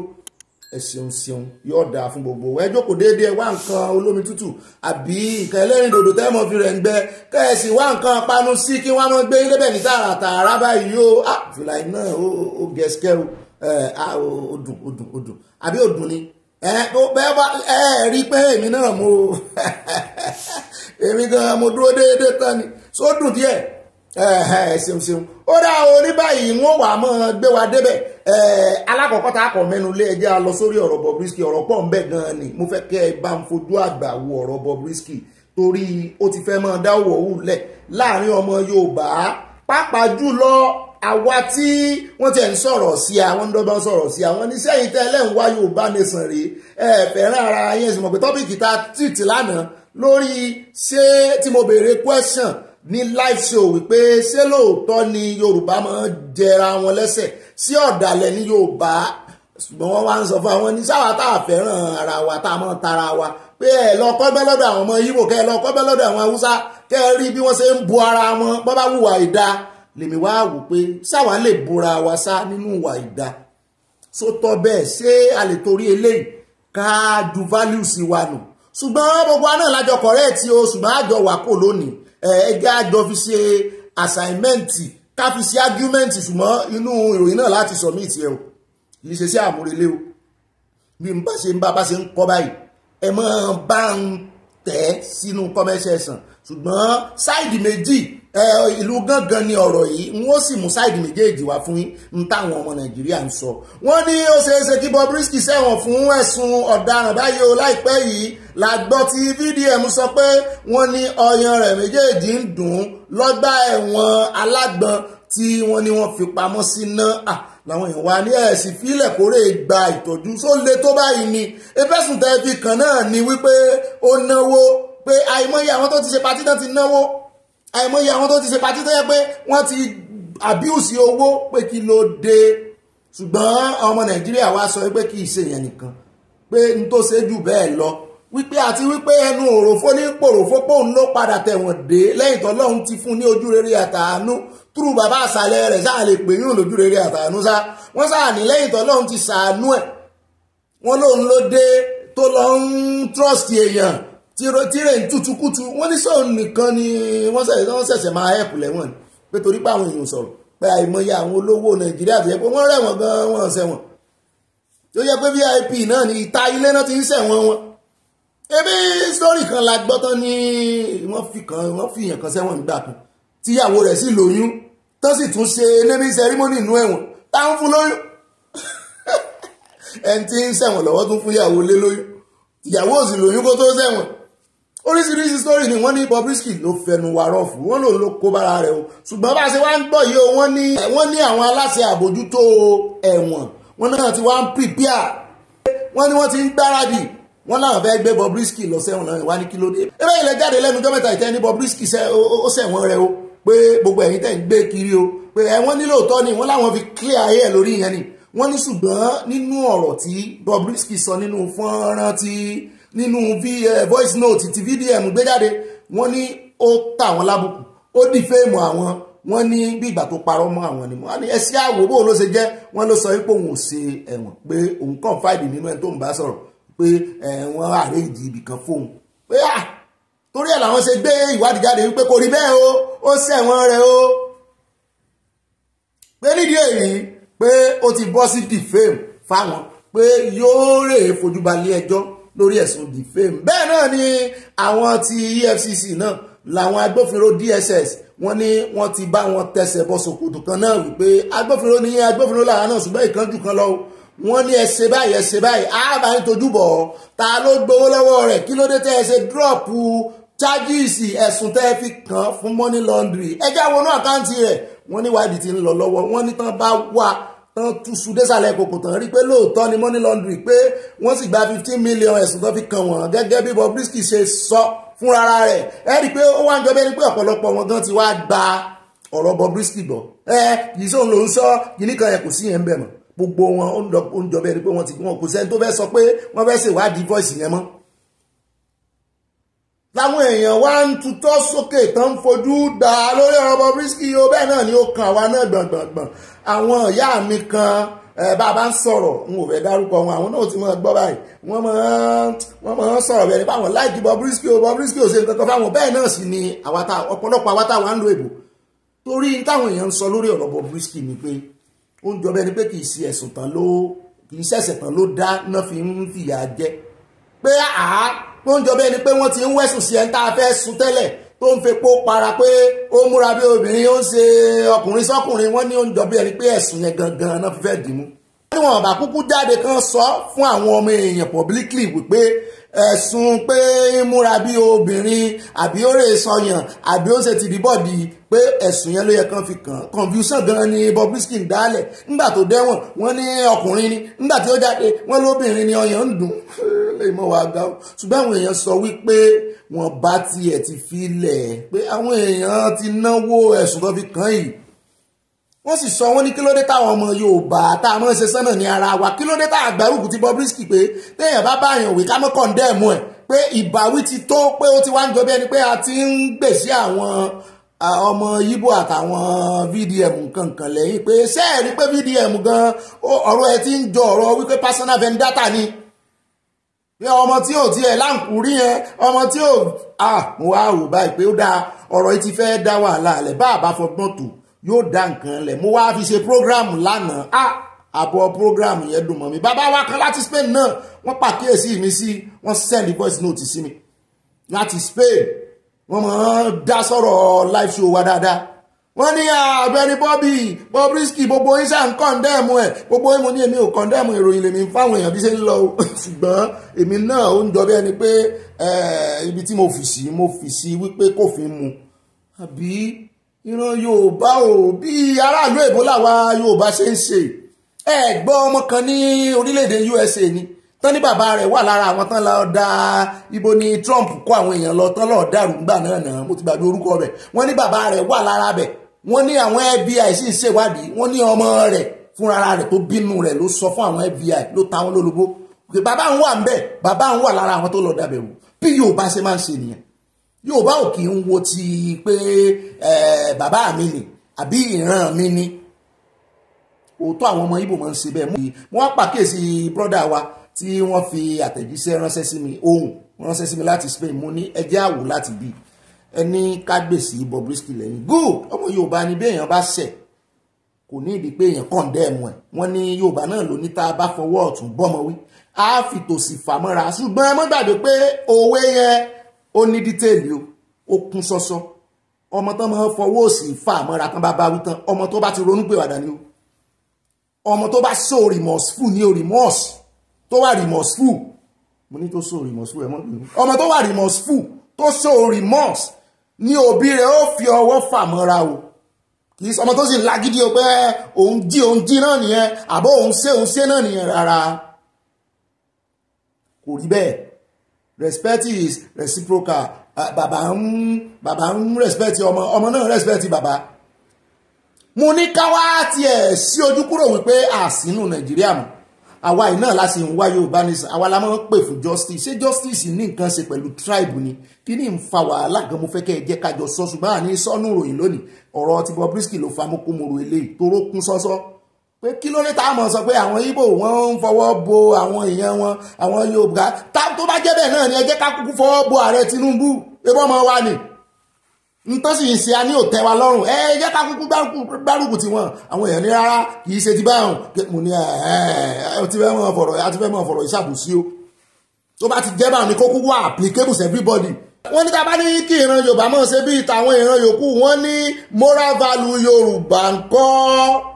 Speaker 1: ẹ ṣeun ṣeun yóò dáa fún gbogbo ẹ jókòó déédéé wá nǹkan olómi tútù àbí nǹkan ẹlẹ́rìn dòdò tẹ́mọ̀ fi rẹ̀ ń gbẹ kẹ́ẹ̀sì wá nǹkan panu sí kí wọ́n mọ́ gbé ilé bẹ̀ ní tààrà tààrà báyìí yóò á fìlà iná ó gẹ̀ẹ́sìkẹ́ o ó dùn ó dùn ó dùn àbí ó dùn ni ẹ bẹ́ẹ̀ bá ẹ rí pé èmi náà mo èmi gan mo dúró déédéé tán ni só dùn díẹ̀ ẹ ṣeun ṣeun ó dá o ní báyìí wọn wà á mọ gbé wa débẹ̀ alákọ̀ọ́kọ́ tá a kọ̀ mẹ́nu lé ẹjẹ́ a lọ sórí ọ̀rọ̀ Bobrisky ọ̀rọ̀ pọ̀ ń bẹ gan ni mo fẹ́ kẹ́ ẹ bá ń fojú àgbà wo ọ̀rọ̀ Bobrisky torí ó ti fẹ́ máa dáwọ̀ òwúlẹ̀ láàrin ọmọ Yorùbá pàápàá jùlọ àwa tí wọ́n ti ẹ̀ ń sọ̀rọ̀ sí àwọn ń dọ́gbọ́n sọ̀rọ̀ sí àwọn oníṣẹ́ yìí tẹ́lẹ̀ ń wá Yorùbá nation rèé ẹ fẹ́ràn ara yẹn sì mọ̀ pé tọ́pìkì ta tìtì lánàá lórí ṣé tí mo béèrè question ní live show wípé ṣé lóòótọ́ ni Yorùbá máa ń jẹra wọn lẹ́sẹ̀ sí ọ̀dàlẹ̀ ní Yorùbá ṣùgbọ́n wọ́n wá ń sọ fún àwọn wa tá a fẹ́ràn ara wa tá a mọ̀ tara wa pé ẹ lọ kọ́gbẹ́ lọ́dọ̀ àwọn ọmọ Ìgbò kẹ́ ẹ lọ kọ́gbẹ́ lọ́dọ̀ àwọn Haúsá kẹ́ ẹ rí bí wọ́n ṣe ń bu ara wọn bọ́ bá wùwà ìdá lèmi wá wò pé sáwa lè bora wa sá nínú ìwà ìgbà so tọ́ bẹ́ẹ̀ ṣé a lè torí eléyìí ká ju values wa nù ṣùgbọ́n gbogbo náà lájọ correct o ṣùgbọ́n àjọ wà kò lónìí ẹgbẹ́ àjọ fi ṣe assignment ká fi ṣe argument ṣùgbọ́n inú ìròyìn náà láti submit ẹ o kì í ṣe sí àmúrelé o bí n bá ṣe ń bá ṣe ń kọ́ báyìí ẹ mọ́ bá ń tẹ̀ sínú comment section sáìdì méjì ìlú gángan ni ọ̀rọ̀ yìí n ó sì mú sáìdì méjèèjì wá fún n táwọn ọmọ nàìjíríà ń sọ wọ́n ní ó ṣeé ṣe kí Bobrisky sẹ́wọ̀n fún ẹ̀sùn ọ̀daràn báyìí o láìpẹ́ yìí la gbọ́ tí VDM sọ pé wọ́n ní ọyàn rẹ̀ méjèèjì ń dùn lọ́gbà ẹ̀wọ̀n alágbọ̀n tí wọ́n ní wọ́n fi pamọ́ sí náà làwọn èèyàn wa ní ẹ̀sìn fílẹ̀ kórè gba ìtọ́jú só le tó báyìí ni efẹ́sùn tẹ́ẹ̀fì kan náà ni wípé ó náwó pé àìmọye àwọn tó ti ṣe patí náà ti náwó àìmọye àwọn tó ti ṣe patí tó yẹ pé wọ́n ti abuse owó pé kí ló dé ṣùgbọ́n ọmọ nàìjíríà wá sọ pé kì í ṣe yẹn nìkan pé n tó ṣe jù bẹ́ẹ̀ lọ wípé àti wípé ẹnu òròfó ní pòròfó pòun ló padà tẹ̀wọ̀n dé lẹ́yìn tó lọ́hún ti fún ní ojú rere àtàánú túrú bàbá àṣàlẹ̀ rẹ̀ sáà lè pè yún lójú rere àtàánú sá wọ́n sáà ní lẹ́yìn tó lọ́hún ti ṣàánú ẹ̀ wọ́n lóun ló dé tó lọ́hún trust èèyàn tiro tire ń tutukutu wọ́n ní sọ̀rọ̀ nìkan ni wọ́n ṣẹ̀ṣẹ̀ máa hẹ́pù lẹ́wọ̀n pé torí pé àwọn èèyàn sọ̀rọ̀ pé àìmọye àwọn olówó nàìjíríà tó yẹ pé wọ́n rẹ̀wọ̀n gan wọ́n ṣẹ̀wọ̀n tó yẹ pé vip náà ní ìta ilé náà ti ń ṣẹ̀wọ̀n wọn ebi sọ́ọ̀rì kan la gbọ́ tán ní wọ́n fi kan wọ́n fi èèyàn kan ṣẹ̀wọ̀n nígbà kan tíyàwó rẹ̀ sì lóyún tó sì tún ṣe naming ceremony inú ẹ̀wọ̀n táwọn fún lóyún ẹni tí ń ṣẹ̀wọ̀n lọ́wọ́ tún fún ìyàwó lé lóyún ìyàwó òsì lóyún kó tó ṣẹ̀wọ̀n oríṣiríṣi story ni wọ́n ní Bobrisky ló fẹnu wa rọ́ọ̀fù wọ́n lòun ló kó bára rẹ̀ o ṣùgbọ́n bá a ṣe wá ń gbọ́ yìí o wọ́n ní wọ́n ní àwọn aláṣẹ àbójútó ẹ̀wọ̀n wọ́n náà ti wá ń prepare wọ́n ní wọ́n ti ń gbáradì wọ́n láwọn fẹ́ gbé Bobrisky lọ sẹ́wọ̀n náà wá ní kí ló dé eré ilẹ̀ jáde lẹ́nu ọjọ́ mẹ́ta ìtẹ́ ní Bobrisky ó sẹ̀wọ̀n rẹ̀ o pé gbogbo ẹ̀yin tẹ̀ ń gbé kiri o pé ẹ̀wọ̀n nílò tọ́ ni wọ́n láwọn fi clear ayé ẹ̀ lórí yẹn ni wọ́n ní ṣùgbọ́n nínú ọ̀rọ̀ tí Bobrisky sọ nínú fọ́nrán tí nínú eh, voice note ti vdm gbé jáde wọ́n ní ó tà wọ́n lábùkù ó dì fẹ́ẹ̀mù àwọn wọ́n ní bí ìgbà tó parọ́ mọ́ àwọn ni mo wọ́n ní ẹ sí àwò bó ló ṣe jẹ́ wọ́n ló sọ wípé òun ò ṣe ẹ̀wọ̀n pé òun kàn fáìdì nínú ẹni tó ń bá sọ̀rọ̀ pé eh, wọ́n àárẹ̀ ìdí ibì kan fóun pé à ah, torí ẹ̀ làwọn ṣe gbé ìwádìí jáde wípé kò rí bẹ́ẹ̀ o ó ṣẹ̀wọ̀n rẹ̀ o pé nídìí èyí pé ó ti bọ́ sí dìfẹ́m fáwọn pé yóò rèé fojú balẹ̀ ẹjọ́ lórí ẹ̀sùn defame bẹ́ẹ̀ náà ni àwọn ti EFCC náà làwọn agbófinró DSS wọ́n ní wọ́n ti bá wọn tẹsẹ̀ bọ ṣòkòtò kan náà wípé agbófinró ní agbófinró làwọn náà ṣùgbọ́n ìkánjú kan lọ́wọ́ wọ́n ní ẹ ṣe báyìí ẹ ṣe báyìí àbá ń tojú bọ̀ ta ló gbowó lọ́wọ́ rẹ̀ kí ló dé tẹ́ ẹ ṣe dírọ̀pù charges ẹ̀sùn tẹ́ ẹ fi kàn án fún money laundry ẹ já wọnú àkáǹtì rẹ̀ wọ́n ní wádìí ti ń lọ lọ́wọ́ wọ́n ní tán bá wà wọ́n tú su désàlẹ̀ kòkò tán rí i pé lóòótọ́ ni money laundering pé wọ́n sì gba fifteen million ẹ̀sùn tó fi kàn wọ́n gẹ́gẹ́ bí Bobrisky ṣe sọ fúnra rẹ̀ ẹ rí i pé ó wá ń jọ bẹ́ẹ̀ ni pé ọ̀pọ̀lọpọ̀ wọn gan ti wá gba ọ̀rọ̀ Bobrisky gbọ́ ẹ yìí sóun ló ń sọ yìí nìkan yẹn kò sí yẹn ń bẹ̀ mọ́ gbogbo wọn ó ń jọ bẹ́ẹ̀ ni pé wọ́n ti wọn kò sẹ́ni tó fẹ́ sọ pé wọ́n fẹ́ ṣèwádìí voice yẹn mọ́ láwọn èèyàn wá ń tutọ́ sókè tán ń fojú gbà lórí ọ̀rọ̀ Bobrisky o bẹ́ẹ̀ náà ni ó kan àwa náà gbọ̀ngbọ̀ngbọ̀n àwọn ìyá mi kan bá a bá ń sọ̀rọ̀ n ò fẹ́ dárúkọ wọn àwọn náà ti mọ̀ gbọ́ báyìí wọ́n mọ̀ wọ́n mọ̀ sọ̀rọ̀ bẹ́ẹ̀ nípa àwọn láìkí Bobrisky o Bobrisky o ṣe nǹkan kan fáwọn bẹ́ẹ̀ náà sì ni ọ̀pọ̀lọpọ̀ àwa táwa ń lo èbò torí táwọn èèyàn ń sọ lórí ọ̀rọ̀ Bobrisky ni pé ó ń jọba ẹni pé kì í ṣe ẹ̀sùn tán ló kì í ṣẹ̀ṣẹ̀ tán ló dá náà fi ń fìyà jẹ pé àá ó ń jọba ẹni pé wọ́n ti ń wẹ̀sùn sí ẹni tá a fẹ́ sun tẹ́lẹ̀ tó ń fepo para pé ó múra bí obìnrin ó ń ṣe ọkùnrin sọkùnrin wọn ní oúnjẹ bí ẹni pé ẹ̀sùn yẹn gangan náà fẹ́ dìímú. níwọ̀n bá kúkú jáde kan sọ fún àwọn ọmọ èèyàn publicly wípé ẹ̀sùn pé ń múra bí obìnrin àbí ó rè sọyàn àbí ó ṣe ti di bọ́ọ̀dì pé ẹ̀sùn yẹn ló yẹ kán fi kàn confusion gan ni Bobrisky dálẹ̀ nígbà tó dẹ́wọ̀n wọ́n ní ọkùnrin ni nígbà tí ó jáde wọ́n lóbìnrin ni ọyàn ń dùn lè mọ̀ wá gbà ṣùgbọ́n àwọn èèyàn sọ wípé wọ́n bá tiẹ̀ ti filẹ̀ pé àwọn èèyàn ti náwó ẹ̀sùn tó fi kàn yìí wọ́n sì sọ wọ́n ní kílódé táwọn ọmọ Yorùbá tá a mọ̀ ṣe sánà ní ara wa kílódé tá a gbárùkù ti Bobrisky pé téèyàn bá bá àyàn òwe ká mọ́ kọ̀ǹdẹ́ẹ̀mù ẹ̀ pé ìbáwí ti tó pé ó ti wá ń jọ bí ẹni pé a ti ń gbèsè àwọn ọmọ Yíbò àtàwọn VDM nǹkan kan lẹ́yìn pé ṣé ẹ̀ rí pé VDM gan ọ̀rọ̀ ẹ ti ń jọ ọ̀rọ̀ wípé personal vendetta ni bí ọmọ tí ò tiẹ̀ láǹkúrí yẹn ọmọ tí ò ah mo wá wò báyìí pé ó dáa ọ̀rọ̀ yìí ti fẹ́ dá wàhálà lẹ̀ bá àbá fọgbọ́n tó yóò dá nǹkan lẹ̀ mo wá fi ṣe program lánàá a àbọ̀ program yẹn dùn mọ́ mi bàbá wa kan láti Spain náà wọ́n pàkíyèsí mi sí wọ́n send voice note sí mi láti Spain wọ́n máa dá sọ̀rọ̀ live show wa dáadáa wọ́n ní àbẹ̀ni Bobby Bobrisky gbogbo yín ṣáà ń kọ́ndẹ́ẹ̀mù ẹ̀ gbogbo yín mo ní èmi ò kọ́ndẹ́ẹ̀mù ìròyìn lèmi ń fáwọn èèyàn bí ṣe ń lọ ṣùgbọ́n èmi náà ó ń jọ bí ẹni pé ibi tí mo fì sí mo fì sí wípé kófin mu àbí ìran yorùbá ò bí aráàlú èbó làwa yorùbá ṣe ń ṣe ẹ gbọ́ ọmọ kan ní orílẹ̀-èdè USA ni tán ní bàbá rẹ̀ wà lára àwọn tán lọ́ọ́ da ibo ni Trump kó àwọn èèyàn lọ tán lọ́ọ́ dàrú ńgbà náà náà mo ti gbàgbé orúkọ rẹ̀ wọ́n ní bàbá rẹ̀ wà lára bẹ̀ wọ́n ní àwọn FBI sì ń ṣèwádìí wọ́n ní ọmọ rẹ̀ fúnra rẹ̀ tó bínú rẹ̀ ló sọ fún àwọn FBI ló ta wọn lólobó bàbá ń wà ń bẹ̀ bàbá ń wà lára àwọn tó lọ́ọ́ dàbẹ̀wò bí Yorùbá ṣe máa ń ṣe nìyẹn Yorùbá ò kì í wo ti pé bàbá mi ni àbí ìran mi ni òótọ́ àwọn ọmọ Ìgbò máa ń ṣe bẹ́ẹ̀ mú mi mo pàkíyèsí brọ́dà wa tí wọ́n fi àtẹ̀jíṣẹ́ ránṣẹ́ sí mi ohun ránṣẹ́ sí mi láti Spain mo ní ẹjẹ́ àwò láti bí ẹni kágbèsí Bobrisky lẹ́yìn good ọmọ Yorùbá ni bí èèyàn bá ṣẹ̀ kò ní ìdí pé èèyàn kàn dẹ́ ẹ̀mú ẹ̀ wọ́n ní Yorùbá náà ló ní tá a bá fọwọ́ ọ̀tún bọ́mọ wí a fi tòsì fàmọ́ra ṣùgbọ́n ẹ mọ́ gbàgbé pé òwe yẹn ó ní dítèlì o ó kún sọ́sọ́ ọmọ tó máa ń fọwọ́ òsì fà mọ́ra tán bá bá wí tán ọmọ tó bá ti ronú pé wàdà ni o ọmọ tó bá so remorseful ní o remorse tó wà remorseful mo ní tó so remorseful ẹ mọ́ bínú ọmọ tó wà remorseful tó so remorse ní òbí rẹ̀ ó fi ọwọ́ fà mọ́ra o kì í sọmọ tó sì lágídí o pé òun jí òun jí náà nìyẹn àbó òun ṣe òun ṣe náà nìyẹn rárá kò rí bẹ́ẹ̀ respect is reciprocal Baba ń Baba ń respect ọmọ ọmọ náà respect bàbá mo ní káwá tiẹ̀ sí ojú kúrò wípé àsínú nàìjíríà mọ́ àwa yìí náà láti ń wá yorùbá nìsín àwa la máa ń pè fún justice ṣé justice ní nǹkan ṣe pẹ̀lú tribe ni kí ni ń fa wàhálà gan mo fẹ́ kẹ́ ẹ jẹ́ kájọ sọ ṣùgbọ́n àní sọ́nù ròyìn lónìí ọ̀rọ̀ ti Bobrisky ló fa mokòmoro eléyìí toró kún sọ́sọ́ pé kí ló dé tá a mọ̀ sọ pé àwọn Ìgbò wọ́n ń fọwọ́ bo àwọn èèyàn wọn àwọn Yorùbá tó bá jẹ́ bẹ́ẹ̀ náà ni ẹ jẹ́ ká kúkú fọwọ́ bo ààrẹ Tinubu ebó ọmọ wa ni ntọ́ sì ń ṣe a ní òtẹ́ wa lọ́rùn ẹ jẹ́ ká kúkú gbárùkù tiwọn àwọn èèyàn ní rárá kì í ṣe ti báyọ̀ mo ní ẹ ti fẹ́ mọ̀ fọ̀rọ̀ ẹ ti fẹ́ mọ̀ fọ̀rọ̀ ìṣàbùsí o tó bá ti jẹ́ báyọ̀ ni kó kúkú wà applicable to everybody wọ́n ní tábà ní kí ìran Yorùbá mọ̀ ṣe bí ìtàwọn ìran yòókù wọ́n ní moral value Yorùbá ńkọ́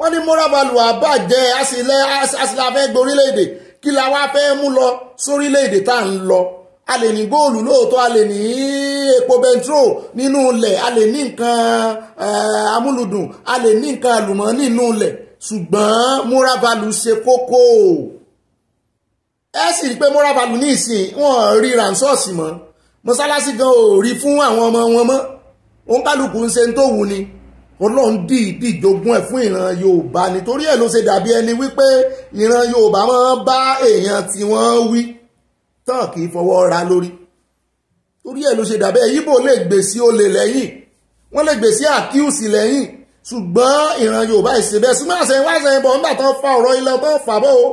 Speaker 1: wọ́n ní moral value àbàjẹ́ àsìláfẹ́ gborílẹ̀-èdè kí la wá fẹ́ mú lọ sórílẹ̀-èdè tá à ń lọ a lè ní góòlù lóòótọ́ a lè ní epo bẹntró nínú ilẹ̀ a lè ní nǹkan eh, amúlùdùn a lè ní nǹkan àlùmọ́ nínú ilẹ̀ ṣùgbọ́n moral value ṣe kókó ẹ sì rí i pé moral value ní ìsìn wọn rí ránṣọ́ọ̀sì mọ́ mọ́sálásí gan ò rí fún àwọn ọmọ wọn mọ́ ni ọlọ́run dìídì jogún ẹ̀ fún ìran yorùbá nítorí ẹ̀ ló ṣe dàbí ẹni wípé ìran yorùbá máa ń bá èèyàn tí wọ́n wí tán kì í fọwọ́ ra lórí torí ẹ̀ ló ṣe dàbí ẹ̀yìnbó lè gbèsè olè lẹ́yìn wọ́n lè gbèsè àkíyèsí lẹ́yìn ṣùgbọ́n ìran yorùbá ìṣẹ̀bẹ̀ súnmọ́ àṣẹyìn wá àṣẹyìn bọ̀ nígbà tó fa ọ̀rọ̀ ilẹ̀ tó fà bọ́ o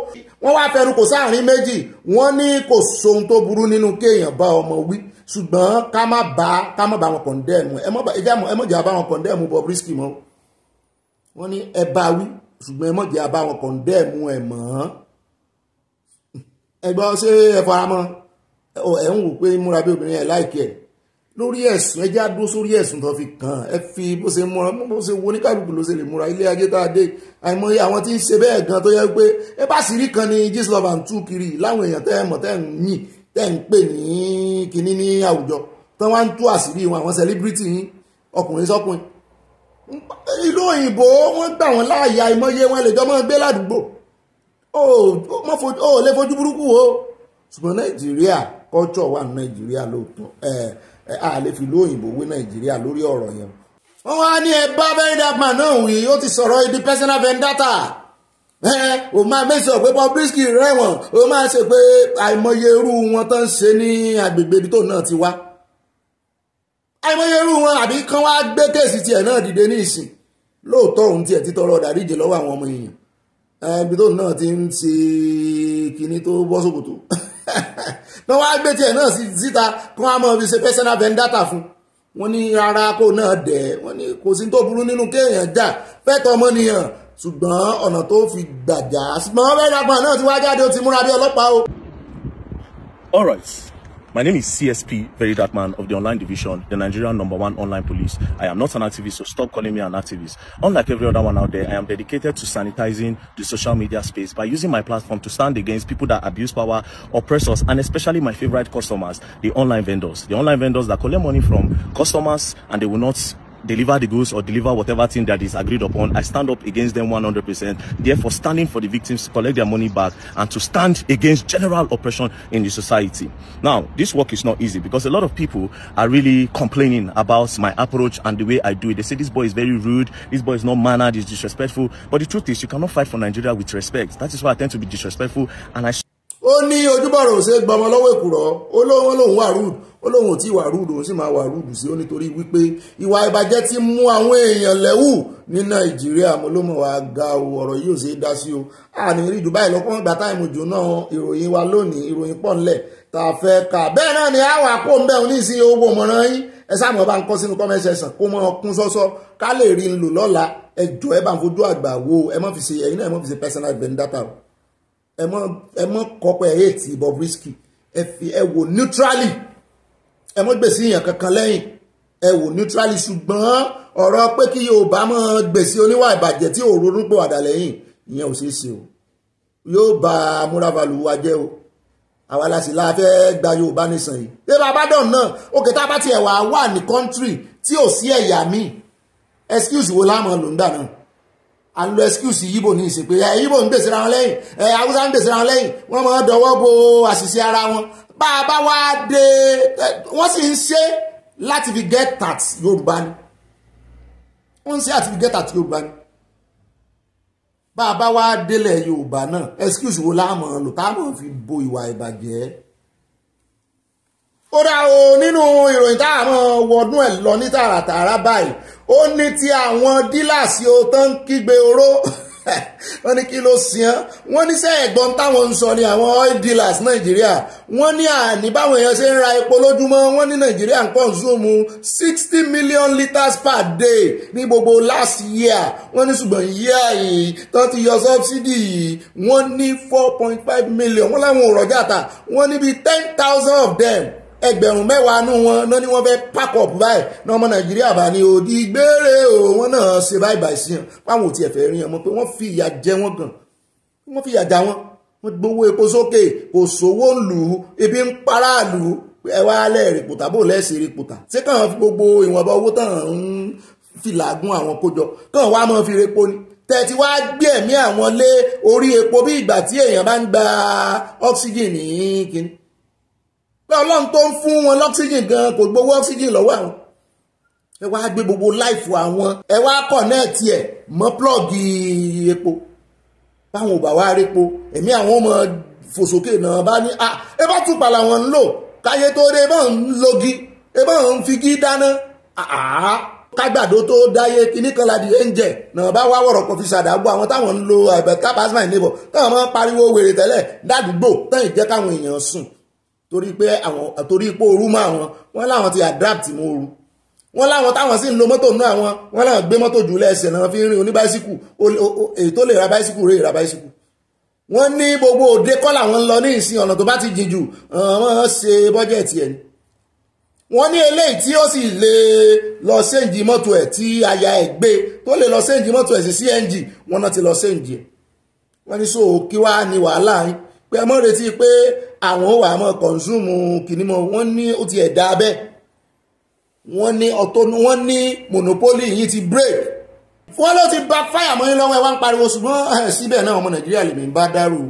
Speaker 1: wọ́n wá fẹnu kò sáàrin méjì wọ́n ní kò sóhun tó burú nínú kéèyàn bá ọmọ wí ṣùgbọ́n ká má bá ká má bá wọn kọ̀ndẹ́ẹ̀mù ẹ mọ̀ jẹ́ àbá wọn kọ̀ndẹ́ẹ̀mù Bobrisky mọ́ wọ́n ní ẹ bá wí ṣùgbọ́n ẹ mọ̀ jẹ́ àbá wọn kọ̀ndẹ́ẹ̀mù ẹ̀ mọ́ ẹgbọ́ ṣé ẹ faramọ́ ẹ ń wò pé múra bí obìnrin ẹ láìkẹ́ ẹ̀ lórí ẹ̀sùn ẹjá dúró sórí ẹ̀sùn tó fi kàn ẹ fi bó ṣe múra bó ṣe wo oníkàlùkù ló ṣe lè múra ilé ajé tá a dé àìmọye àwọn tí ń ṣe bẹ́ẹ̀ gan tó yẹ pé ẹ bá sì rí kan ní Jesus love and two kiri láwọn èèyàn tẹ́ ẹ mọ̀ tẹ́ ẹ ń yìn tẹ́ ń pè ní kinní ní àwùjọ tán wá ń tú àṣírí wọn àwọn sẹlíbírìtì yín ọkùnrin sọkùnrin ìlú òyìnbó wọ́n gbà wọ́n láàyè àìmọye wọn lè jọ mọ́ gbé ládùúgbò ó lè fojú burúkú o ṣùgbọ́n nàìjíríà culture wà ní nàìjíríà lóòótọ́ a lè fi ìlú òyìnbó wé nàìjíríà lórí ọ̀rọ̀ yẹn. wọ́n wá ní ẹ bá bẹ́rẹ̀dàpà náà wí ó ti sọ̀rọ̀ ibi personal vendetta o máa mẹ́sàn pé Bobrisky rẹ̀wọ̀n o máa ṣe pé àìmọye irú wọn tó ń ṣe ní agbègbè ibi tó náà ti wá àìmọye irú wọn àbí kán wá gbé kéèsì tiẹ̀ náà dìde ní ìsìn lóòótọ́ òun tiẹ̀ ti tọrọ ọ̀dàríje lọ́wọ́ àwọn ọmọ èèyàn ibi tó náà ti ń ṣe kinní tó bọ́ sókòtò wọ́n wá gbé tiẹ̀ náà síta kí wọ́n á mọ̀ fi ṣe personal vendetta fún wọ́n ní ara kó náà dẹ̀ wọ́n ní kò sí tó burú nínú kéèyàn jà fẹ́tọ̀ ọmọnìyàn ṣùgbọ́n ọ̀nà tó fi gbàjà ṣùgbọ́n mẹ́ẹ̀ẹ́dàgbọ̀n náà ti wá jáde ó ti múra bí ọlọ́pàá o. All right.
Speaker 3: My name is CSP Veridatman of the online division, the Nigerian number one online police. I am not an activist, so stop calling me an activist. Unlike every other one out there, I am dedicated to sanitizing the social media space by using my platform to stand against people that abuse power, oppress us, and especially my favorite customers, the online vendors. The online vendors that collect money from customers and they will not deliver the goods or deliver whatever thing that is agreed upon. I stand up against them 100%. Therefore, standing for the victims to collect their money back and to stand against general oppression in the society. Now, this work is not easy because a lot of people are really complaining about my approach and the way I do it. They say this boy is very rude, this boy is not mannered, is disrespectful. But the truth is, you cannot fight for Nigeria with respect. That is why I tend to be disrespectful and I
Speaker 1: ó ní ojúbọ̀rọ̀ ò ṣe é gbọmọ lọ́wọ́ èkùrọ́ ó lóun lòun wà rúd ó lóun ò tí ì wà rúd òun sì máa wà rúd sí ó nítorí wípé ìwà ìbàjẹ́ ti mú àwọn èèyàn lẹ́wù ní nàìjíríà mo ló mọ̀ wá ga o ọ̀rọ̀ yìí ò ṣe é dá sí o àní rí dubai lọ́pọ̀ ìgbà táìmù jù náà ìròyìn wa lónìí ìròyìn pọ̀ ńlẹ̀ tá a fẹ́ kà bẹ́ẹ̀ náà ni àwọn àpò ń bẹ̀ òun ní ìsìn owó mọ̀ràn yín ẹ sáàmù ọba nǹkan sínú comment section kó mọ́ ọkún sọ́sọ́ ká lè rí ń lò lọ́la ẹ jọ̀ọ́ ẹ bá ń fojú àgbà wo ẹ má fi ṣe ẹ̀yin náà ẹ má fi ṣe personal vendetta o ẹ mọ́ kọ́pẹ́ èètì Bobrisky ẹ fi ẹ wò neutrally ẹ mọ́ gbèsè èèyàn kankan lẹ́yìn ẹ wò neutrally ṣùgbọ́n ọ̀rọ̀ pé kí Yorùbá mọ́ gbèsè oníwà ìbàjẹ́ tí òróró pò àdà lẹ́yìn ìyẹn ò ṣeé ṣe o yóò ba amúrabalù wa jẹ́ o àwa la sì la fẹ́ gba Yorùbá nìsan yìí bí bàbá dàn náà òkè tá a bá tiẹ̀ wà wà ní kọ́ńtírì tí ò sí ẹ̀yà míì excuse wo láàmú ló ń dà náà à ń excuse yíbò ní ìsìnkú ẹ yíbò ń gbèsè ra wọn lẹ́yìn ẹ eh, haúsá ń gbèsè ra wọn lẹ́yìn wọ́n máa dọwọ́ bo àṣìṣe ara wọn bá a bá wá dé eh, wọ́n sì ń ṣe láti fi get at yorùbá ni wọ́n ṣe àti fi get at yorùbá ni bá a bá wá délẹ̀ yorùbá náà excuse wo láàmú lò táwọn fi bo ìwà ìbàjẹ́ ó dá o nínú ìròyìn táwọn wọdún ẹ̀ lọ ní tààràtààrà báyìí ó ní ti àwọn dílàsì o tó ń kígbe oró wọ́n ní kí ló sìn án wọ́n ní sẹ́ ẹ̀gbọ́n táwọn ń sọ ni àwọn oil dealers nàìjíríà wọ́n ní àní báwọn èèyàn ṣe ń ra epo lójúmọ́ wọ́n ní nàìjíríà ń kọ́nsúmù sixty million litres per day ní gbogbo last year wọ́n ní ṣùgbọ́n year yìí tó ti yọ subsidy yìí wọ́n ní four point five million wọ́n láwọn ò rọ̀jà tà wọ́n ní bíi ten thousand of them ẹgbẹ̀rún mẹ́wàá nú wọn náà ni wọ́n fẹ́ pákọ̀pù báyìí náà ọmọ nàìjíríà bá ní òdi gbére o wọn náà ṣe báyìí báyìí sí yàn páwọn ò tiẹ̀ fẹ́ rí yàn mọ́ pé wọ́n fi ìyà jẹ wọ́n gan wọ́n fi ìyà já wọn wọ́n gbowó epo sókè kò sówó lù ú ebi ń paráàlú ẹ wá lẹ́ rìpùtà bò lẹ́sẹ̀ rìpùtà ṣé kàn gbogbo ìwọ̀nba owó tàn ń fìlàgún àwọn kójọ kàn wá mọ́ fi repo ni tẹ̀tí wá gbé ẹ̀mí àwọn lé orí epo bí ìgbà tí èèyàn bá ń gba ọ́ksígìn ní kíni pé ọlọ́run tó ń fún wọn lọ́ksíjìn gan kò gbowó ọ́ksíjìn lọ́wọ́ àwọn ẹ wá gbé gbogbo láìfù àwọn ẹ wá kọ̀nẹ́ẹ̀tì ẹ̀ mọ́ plọ́ọ̀gì epo báwọn ò bá wá rí epo ẹ̀mí àwọn ọmọ fòsókè náà bá ní à ẹ bá tún pàlà wọn ń lò káyé tó dé bá ń logi ẹ bá ń figi dáná àá kágbàdo tó dáyé kíní kan láti ẹ ń jẹ náà bá wá wọ̀rọ̀ kọfí ṣàdágbò àwọn táwọn ń lo àbẹ̀ká eh, pass my neighbor táwọn máa ń pariwo wèrè tẹ́lẹ̀ ládùúgbò tẹ́yìn jẹ́ káwọn èèyàn sùn torí pé àwọn torí pé ooru mọ́ àwọn wọ́n láwọn ti adapt mọ́ ooru wọ́n láwọn táwọn sì ń lo mọ́tò náà àwọn wọ́n láwọn gbé mọ́tò jù lẹ́sẹ̀ náà fi ń rin oníbáísíkù èyí tó lè ra báísíkù rèé ra báísíkù wọ́n ní gbogbo òde kọ́ làwọn ń lọ ní ìsìn ọ̀nà tó bá ti jìn jù wọ́n ṣe bọ́jẹ̀tì ẹ̀ ni wọ́n ní eléyìí tí ó sì lè lọ ṣéǹjì mọ́tò ẹ̀ tí aya ẹ̀ gbé tó lè lọ ṣéǹjì mọ́tò ẹ̀ sí CNG wọ́n náà ti lọ ṣéǹjì ẹ̀ wọ́n ní so kí wàá ní wàhálà yín pé ẹ mọ́ retí pé àwọn wà mọ́ kọ̀nsúmù kìnnìmọ̀ wọ́n ní ó ti ẹ̀dá abẹ́ wọ́n ní ọ̀tọ̀ wọ́n ní monopoly yìí ti break wọ́n ló ti bá fáyà mọ́ yín lọ́wọ́ ẹ wá ń pariwo ṣùgbọ́n síbẹ̀ náà ọmọ nàìjíríà lèmi ń bá dárò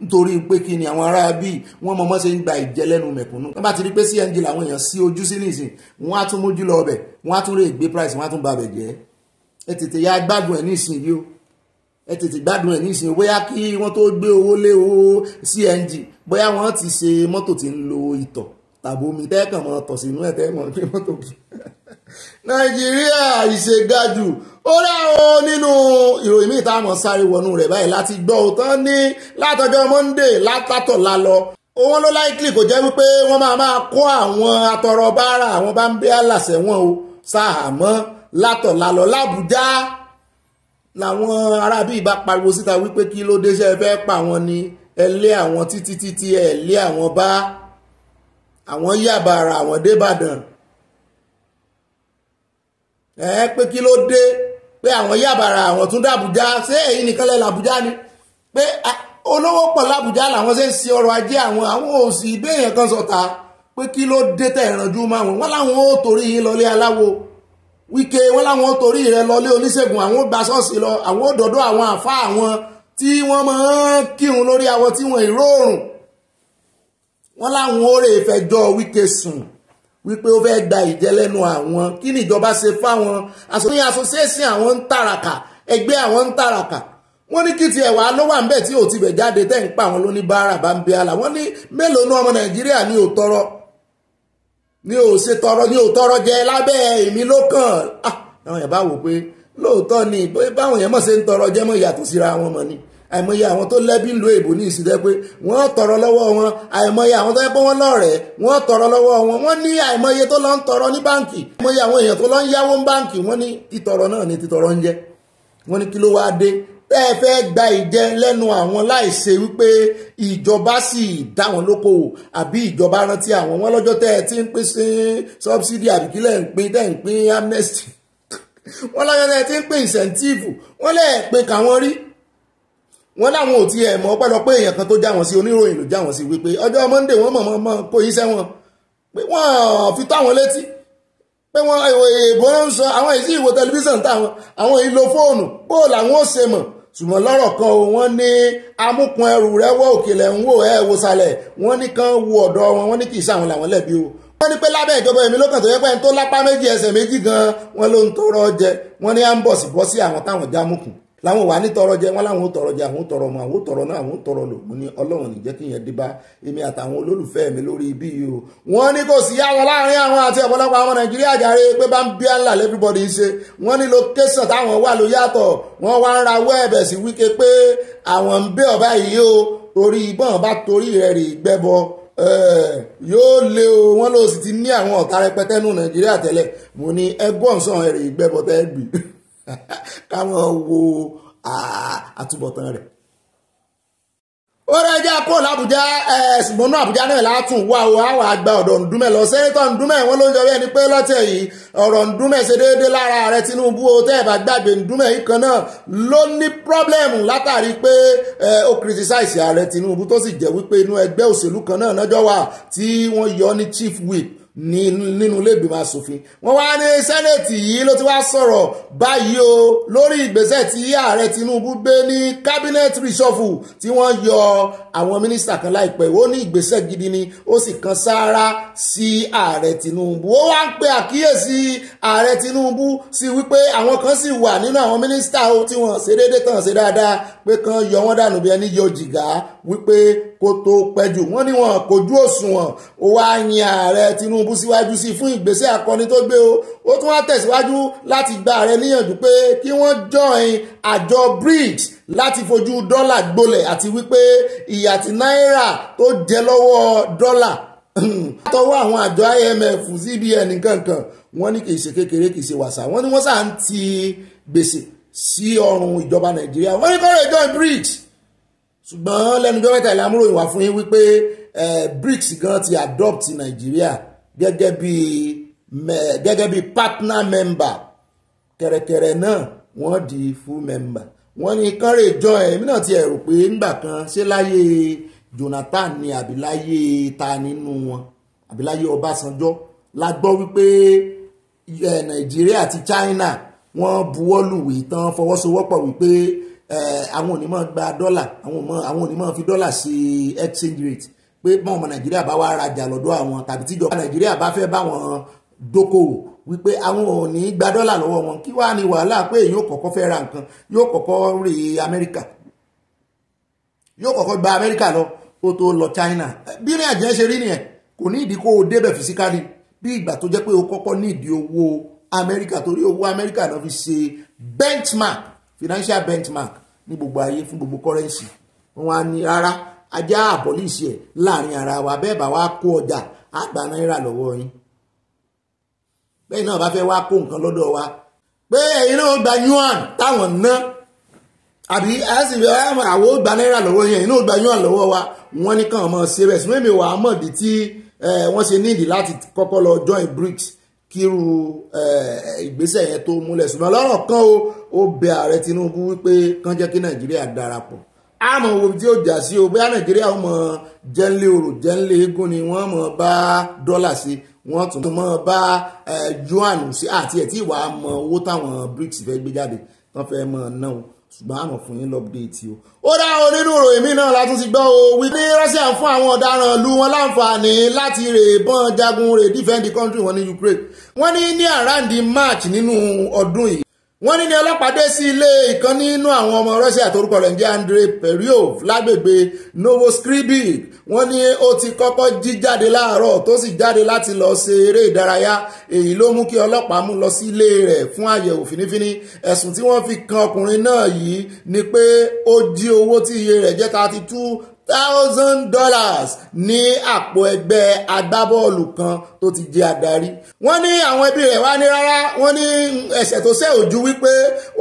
Speaker 1: nítorí pé kí ni àwọn ará bíi wọ́n mọ̀ mọ́ ṣe ń gba ìjẹ lẹ́nu mẹ̀kúnnù wọ́n bá ti rí pé cng làwọn èèyàn sí ojú sí nìsín wọ́n á tún mójú lọ ọbẹ̀ wọ́n á tún lè gbé price wọ́n á tún ba bẹ̀ jẹ́ ẹ tètè ya gbádùn ẹ̀ nísìnyí o ẹ tètè gbádùn ẹ̀ nísìnyí bóyá kí wọ́n tó gbé owó lé owó CNG bóyá wọ́n ti ṣe mọ́tò tí ń lo ìtọ̀ tàbí omi tẹ́kàn mọ́ tọ̀ sínú ẹ̀ tẹ́mọ̀ ní mọ́tò kì nàìjíríà ìṣègájù ó dáhùn nínú ìròyìn míì táwọn sáré wọnú rẹ̀ báyìí láti gbọ́ òtán ní látọjọ́ Monday látàtọ̀lá lọ òun ló láìkìlì kò jẹ́ wípé wọ́n máa máa kó àwọn atọrọ báárà àwọn bá ń bẹ́ àlàsẹ̀ wọn o sáà mọ́ látọ̀lá lọ lábùjá làwọn arábí bá pariwo síta wípé kí ló dé ṣe fẹ́ pa àwọn ni ẹ lé àwọn títí títí ẹ lé àwọn bá àwọn yàbàrà àwọn débàdàn ẹ pé kí ló dé pé àwọn yàbàrà àwọn tún dàbújá ṣé èyí nìkan lẹ làbújá ni pé olówó pọ̀ làbújá làwọn ṣe ń ṣe ọrọ̀ ajé àwọn àwọn òsì ìbéèyàn kan sọ̀tà pé kí ló dé tẹ̀ ìrànjú máa wọ̀n wọ́n láwọn ó torí yín lọlé aláwo. Wike wọn láwọn torí rẹ lọlé oníṣègùn àwọn gba ṣọ́ọ̀ṣì lọ àwọn òdòdó àwọn àfa àwọn tí wọ́n máa ń kírun lórí awọ tí wọ́n ìróòrùn wọ́n láwọn oore ìfẹjọ́ Wike sùn wípé ó fẹ́ẹ́ gba ìjẹ lẹ́nu àwọn kí ni ìjọba ṣe fáwọn àsọyìn asosiéṣin àwọn ń tàràkà ẹgbẹ́ àwọn ń tàràkà wọ́n ní kí ti ẹ̀wà ló wà ńbẹ̀ tí ò ti bẹ̀ jáde tẹ́ ń pa àwọn lóní báárà bá ń bẹ́ àlà wọ́n ní mélòó ní ọmọ Nàìjíríà ní òótọ́rọ́ ni ò ṣe tọrọ ni ò tọrọ jẹ lábẹ́ èmi ló kàn ah, àwọn yẹn bá wò pé lóòótọ́ ni báwọn yẹn mọ̀ ṣe ń tọrọ jẹ́ mọ̀ yàtọ̀ síra wọn mọ̀ ni àìmọye àwọn tó lẹ́bí ń lo èbò ní ìsìlẹ̀ pé wọ́n tọrọ lọ́wọ́ wọn àìmọye àwọn tó yẹ pé wọ́n lọ́rẹ̀ẹ́ wọ́n tọrọ lọ́wọ́ wọn wọ́n ní àìmọye tó lọ ń tọrọ ní báǹkì àìmọye àwọn èèyàn tó lọ ń yáwó ń báǹkì wọ́n ní títọrọ náà ni títọrọ ń jẹ́ wọ́n ní kí ló wáá dé tẹ́ ẹ fẹ́ gba ìjẹ lẹ́nu àwọn láìṣe wípé ìjọba sì dá wọn lókòwò àbí ìjọba rántí àwọn wọn lọ́jọ́ tẹ́ ẹ ti ń pín sí subsidy àbíkílẹ̀ ń pín tẹ́ ń pín amnesty wọn lọ́jọ́ tẹ́ ẹ ti ń pín incentive wọ́n lẹ́ẹ̀ pín káwọn rí wọ́n láwọn ò tiẹ̀ mọ̀ pẹ́lọpẹ́ èèyàn kan tó já wọn sí oníròyìn ló já wọn sí wípé ọjọ́ Monday wọ́n mọ̀ mọ́ kó yí sẹ́wọ̀n pé wọ́n fi tó àwọn létí pé wọ́n èèbó ń sọ àwọn ìsí ìwò tẹlifíṣàn táwọn àwọn ìlò fóònù bóòlù àwọn ò ṣe mọ̀ ṣùgbọ́n lọ́rọ̀ kan o wọ́n ní amúkun ẹrù rẹ wọ́ òkèlè ń wò ẹ́ wo sàlẹ̀ wọ́n ní kan wo ọ̀dọ̀ wọn wọ́n ní kì í ṣàwọn làwọn lẹ̀bi o. wọ́n ní pé lábẹ́ ìjọba èmi lókàn tó yẹ pé ẹni tó lápá méjì ẹsẹ̀ méjì gan wọ́n ló ń tọrọ jẹ wọ́n ní à ń bọ̀ sí bọ́ sí àwọn táwọn já mùkùn láwọn wà ní tọrọ jẹ wọn láwọn ò tọrọ jẹ àwọn ò tọrọ mọ àwọn ò tọrọ náà àwọn ò tọrọ lò mo ní Ọlọ́run ní jẹ́ kí yẹn dé bá èmi àtàwọn olólùfẹ́ mi lórí ibi yìí o wọ́n ní kò sí àwọn láàrin àwọn àti ọ̀pọ̀lọpọ̀ àwọn Nàìjíríà jàre pé bá ń bí àlà everybody ṣe wọ́n ní location táwọn wà ló yàtọ̀ wọ́n wá ń ra wẹẹbẹ sí wíkẹ pé àwọn ń bẹ ọba yìí o orí ìbọn bá torí rẹ̀ rè gbẹbọ yóò lé o wọn ló sì ti ní àwọn ọ̀tá rẹpẹtẹ nù Nàìjíríà tẹ́lẹ̀ mo ní ẹgbọ́n sàn ẹ̀rì ìgbẹ́bọ̀tẹ́ gbì káwọn wo àtúbọ̀tán rẹ̀ ó rẹ́jà kúrò lábújá ṣùgbọ́n náà àbújá náà látún wá o àwọn àgbà ọ̀dọ̀ ǹdúmẹ̀ lọ sẹ́ńtọ̀ ǹdúmẹ̀ wọn ló ń jọ bí ẹni pé lọ́tẹ̀ yìí ọ̀rọ̀ ǹdúmẹ̀ ṣe déédéé lára ààrẹ Tinubu o tẹ́ ẹ̀ bá gbàgbé ǹdúmẹ̀ yìí kan náà ló ní pírọ́blẹ̀mù látàrí pé ó kìrìtísáìsì ààrẹ Tinubu tó sì jẹ́ wípé inú ẹgbẹ́ òṣèlú kan náà lọ́jọ́ wà tí wọ́n yọ ní chief whip nínú ilégbèmọ̀ asòfin wọ́n wá ní sẹ́nẹ̀tì yìí ló ti wá sọ̀rọ̀ báyìí o lórí ìgbésẹ̀ tí ààrẹ Tinubu gbé ní cabinet reshuffle tí wọ́n yọ àwọn mínísítà kan láìpẹ́ ó ní ìgbésẹ̀ gidi ni ó sì kan sáárá sí ààrẹ Tinubu ó wá ń pe àkíyèsí ààrẹ Tinubu sí wípé àwọn kan sì wà nínú àwọn mínísítà tí wọ́n ṣe déédéé tàn ṣe dáadáa pé kan yọ wọ́n dànù bí ẹni yọ jìgá wípé kó tó pẹ́jù wọ́n ní wọn kò ju òṣùwọ̀n ó wá yin ààrẹ Tinubu síwájú sí fún ìgbésẹ̀ akọni tó gbé o ó tún wá tẹ̀síwájú láti gba ààrẹ níyànjú pé kí wọ́n join àjọ bridge. láti fojú dọ́là gbolẹ̀ àti wípé ìyà tí náírà tó jẹ lọ́wọ́ dọ́là tọwọ́ àwọn àjọ IMF CBN kankan wọ́n ní kì í ṣe kékeré kì í ṣe wàsà wọ́n ní wọ́n sà ń ti gbèsè sí ọrùn ìjọba Nàìjíríà wọ́n ní kọ́rọ̀ ìjọ BRICS ṣùgbọ́n lẹ́nu jọ́ mẹ́ta ìlàmúrò ìwà fún yín wípé BRICS gan ti adopt Nàìjíríà gẹ́gẹ́ bí gẹ́gẹ́ bí partner member kẹ̀rẹ̀kẹ̀rẹ̀ náà wọ́n di full member wọ́n ní kánrè jọ ẹ̀mí náà ti ẹ̀rù pé ńgbà kan ṣé láyé Jonathan ni àbí láyé ta nínú wọn àbí láyé Ọbásanjọ́ la gbọ́ wípé Nàìjíríà àti China wọ́n buwọ́lùwé tán fọwọ́sowọ́pọ̀ wípé Eh, àwọn ò ní máa gba dọ́là àwọn ò máa fi dọ́là sí exchange rate pé báwọn ọmọ nàìjíríà bá wá rajà lọ́dọ̀ àwọn tàbí tíjọba nàìjíríà bá fẹ́ báwọn dókòwò wípé àwọn ò ní gba dọ́là lọ́wọ́ wọn kí wàá ní wàhálà pé èyí ò kọ́kọ́ fẹ́ ra nǹkan yóò kọ́kọ́ rè amẹ́ríkà yóò kọ́kọ́ gba amẹ́ríkà lọ kó tó lọ china bí ní àjẹ́ ṣe rí nìyẹn kò ní ìdí kó o débẹ̀ fisikali bí ìgbà tó jẹ́ pé o kọ́kọ́ ní ìdí owó amẹ́ríkà torí owó amẹ́ríkà náà fi ṣe benchmark financial benchmark ní gbogbo ayé fún gbogbo currency wọn á ní rárá ajá àbọ̀lìsì ẹ̀ láàrin ara wa bẹ́ẹ̀ bá wa kó ọjà àgbà náírà lọ́wọ́ yín bẹ́ẹ̀ náà bá fẹ́ wá kó nǹkan lọ́dọ̀ wa pé ẹ̀yin náà gba yuan táwọn ná àbí àṣìbẹ̀ àwọn gba náírà lọ́wọ́ yẹn ẹ̀yin náà gba yuan lọ́wọ́ wa wọ́n ní kàn mọ́ ṣe bẹ́ẹ̀ sùn mẹ́mi wàá mọ̀ bí tí eh, wọ́n ṣe níìdí láti kọ́kọ́ lọ join BRICS kírú ìgbésẹ̀ yẹn tó múlẹ̀ ṣùgbọ́n lọ́rọ̀ kan o ó bẹ ààrẹ Tinubu wípé kán jẹ́ kí Nàìjíríà darapọ̀ àmọ́ wo tí ó jà sí o bóyá Nàìjíríà ó mọ jẹ́ńlé orò jẹ́ńlé eégún ni wọ́n mọ bá dọ́là sí wọ́n tún mọ bá yuan sí àti ẹ̀ tí ìwà mọ owó táwọn BRICS fẹ́ gbé jáde wọ́n fẹ́ mọ náà ṣùgbọ́n àmọ̀ fún yín lọ́pdéètì o. ó dá onínú ìròyìn mi náà látún ti gbọ́ o wípé Russia ń fún àwọn ọ̀daràn ìlú wọn láǹfààní láti rèébọn jagun rè defend the country wọn ní Ukraine. wọ́n ní ní around March nínú ọdún yìí wọ́n ní ní ọlọ́pàá dé sí ilé ìkan nínú àwọn ọmọ Russia torúkọ rẹ̀ ń jẹ́ Andrei Periov lágbègbè Novoskribik wọ́n ní ó ti kọ́kọ́ jí jáde láàárọ̀ tó sì jáde láti lọ ṣe eré ìdárayá èyí ló mú kí ọlọ́pàá mú lọ sí ilé rẹ̀ fún àyẹ̀wò fínífíní ẹ̀sùn tí wọ́n fi kan ọkùnrin náà yìí ni pé ó jí owó tí iye rẹ̀ jẹ́ thirty two thousand dollars ní àpò ẹgbẹ́ agbábọ́ọ̀lù kan tó ti jẹ́ adarí. wọ́n ní àwọn ẹbí rẹ̀ wá ní rárá wọ́n ní ẹ̀ṣẹ̀ tó ṣẹ̀ ojú wípé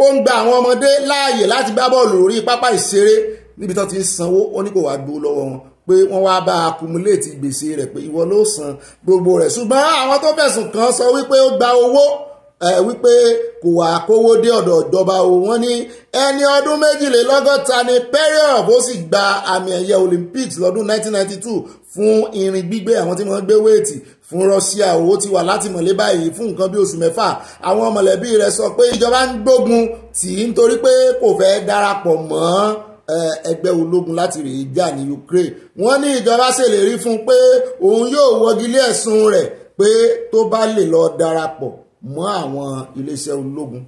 Speaker 1: ó ń gba àwọn ọmọdé láàyè láti gbá bọ́ọ̀lù lórí pápá ìṣeré níbi tó ti ń sanwó ó ní kò wá gbó lọ́wọ́ wọn pé wọ́n wá bá accumulate gbèsè rẹ̀ pé ìwọ ló san gbogbo rẹ̀ ṣùgbọ́n àwọn tó fẹ̀sùn kàn sọ wípé ó gba owó ẹ wípé kò wá kówó dé ọ̀dọ̀ ìjọba o wọ́n ní ẹni ọdún méjìlélọ́gọ́ta ni period ó sì gba àmì ẹ̀yẹ Olympics lọ́dún 1992 fún irin gbígbé àwọn tí wọ́n gbé wéètì fún Russia ó ti wà látìmọ́lé báyìí fún nǹkan bí oṣù mẹ́fà àwọn mọ̀lẹ́bí rẹ̀ sọ pé ìjọba ń gbógun tì í nítorí pé kò fẹ́ darapọ̀ mọ́ ẹgbẹ́ ológun láti rèé jà ní Ukraine wọ́n ní ìjọba ṣèlérí fún pé òun yóò wọgilé ẹ̀sùn rẹ̀ pé tó bá lè lọ darapọ̀ mọ́ àwọn iléeṣẹ́ ológun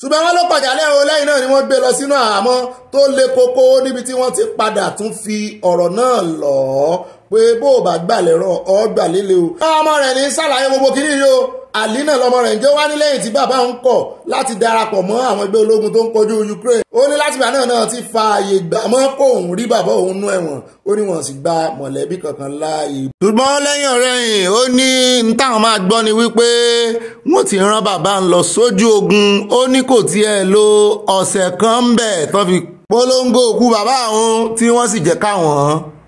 Speaker 1: ṣùgbọ́n wọ́n ló padà lẹ́hìn o lẹ́yìn náà ni wọ́n gbé lọ sínú àhámọ́ tó le koko níbi tí wọ́n ti padà tún fi ọ̀rọ̀ náà lọ̀ ọ́ pé bó o bá gbà lẹ́rọ̀ ọ́ gbà líle o. ọmọ rẹ̀ ní sàlàyé gbogbo kìnìún yìí o alina lọmọ rẹ̀ ń jẹ́ wá ní lẹ́yìn tí bàbá ń kọ̀ láti darapọ̀ mọ́ àwọn ẹgbẹ́ ológun tó ń kojú Ukraine ó ní látìgbà náà náà ti fa àyè gbà mọ́ kó òun rí bàbá òun nú ẹ̀wọ̀n ó ní wọ́n sì gba mọ̀lẹ́bí kankan láàyè. ṣùgbọ́n lẹ́yìn ọ̀rẹ́yìn ó ní n táwọn máa gbọ́ ni wípé wọ́n ti rán bàbá ń lọ sójú ogun ó ní kò tiẹ̀ lo ọ̀sẹ̀ kan ń bẹ̀ tó fi polongo òkú bàbá òun tí wọ́n sì jẹ́ káwọn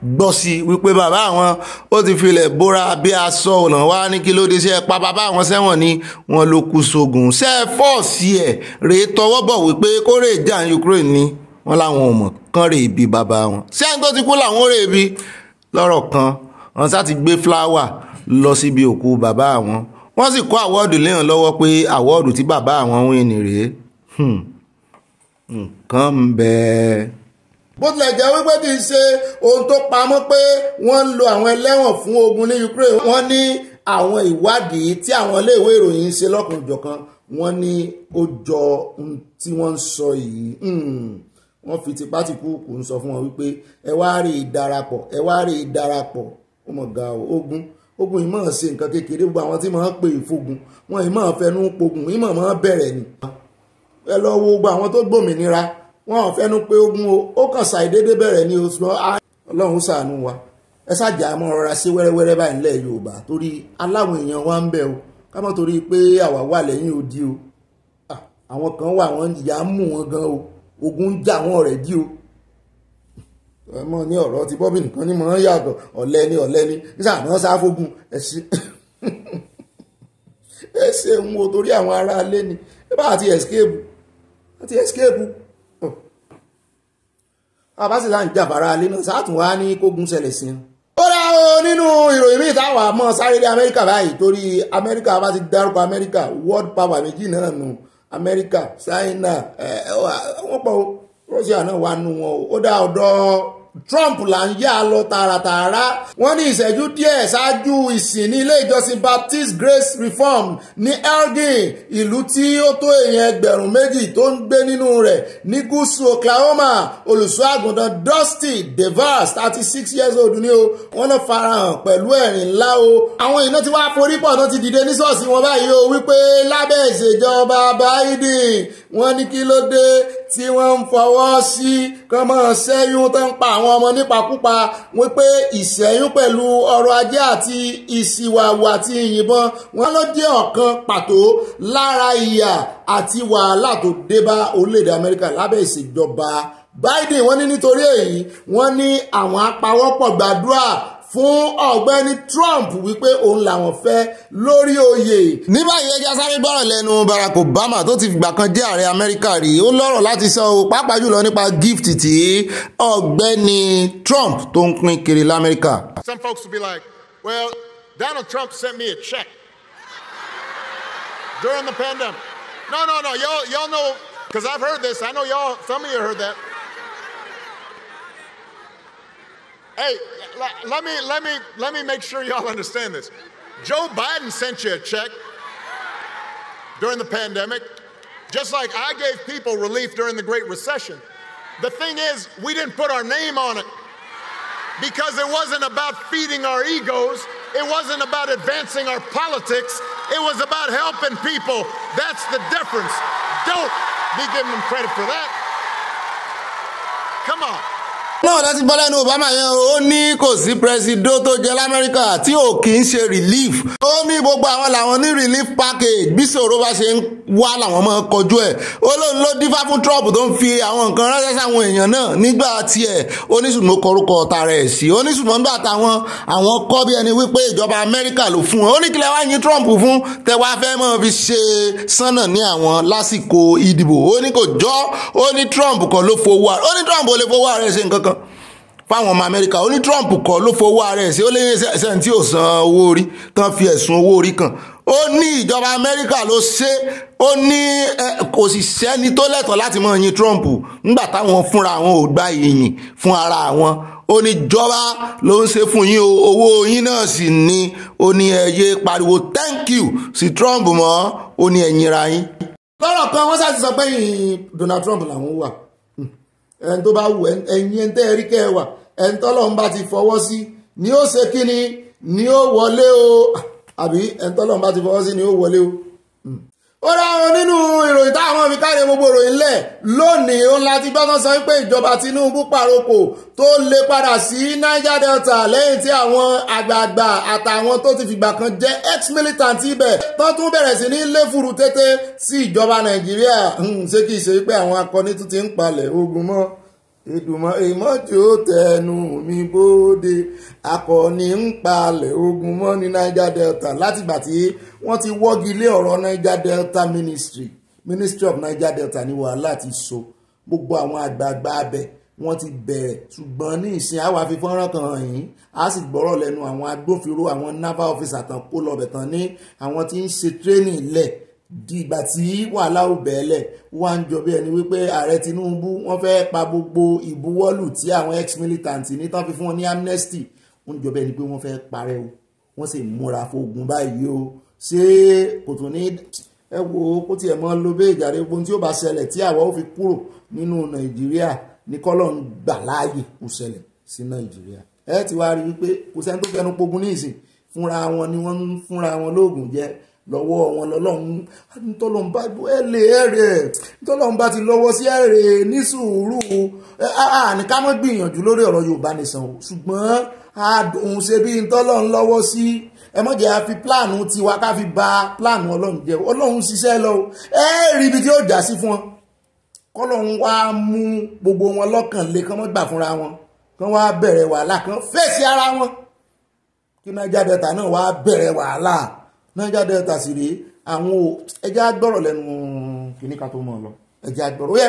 Speaker 1: gbọ́ sí wípé bàbá àwọn ó ti filẹ̀ bóra bí aṣọ ọ̀nà wá ní kí ló dé sí ẹ pa bàbá àwọn sẹ́wọ̀n ni wọ́n ló kú sógun ṣe é fọ́ọ̀sì ẹ̀ rèé tọwọ́ bọ̀ wípé kórè jà ní Ukraine ni wọ́n láwọn ò mọ̀ kán rèé bí bàbá wọn ṣé ẹni tó ti kú làwọn ò rèé bí lọ́rọ̀ kan wọ́n sá ti gbé fúláwà lọ síbi òkú bàbá àwọn wọ́n sì kó àwọ́ọ̀dù léèyàn lọ́wọ́ pé àwọ́ọ̀dù tí bàbá àwọn hmm. ń wí nìrèé nǹkan bẹ́ẹ̀ bó tilẹ̀ jẹ́ wípé kì í ṣe ohun tó pamọ́ pé wọ́n ń lo àwọn ẹlẹ́wọ̀n fún ogun ní Ukraine wọ́n ní àwọn ìwádìí tí àwọn iléèwé ìròyìn ń ṣe lọ́kùnjọ̀kan wọ́n ní ó jọ ohun tí wọ́n ń sọ yìí hmm. wọ́n fi tipátìkúùkù ń sọ fún wọn wípé ẹ wá rí ìdarapọ̀ ẹ wá rí ìdarapọ̀ ó mọ̀ ga ogun ogun yìí máa ṣe nǹkan kékeré gbogbo àwọn tí máa ń pè ìfogun wọn yìí máa fẹnu pogun yìí máa bẹ̀rẹ̀ ni ẹ lọ wo gbogbo àwọn tó gbòmìnira wọn ò fẹ́nu pé ogun o ó kàn ṣàìdédé bẹ̀rẹ̀ ní oṣù ọlọ́run ṣàánú wa ẹ ṣàjà mọ́ rọra sí wẹ́rẹ́wẹ́rẹ́ báyìí nílẹ̀ yorùbá torí aláwọn èèyàn wa ń bẹ̀ o ká mọ̀ torí pé àwa wà lẹ́yìn odi o àwọn kan wà wọ́n ìyá ń mú wọn gan o ogun ń jà wọ́n rẹ̀ dí o ọmọ ní ọ̀rọ̀ ti bọ́bì nìkan ní mọ̀rán yàgò ọ̀lẹ́ ní ọ̀lẹ́ ní nísàmọ́ sáfógun ẹ̀sìn ẹ̀sìn ń wo torí àwọn aráalé ni ẹ bá àti escape àti escape bàbá sì láǹ jàbára alẹ́ náà ní kógun ṣẹlẹ̀ sí i. ó rà ó nínú ìròyìn míì táwa mọ̀ sáré dé amẹ́ríkà báyìí torí amẹ́ríkà bá ti dárúkọ amẹ́ríkà world power méjì náà nù amẹ́ríkà ṣáínà ẹ̀ wọ́n pọ̀ russia náà wà nù wọn ó dá ọ̀dọ́ Trump là ń yá lọ tààràtààrà wọ́n ní ìṣẹ́jú díẹ̀ ṣáájú ìsìn ní ilé ìjọsìn Baptist Grace Reform ní Elgin ìlú tí ó tó èèyàn ẹgbẹ̀rún méjì tó ń gbé nínú rẹ̀ ní gúúsù Oklahoma olùṣọ́ àgùntàn Dusty DeVas thirty six years old ni o wọ́n náà farahàn pẹ̀lú ẹ̀rín ńlá o àwọn iná tí wàá forí pọ̀ náà ti dìde ní ṣọ́ọ̀ṣì wọn báyìí o wípé lábẹ́ ìṣèjọba Biden wọ́n ní kí ló dé tí wọ́n ń fọwọ́ sí kán mọ́ ṣẹ́yún tó ń pa àwọn ọmọ nípakúpa wípé ìṣẹ́yún pẹ̀lú ọrọ̀ ajé àti ìsìwàwù àti ìyìnbọn wọn ló jẹ́ ọ̀kan pàtó lára ìyà àti wàhálà tó dé bá orílẹ̀-èdè Amẹ́ríkà lábẹ́ ìṣèjọba Biden wọ́n ní nítorí èyí wọ́n ní àwọn apawọ́pọ̀ gbàdúrà fún ọ̀gbẹ́ni Trump wípé òun làwọn fẹ́ lórí oyè. ní báyìí ẹja sáré gbọ́rọ̀ lẹ́nu Barack Obama tó ti fìgbà kan jẹ́ ààrẹ Amẹ́ríkà rí ó lọ́rọ̀ láti sọ o pàápàá jùlọ nípa gift tí ọ̀gbẹ́ni Trump tó ń pín kiri l'Amẹ́ríkà. Some folks will be like, well, Donald Trump sent me a check during the pandemic. No, no, no, y'all, y'all know, because I've heard this. I know y'all, some of you heard that. hey, let me, let, me, let me make sure y'all understand this. Joe Biden sent you a check during the pandemic, just like I gave people relief during the Great Recession. The thing is, we didn't put our name on it because it wasn't about feeding our egos. It wasn't about advancing our politics. It was about helping people. That's the difference. Don't be giving them credit for that. Come on. náà láti bọ́ Obama yẹn ó ní kò sí pírẹsidó tó jẹ l'Amẹ́ríkà tí ò kì í ṣe relief ó ní gbogbo àwọn làwọn ní relief package bí ṣòro bá ṣe ń wá làwọn máa kọjú ẹ̀ ó lóun ló dífá fún Trump tó ń fi àwọn nǹkan ránṣẹ́ sáwọn èèyàn náà nígbà tiẹ̀ oníṣùmọ̀ kọrúkọ tààrà ẹ̀ sí oníṣùmọ̀ nígbà táwọn àwọn kọ́ bí ẹni wípé ìjọba Amẹ́ríkà ló fún wọn ó ní kílẹ̀ wá yín Trump fún tẹwa fẹ́ mọ́ fi ṣe sánà ní àwọn lásìkò ìdìbò ó ní kò jọ́ ó ní Trump kọ́ ló fowó ó ní Trump ò lè fowó ààrẹ ṣe nǹkan kan fáwọn ọmọ amẹ́ríkà ó ní trump kọ́ ló fowó ara ẹ̀ sí ó lé sẹ́ńtì ò san owó orí tán fi ẹ̀sùn owó orí kàn ó ní ìjọba amẹ́ríkà ló ṣe ó ní kò sì sẹ́ni tó lẹ́tọ̀ọ́ láti mọ yin trump nígbà táwọn fúnra àwọn ò gba ìyìn fún ara àwọn ó ní ìjọba ló ń ṣe fún yín owó yín náà sì ni ó ní ẹ pariwo thank you sí trump mọ́ ó ní ẹ̀yìn ra yín. lọ́rọ̀ kan wọ́n ṣáà ti sọ pé Donald Trump làwọn wà ẹni tó bá wù ẹ̀yìn ẹni tẹ́ ẹ rí kẹ́ ẹ wà ẹni tọ́lọ́run bá ti fọwọ́ sí ni ó ṣe kí ni ni ó wọlé o àbí ẹni tọ́lọ́run bá ti fọwọ́ sí ni ó wọlé o. Hmm. ó dáhùn nínú ìròyìn táwọn fi káre gbogbo ìròyìn lẹ̀ lónìí ó láti gbọ́dọ̀ sọ pé ìjọba Tinubu pàrokò tó lè padà sí Niger Delta lẹ́yìn tí àwọn àgbààgbà àtàwọn tó ti fìgbà kan jẹ́ ex-militant ibẹ̀ tó tún bẹ̀rẹ̀ sí ní léfuru tètè sí ìjọba Nàìjíríà hmm, ṣé kìí ṣe pé àwọn akọni tún ti ń palẹ̀ ogun mọ́. Èdùmàrè má jẹ́ tẹnu mi bóde akọni ń palẹ̀ ogun mọ́ ní Niger Delta látìgbà tí wọ́n ti wọ́gi lé ọ̀rọ̀ Niger Delta Ministry Ministry of Niger Delta ní wàhálà ti so gbogbo àwọn àgbààgbà abẹ wọ́n ti bẹ̀rẹ̀ ṣùgbọ́n ní ìsìn àwa fi fọ́nrán kan hàn yín a sì gbọ́rọ̀ lẹ́nu àwọn agbófinró àwọn naval officer tán kó lọ́bẹ̀ tán ní àwọn tí ń ṣe training lẹ̀ di ìgbà tí wàhálà ò bẹ̀ẹ́lẹ̀ wá ń jọ bí ẹni wípé ààrẹ Tinubu wọ́n fẹ́ pa gbogbo ìbuwọ́lù tí àwọn ex-militant ní tán fi fún wọn ní amnesty wọ́n ń jọ bí ẹni pé wọ́n fẹ́ parẹ́ o wọ́n sì múra fógun báyìí o ṣé kò tún ní ẹ wo kó tiẹ̀ mọ́ ló bẹ́ẹ̀ ìjàre ohun tí ó bá ṣẹlẹ̀ tí àwa ó fi kúrò nínú Nàìjíríà ní kọ́lọ̀ ń gbà láàyè kó ṣẹlẹ̀ sí Nàìjíríà ẹ ti wá rí wípé kò sẹ́ni tó fẹnu lọ́wọ́ wọn lọ́lọ́run tọ́lọ́run bá ẹ lè ẹ̀rẹ̀ tọ́lọ́run bá ti lọ́wọ́ sí ẹ̀rẹ̀ ní sùúrù ní ká mọ́ gbìyànjú lórí ọ̀rọ̀ Yorùbá nìsan ṣùgbọ́n àdùn ṣe bí tọ́lọ́run lọ́wọ́ sí ẹ mọ̀ jẹ́ àfi pláànù tiwa ká fi ba pláànù Ọlọ́run jẹ́ Ọlọ́run ṣiṣẹ́ lọ ẹ rí ibi tí ó jà sí fún wọn kọ́lọ́run wá mú gbogbo wọn lọ́kàn lé kán mọ́ gbà fúnra wọn kán wá bẹ̀rẹ̀ wàhálà kán fèsì ara wọn kí Naija Delta náà wá bẹ̀rẹ̀ wàhálà Delta àwọn gbọ́rọ̀ lẹ́nu ká tó mọ̀ lọ gbọ́rọ̀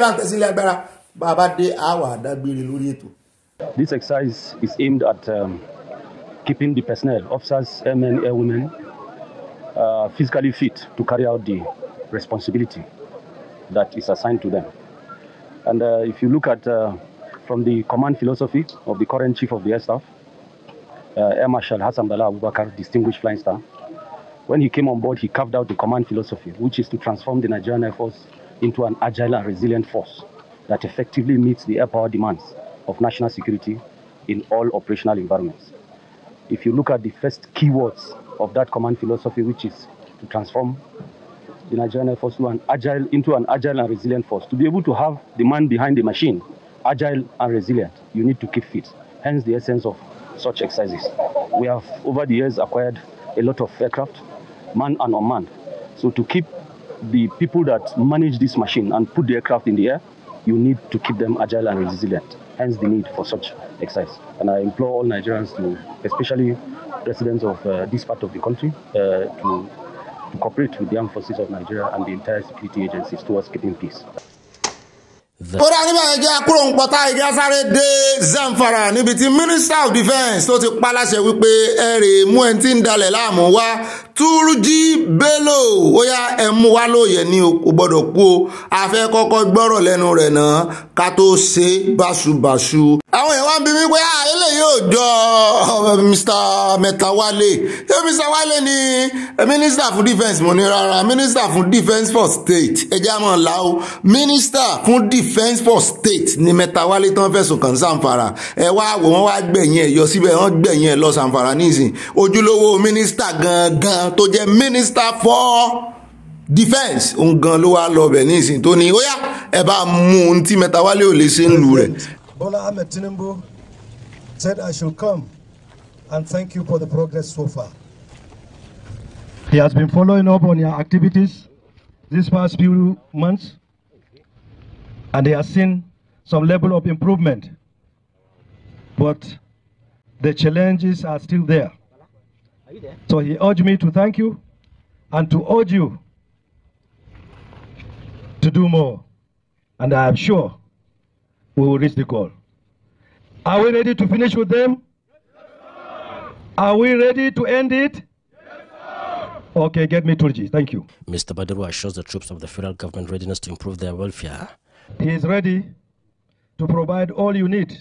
Speaker 6: dé àwà dágbére lórí ètò. This exercise is aimed at um, keeping the personnel, officers, airmen, airwomen, uh, physically fit to carry out the responsibility that is assigned to them. And uh, if you look at uh, from the command philosophy of the current chief of the air staff, uh, Air Marshal Hassan Bala Abubakar, distinguished flying star, when he came on board, he carved out the command philosophy, which is to transform the Nigerian Air Force into an agile and resilient force that effectively meets the air power demands of national security in all operational environments. If you look at the first keywords of that command philosophy, which is to transform the Nigerian Air Force to an agile, into an agile and resilient force, to be able to have the man behind the machine agile and resilient, you need to keep fit. Hence the essence of such exercises. We have over the years acquired a lot of aircraft man and unmanned. So to keep the people that manage this machine and put the aircraft in the air, you need to keep them agile and resilient. Hence the need for such exercise. And I implore all Nigerians to, especially residents of uh, this part of the country, uh, to, to cooperate with the armed forces of Nigeria and the entire security agencies towards keeping peace. jẹ́
Speaker 1: pọ̀tá dé Zamfara tí minister of defence tó ti wípé mú dalẹ̀ láàmú wá túrújí bello ó yá ẹ mú wá lóòyẹ ní o gbọ́dọ̀ kú o àfẹ́ kọ́kọ́ gbọ́rọ̀ lẹ́nu rẹ̀ náà ká tó ṣe báṣubàṣu. àwọn èèyàn wá ń bi mí pé àyẹlẹ ah, yóò jọ eh, mr Mẹtawálé ṣé mr Wálé ni eh, minister fún defence mo ní rárá minister fún defence for state ẹjẹ́ àmọ́ ńlá minister fún defence for state ni Mẹtawálé tán fẹ̀sùn kàn Zamfara ẹ wá wò wọ́n wá gbẹ̀yìn ẹ̀ yọ síbẹ̀ wọ́n gbẹ̀yìn ẹ̀ lọ Zamfara nísìn ojúlówó minister gangan kan tó jẹ́ minister for defence òun ló wá lọ bẹ̀ ní ìsìn tó ní ó ẹ bá mú un tí Mẹtawálé ò lè ṣe ń lù rẹ̀.
Speaker 6: Bola Ahmed Tinubu said I should come and thank you for the progress so far. He has been following up on your activities these past few months, and he has seen some level of improvement, but the challenges are still there. So he urged me to thank you and to urge you to do more. And I am sure we will reach the goal. Are we ready to finish with them? Yes, Are we ready to end it? Yes, okay, get me Turji. Thank you. Mr. Badaru assures the troops of the federal government readiness to improve their welfare. He is ready to provide all you need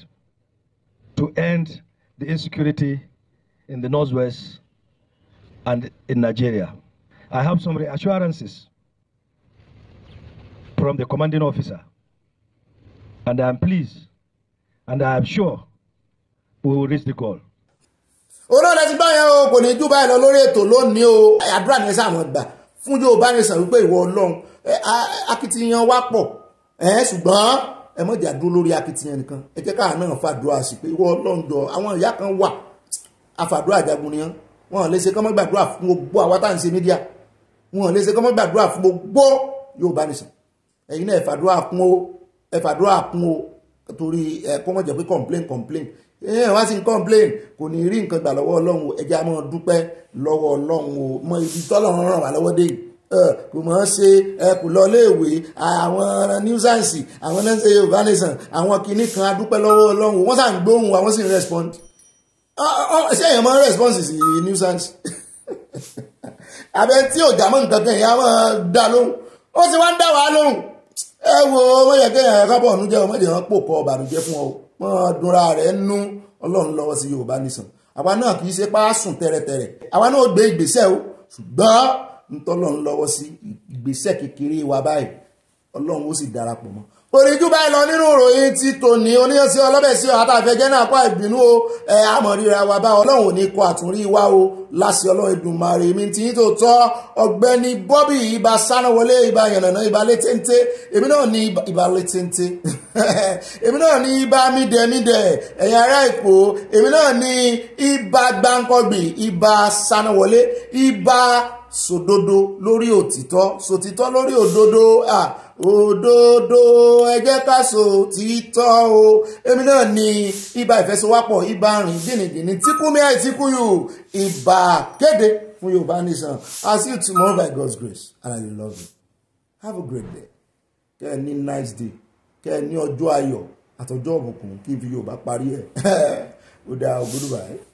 Speaker 6: to end the insecurity in the northwest and in Nigeria. I have some reassurances from the commanding officer, and I am pleased and I am sure we will reach the goal.
Speaker 1: olóòrè ti báyẹn o kò ní jù báyìí lọ lórí ètò lónìí o àdúrà ní sáwọn gbà fún yóò bá ní sàn ìwọ Ọlọ́run akitiyan wá pọ̀ ṣùgbọ́n ẹ mọ̀jà dúró lórí akitiyan nìkan ẹ jẹ́ káà náà fàdúrà sí pé ìwọ Ọlọ́run jọ àwọn ìyá kan wà àfàdúrà jagun nìyẹn wọn ò lè ṣe kọ́mọ́ gbàdúrà fún gbogbo àwa tá à ń ṣe mídíà wọn ò lè ṣe kọ́mọ́ gbàdúrà fún gbogbo Yorùbá nìṣàn ẹ̀yin náà ẹ̀fàdúrà kún o ẹ̀fàdúrà kún o torí ẹ̀kọ́mọ̀ jẹ́ pé complain complain ẹ̀yìn wá sí complain kò ní rí nǹkan gbà lọ́wọ́ Ọlọ́run o ẹ̀jẹ̀ á máa dúpẹ́ lọ́wọ́ Ọlọ́run o mọ ibi tọ́lọ́run ràn wá lọ́wọ́ dé yìí kò mọ̀ ọ́n ṣe ẹkù lọ léèwé àwọn nuisance àwọn nẹ́sẹ̀ Yorùbá nation àwọn kìnnìkan adúpẹ́ lọ́wọ́ Ọlọ́run wọ́n sà gbóhùn àwọn sì ń respond. Ah, ah, ah, ṣé èèyàn máa ń response sí nuisance abẹ tí ò jámọ́ nǹkan kan èèyàn máa dá lóhùn ó sì wá ń dá wàá lóhùn ẹ wo wọ́n yẹ kéèyàn ẹ̀ka bọ̀ ọ̀nù jẹ́ ọmọ ìdè wọn pò kọ́ ọ̀bànújẹ́ fún ọ wọ́n dunra rẹ̀ nú ọlọ́run lọ́wọ́ sí Yorùbá nìsan àwa náà kì í ṣe páásùn tẹ́rẹ̀tẹ́rẹ̀ àwa náà gbé ìgbésẹ̀ o ṣùgbọ́n ntọ́lọ́run lọ́wọ́ sí ìgbésẹ̀ kékeré wa báyìí ọlọ́run ó sì darapọ̀ mọ́ òrìjú báyìí lọ nínú ìròyìn ti tòní oníyànsí ọlọ́bẹ̀sí àtàfẹ́jẹ́ náà kọ́ ìbínú o ẹ àmọ̀ríra wa bá ọlọ́run ò ní kọ àtúnrí wa o láṣẹ ọlọ́run Èdùmàrè mi tí yín tó tọ́ ọ̀gbẹ́ni Bobby ibà sánáwọlé ibà yànnàná ibà létéńté èmi náà ní ibà létéńté èmi náà ní ibà mídẹ̀mídẹ̀ ẹ̀yìn ará Èkó èmi náà ní ibà gbáǹkọ́gbì ibà sánáwọlé ibà sòdodo lórí òtítọ́ sòtítọ́ lórí òdodo òdodo ẹ jẹ́ ká sòtítọ́ o èmi náà ni ibà ìfẹsowápọ̀ ibà rìn dìnnìdìnnì tíkúmí àìtíkúyù ibà kéde fún Yorùbá nation I see you tomorrow by God's grace and I love you have a great day kẹ́ ẹ ní nice day kẹ́ ẹ ní ọjọ́ ayọ̀ àtọjọ́ ọ̀bùnkún kí n fi Yorùbá parí ẹ̀ ó dáa ó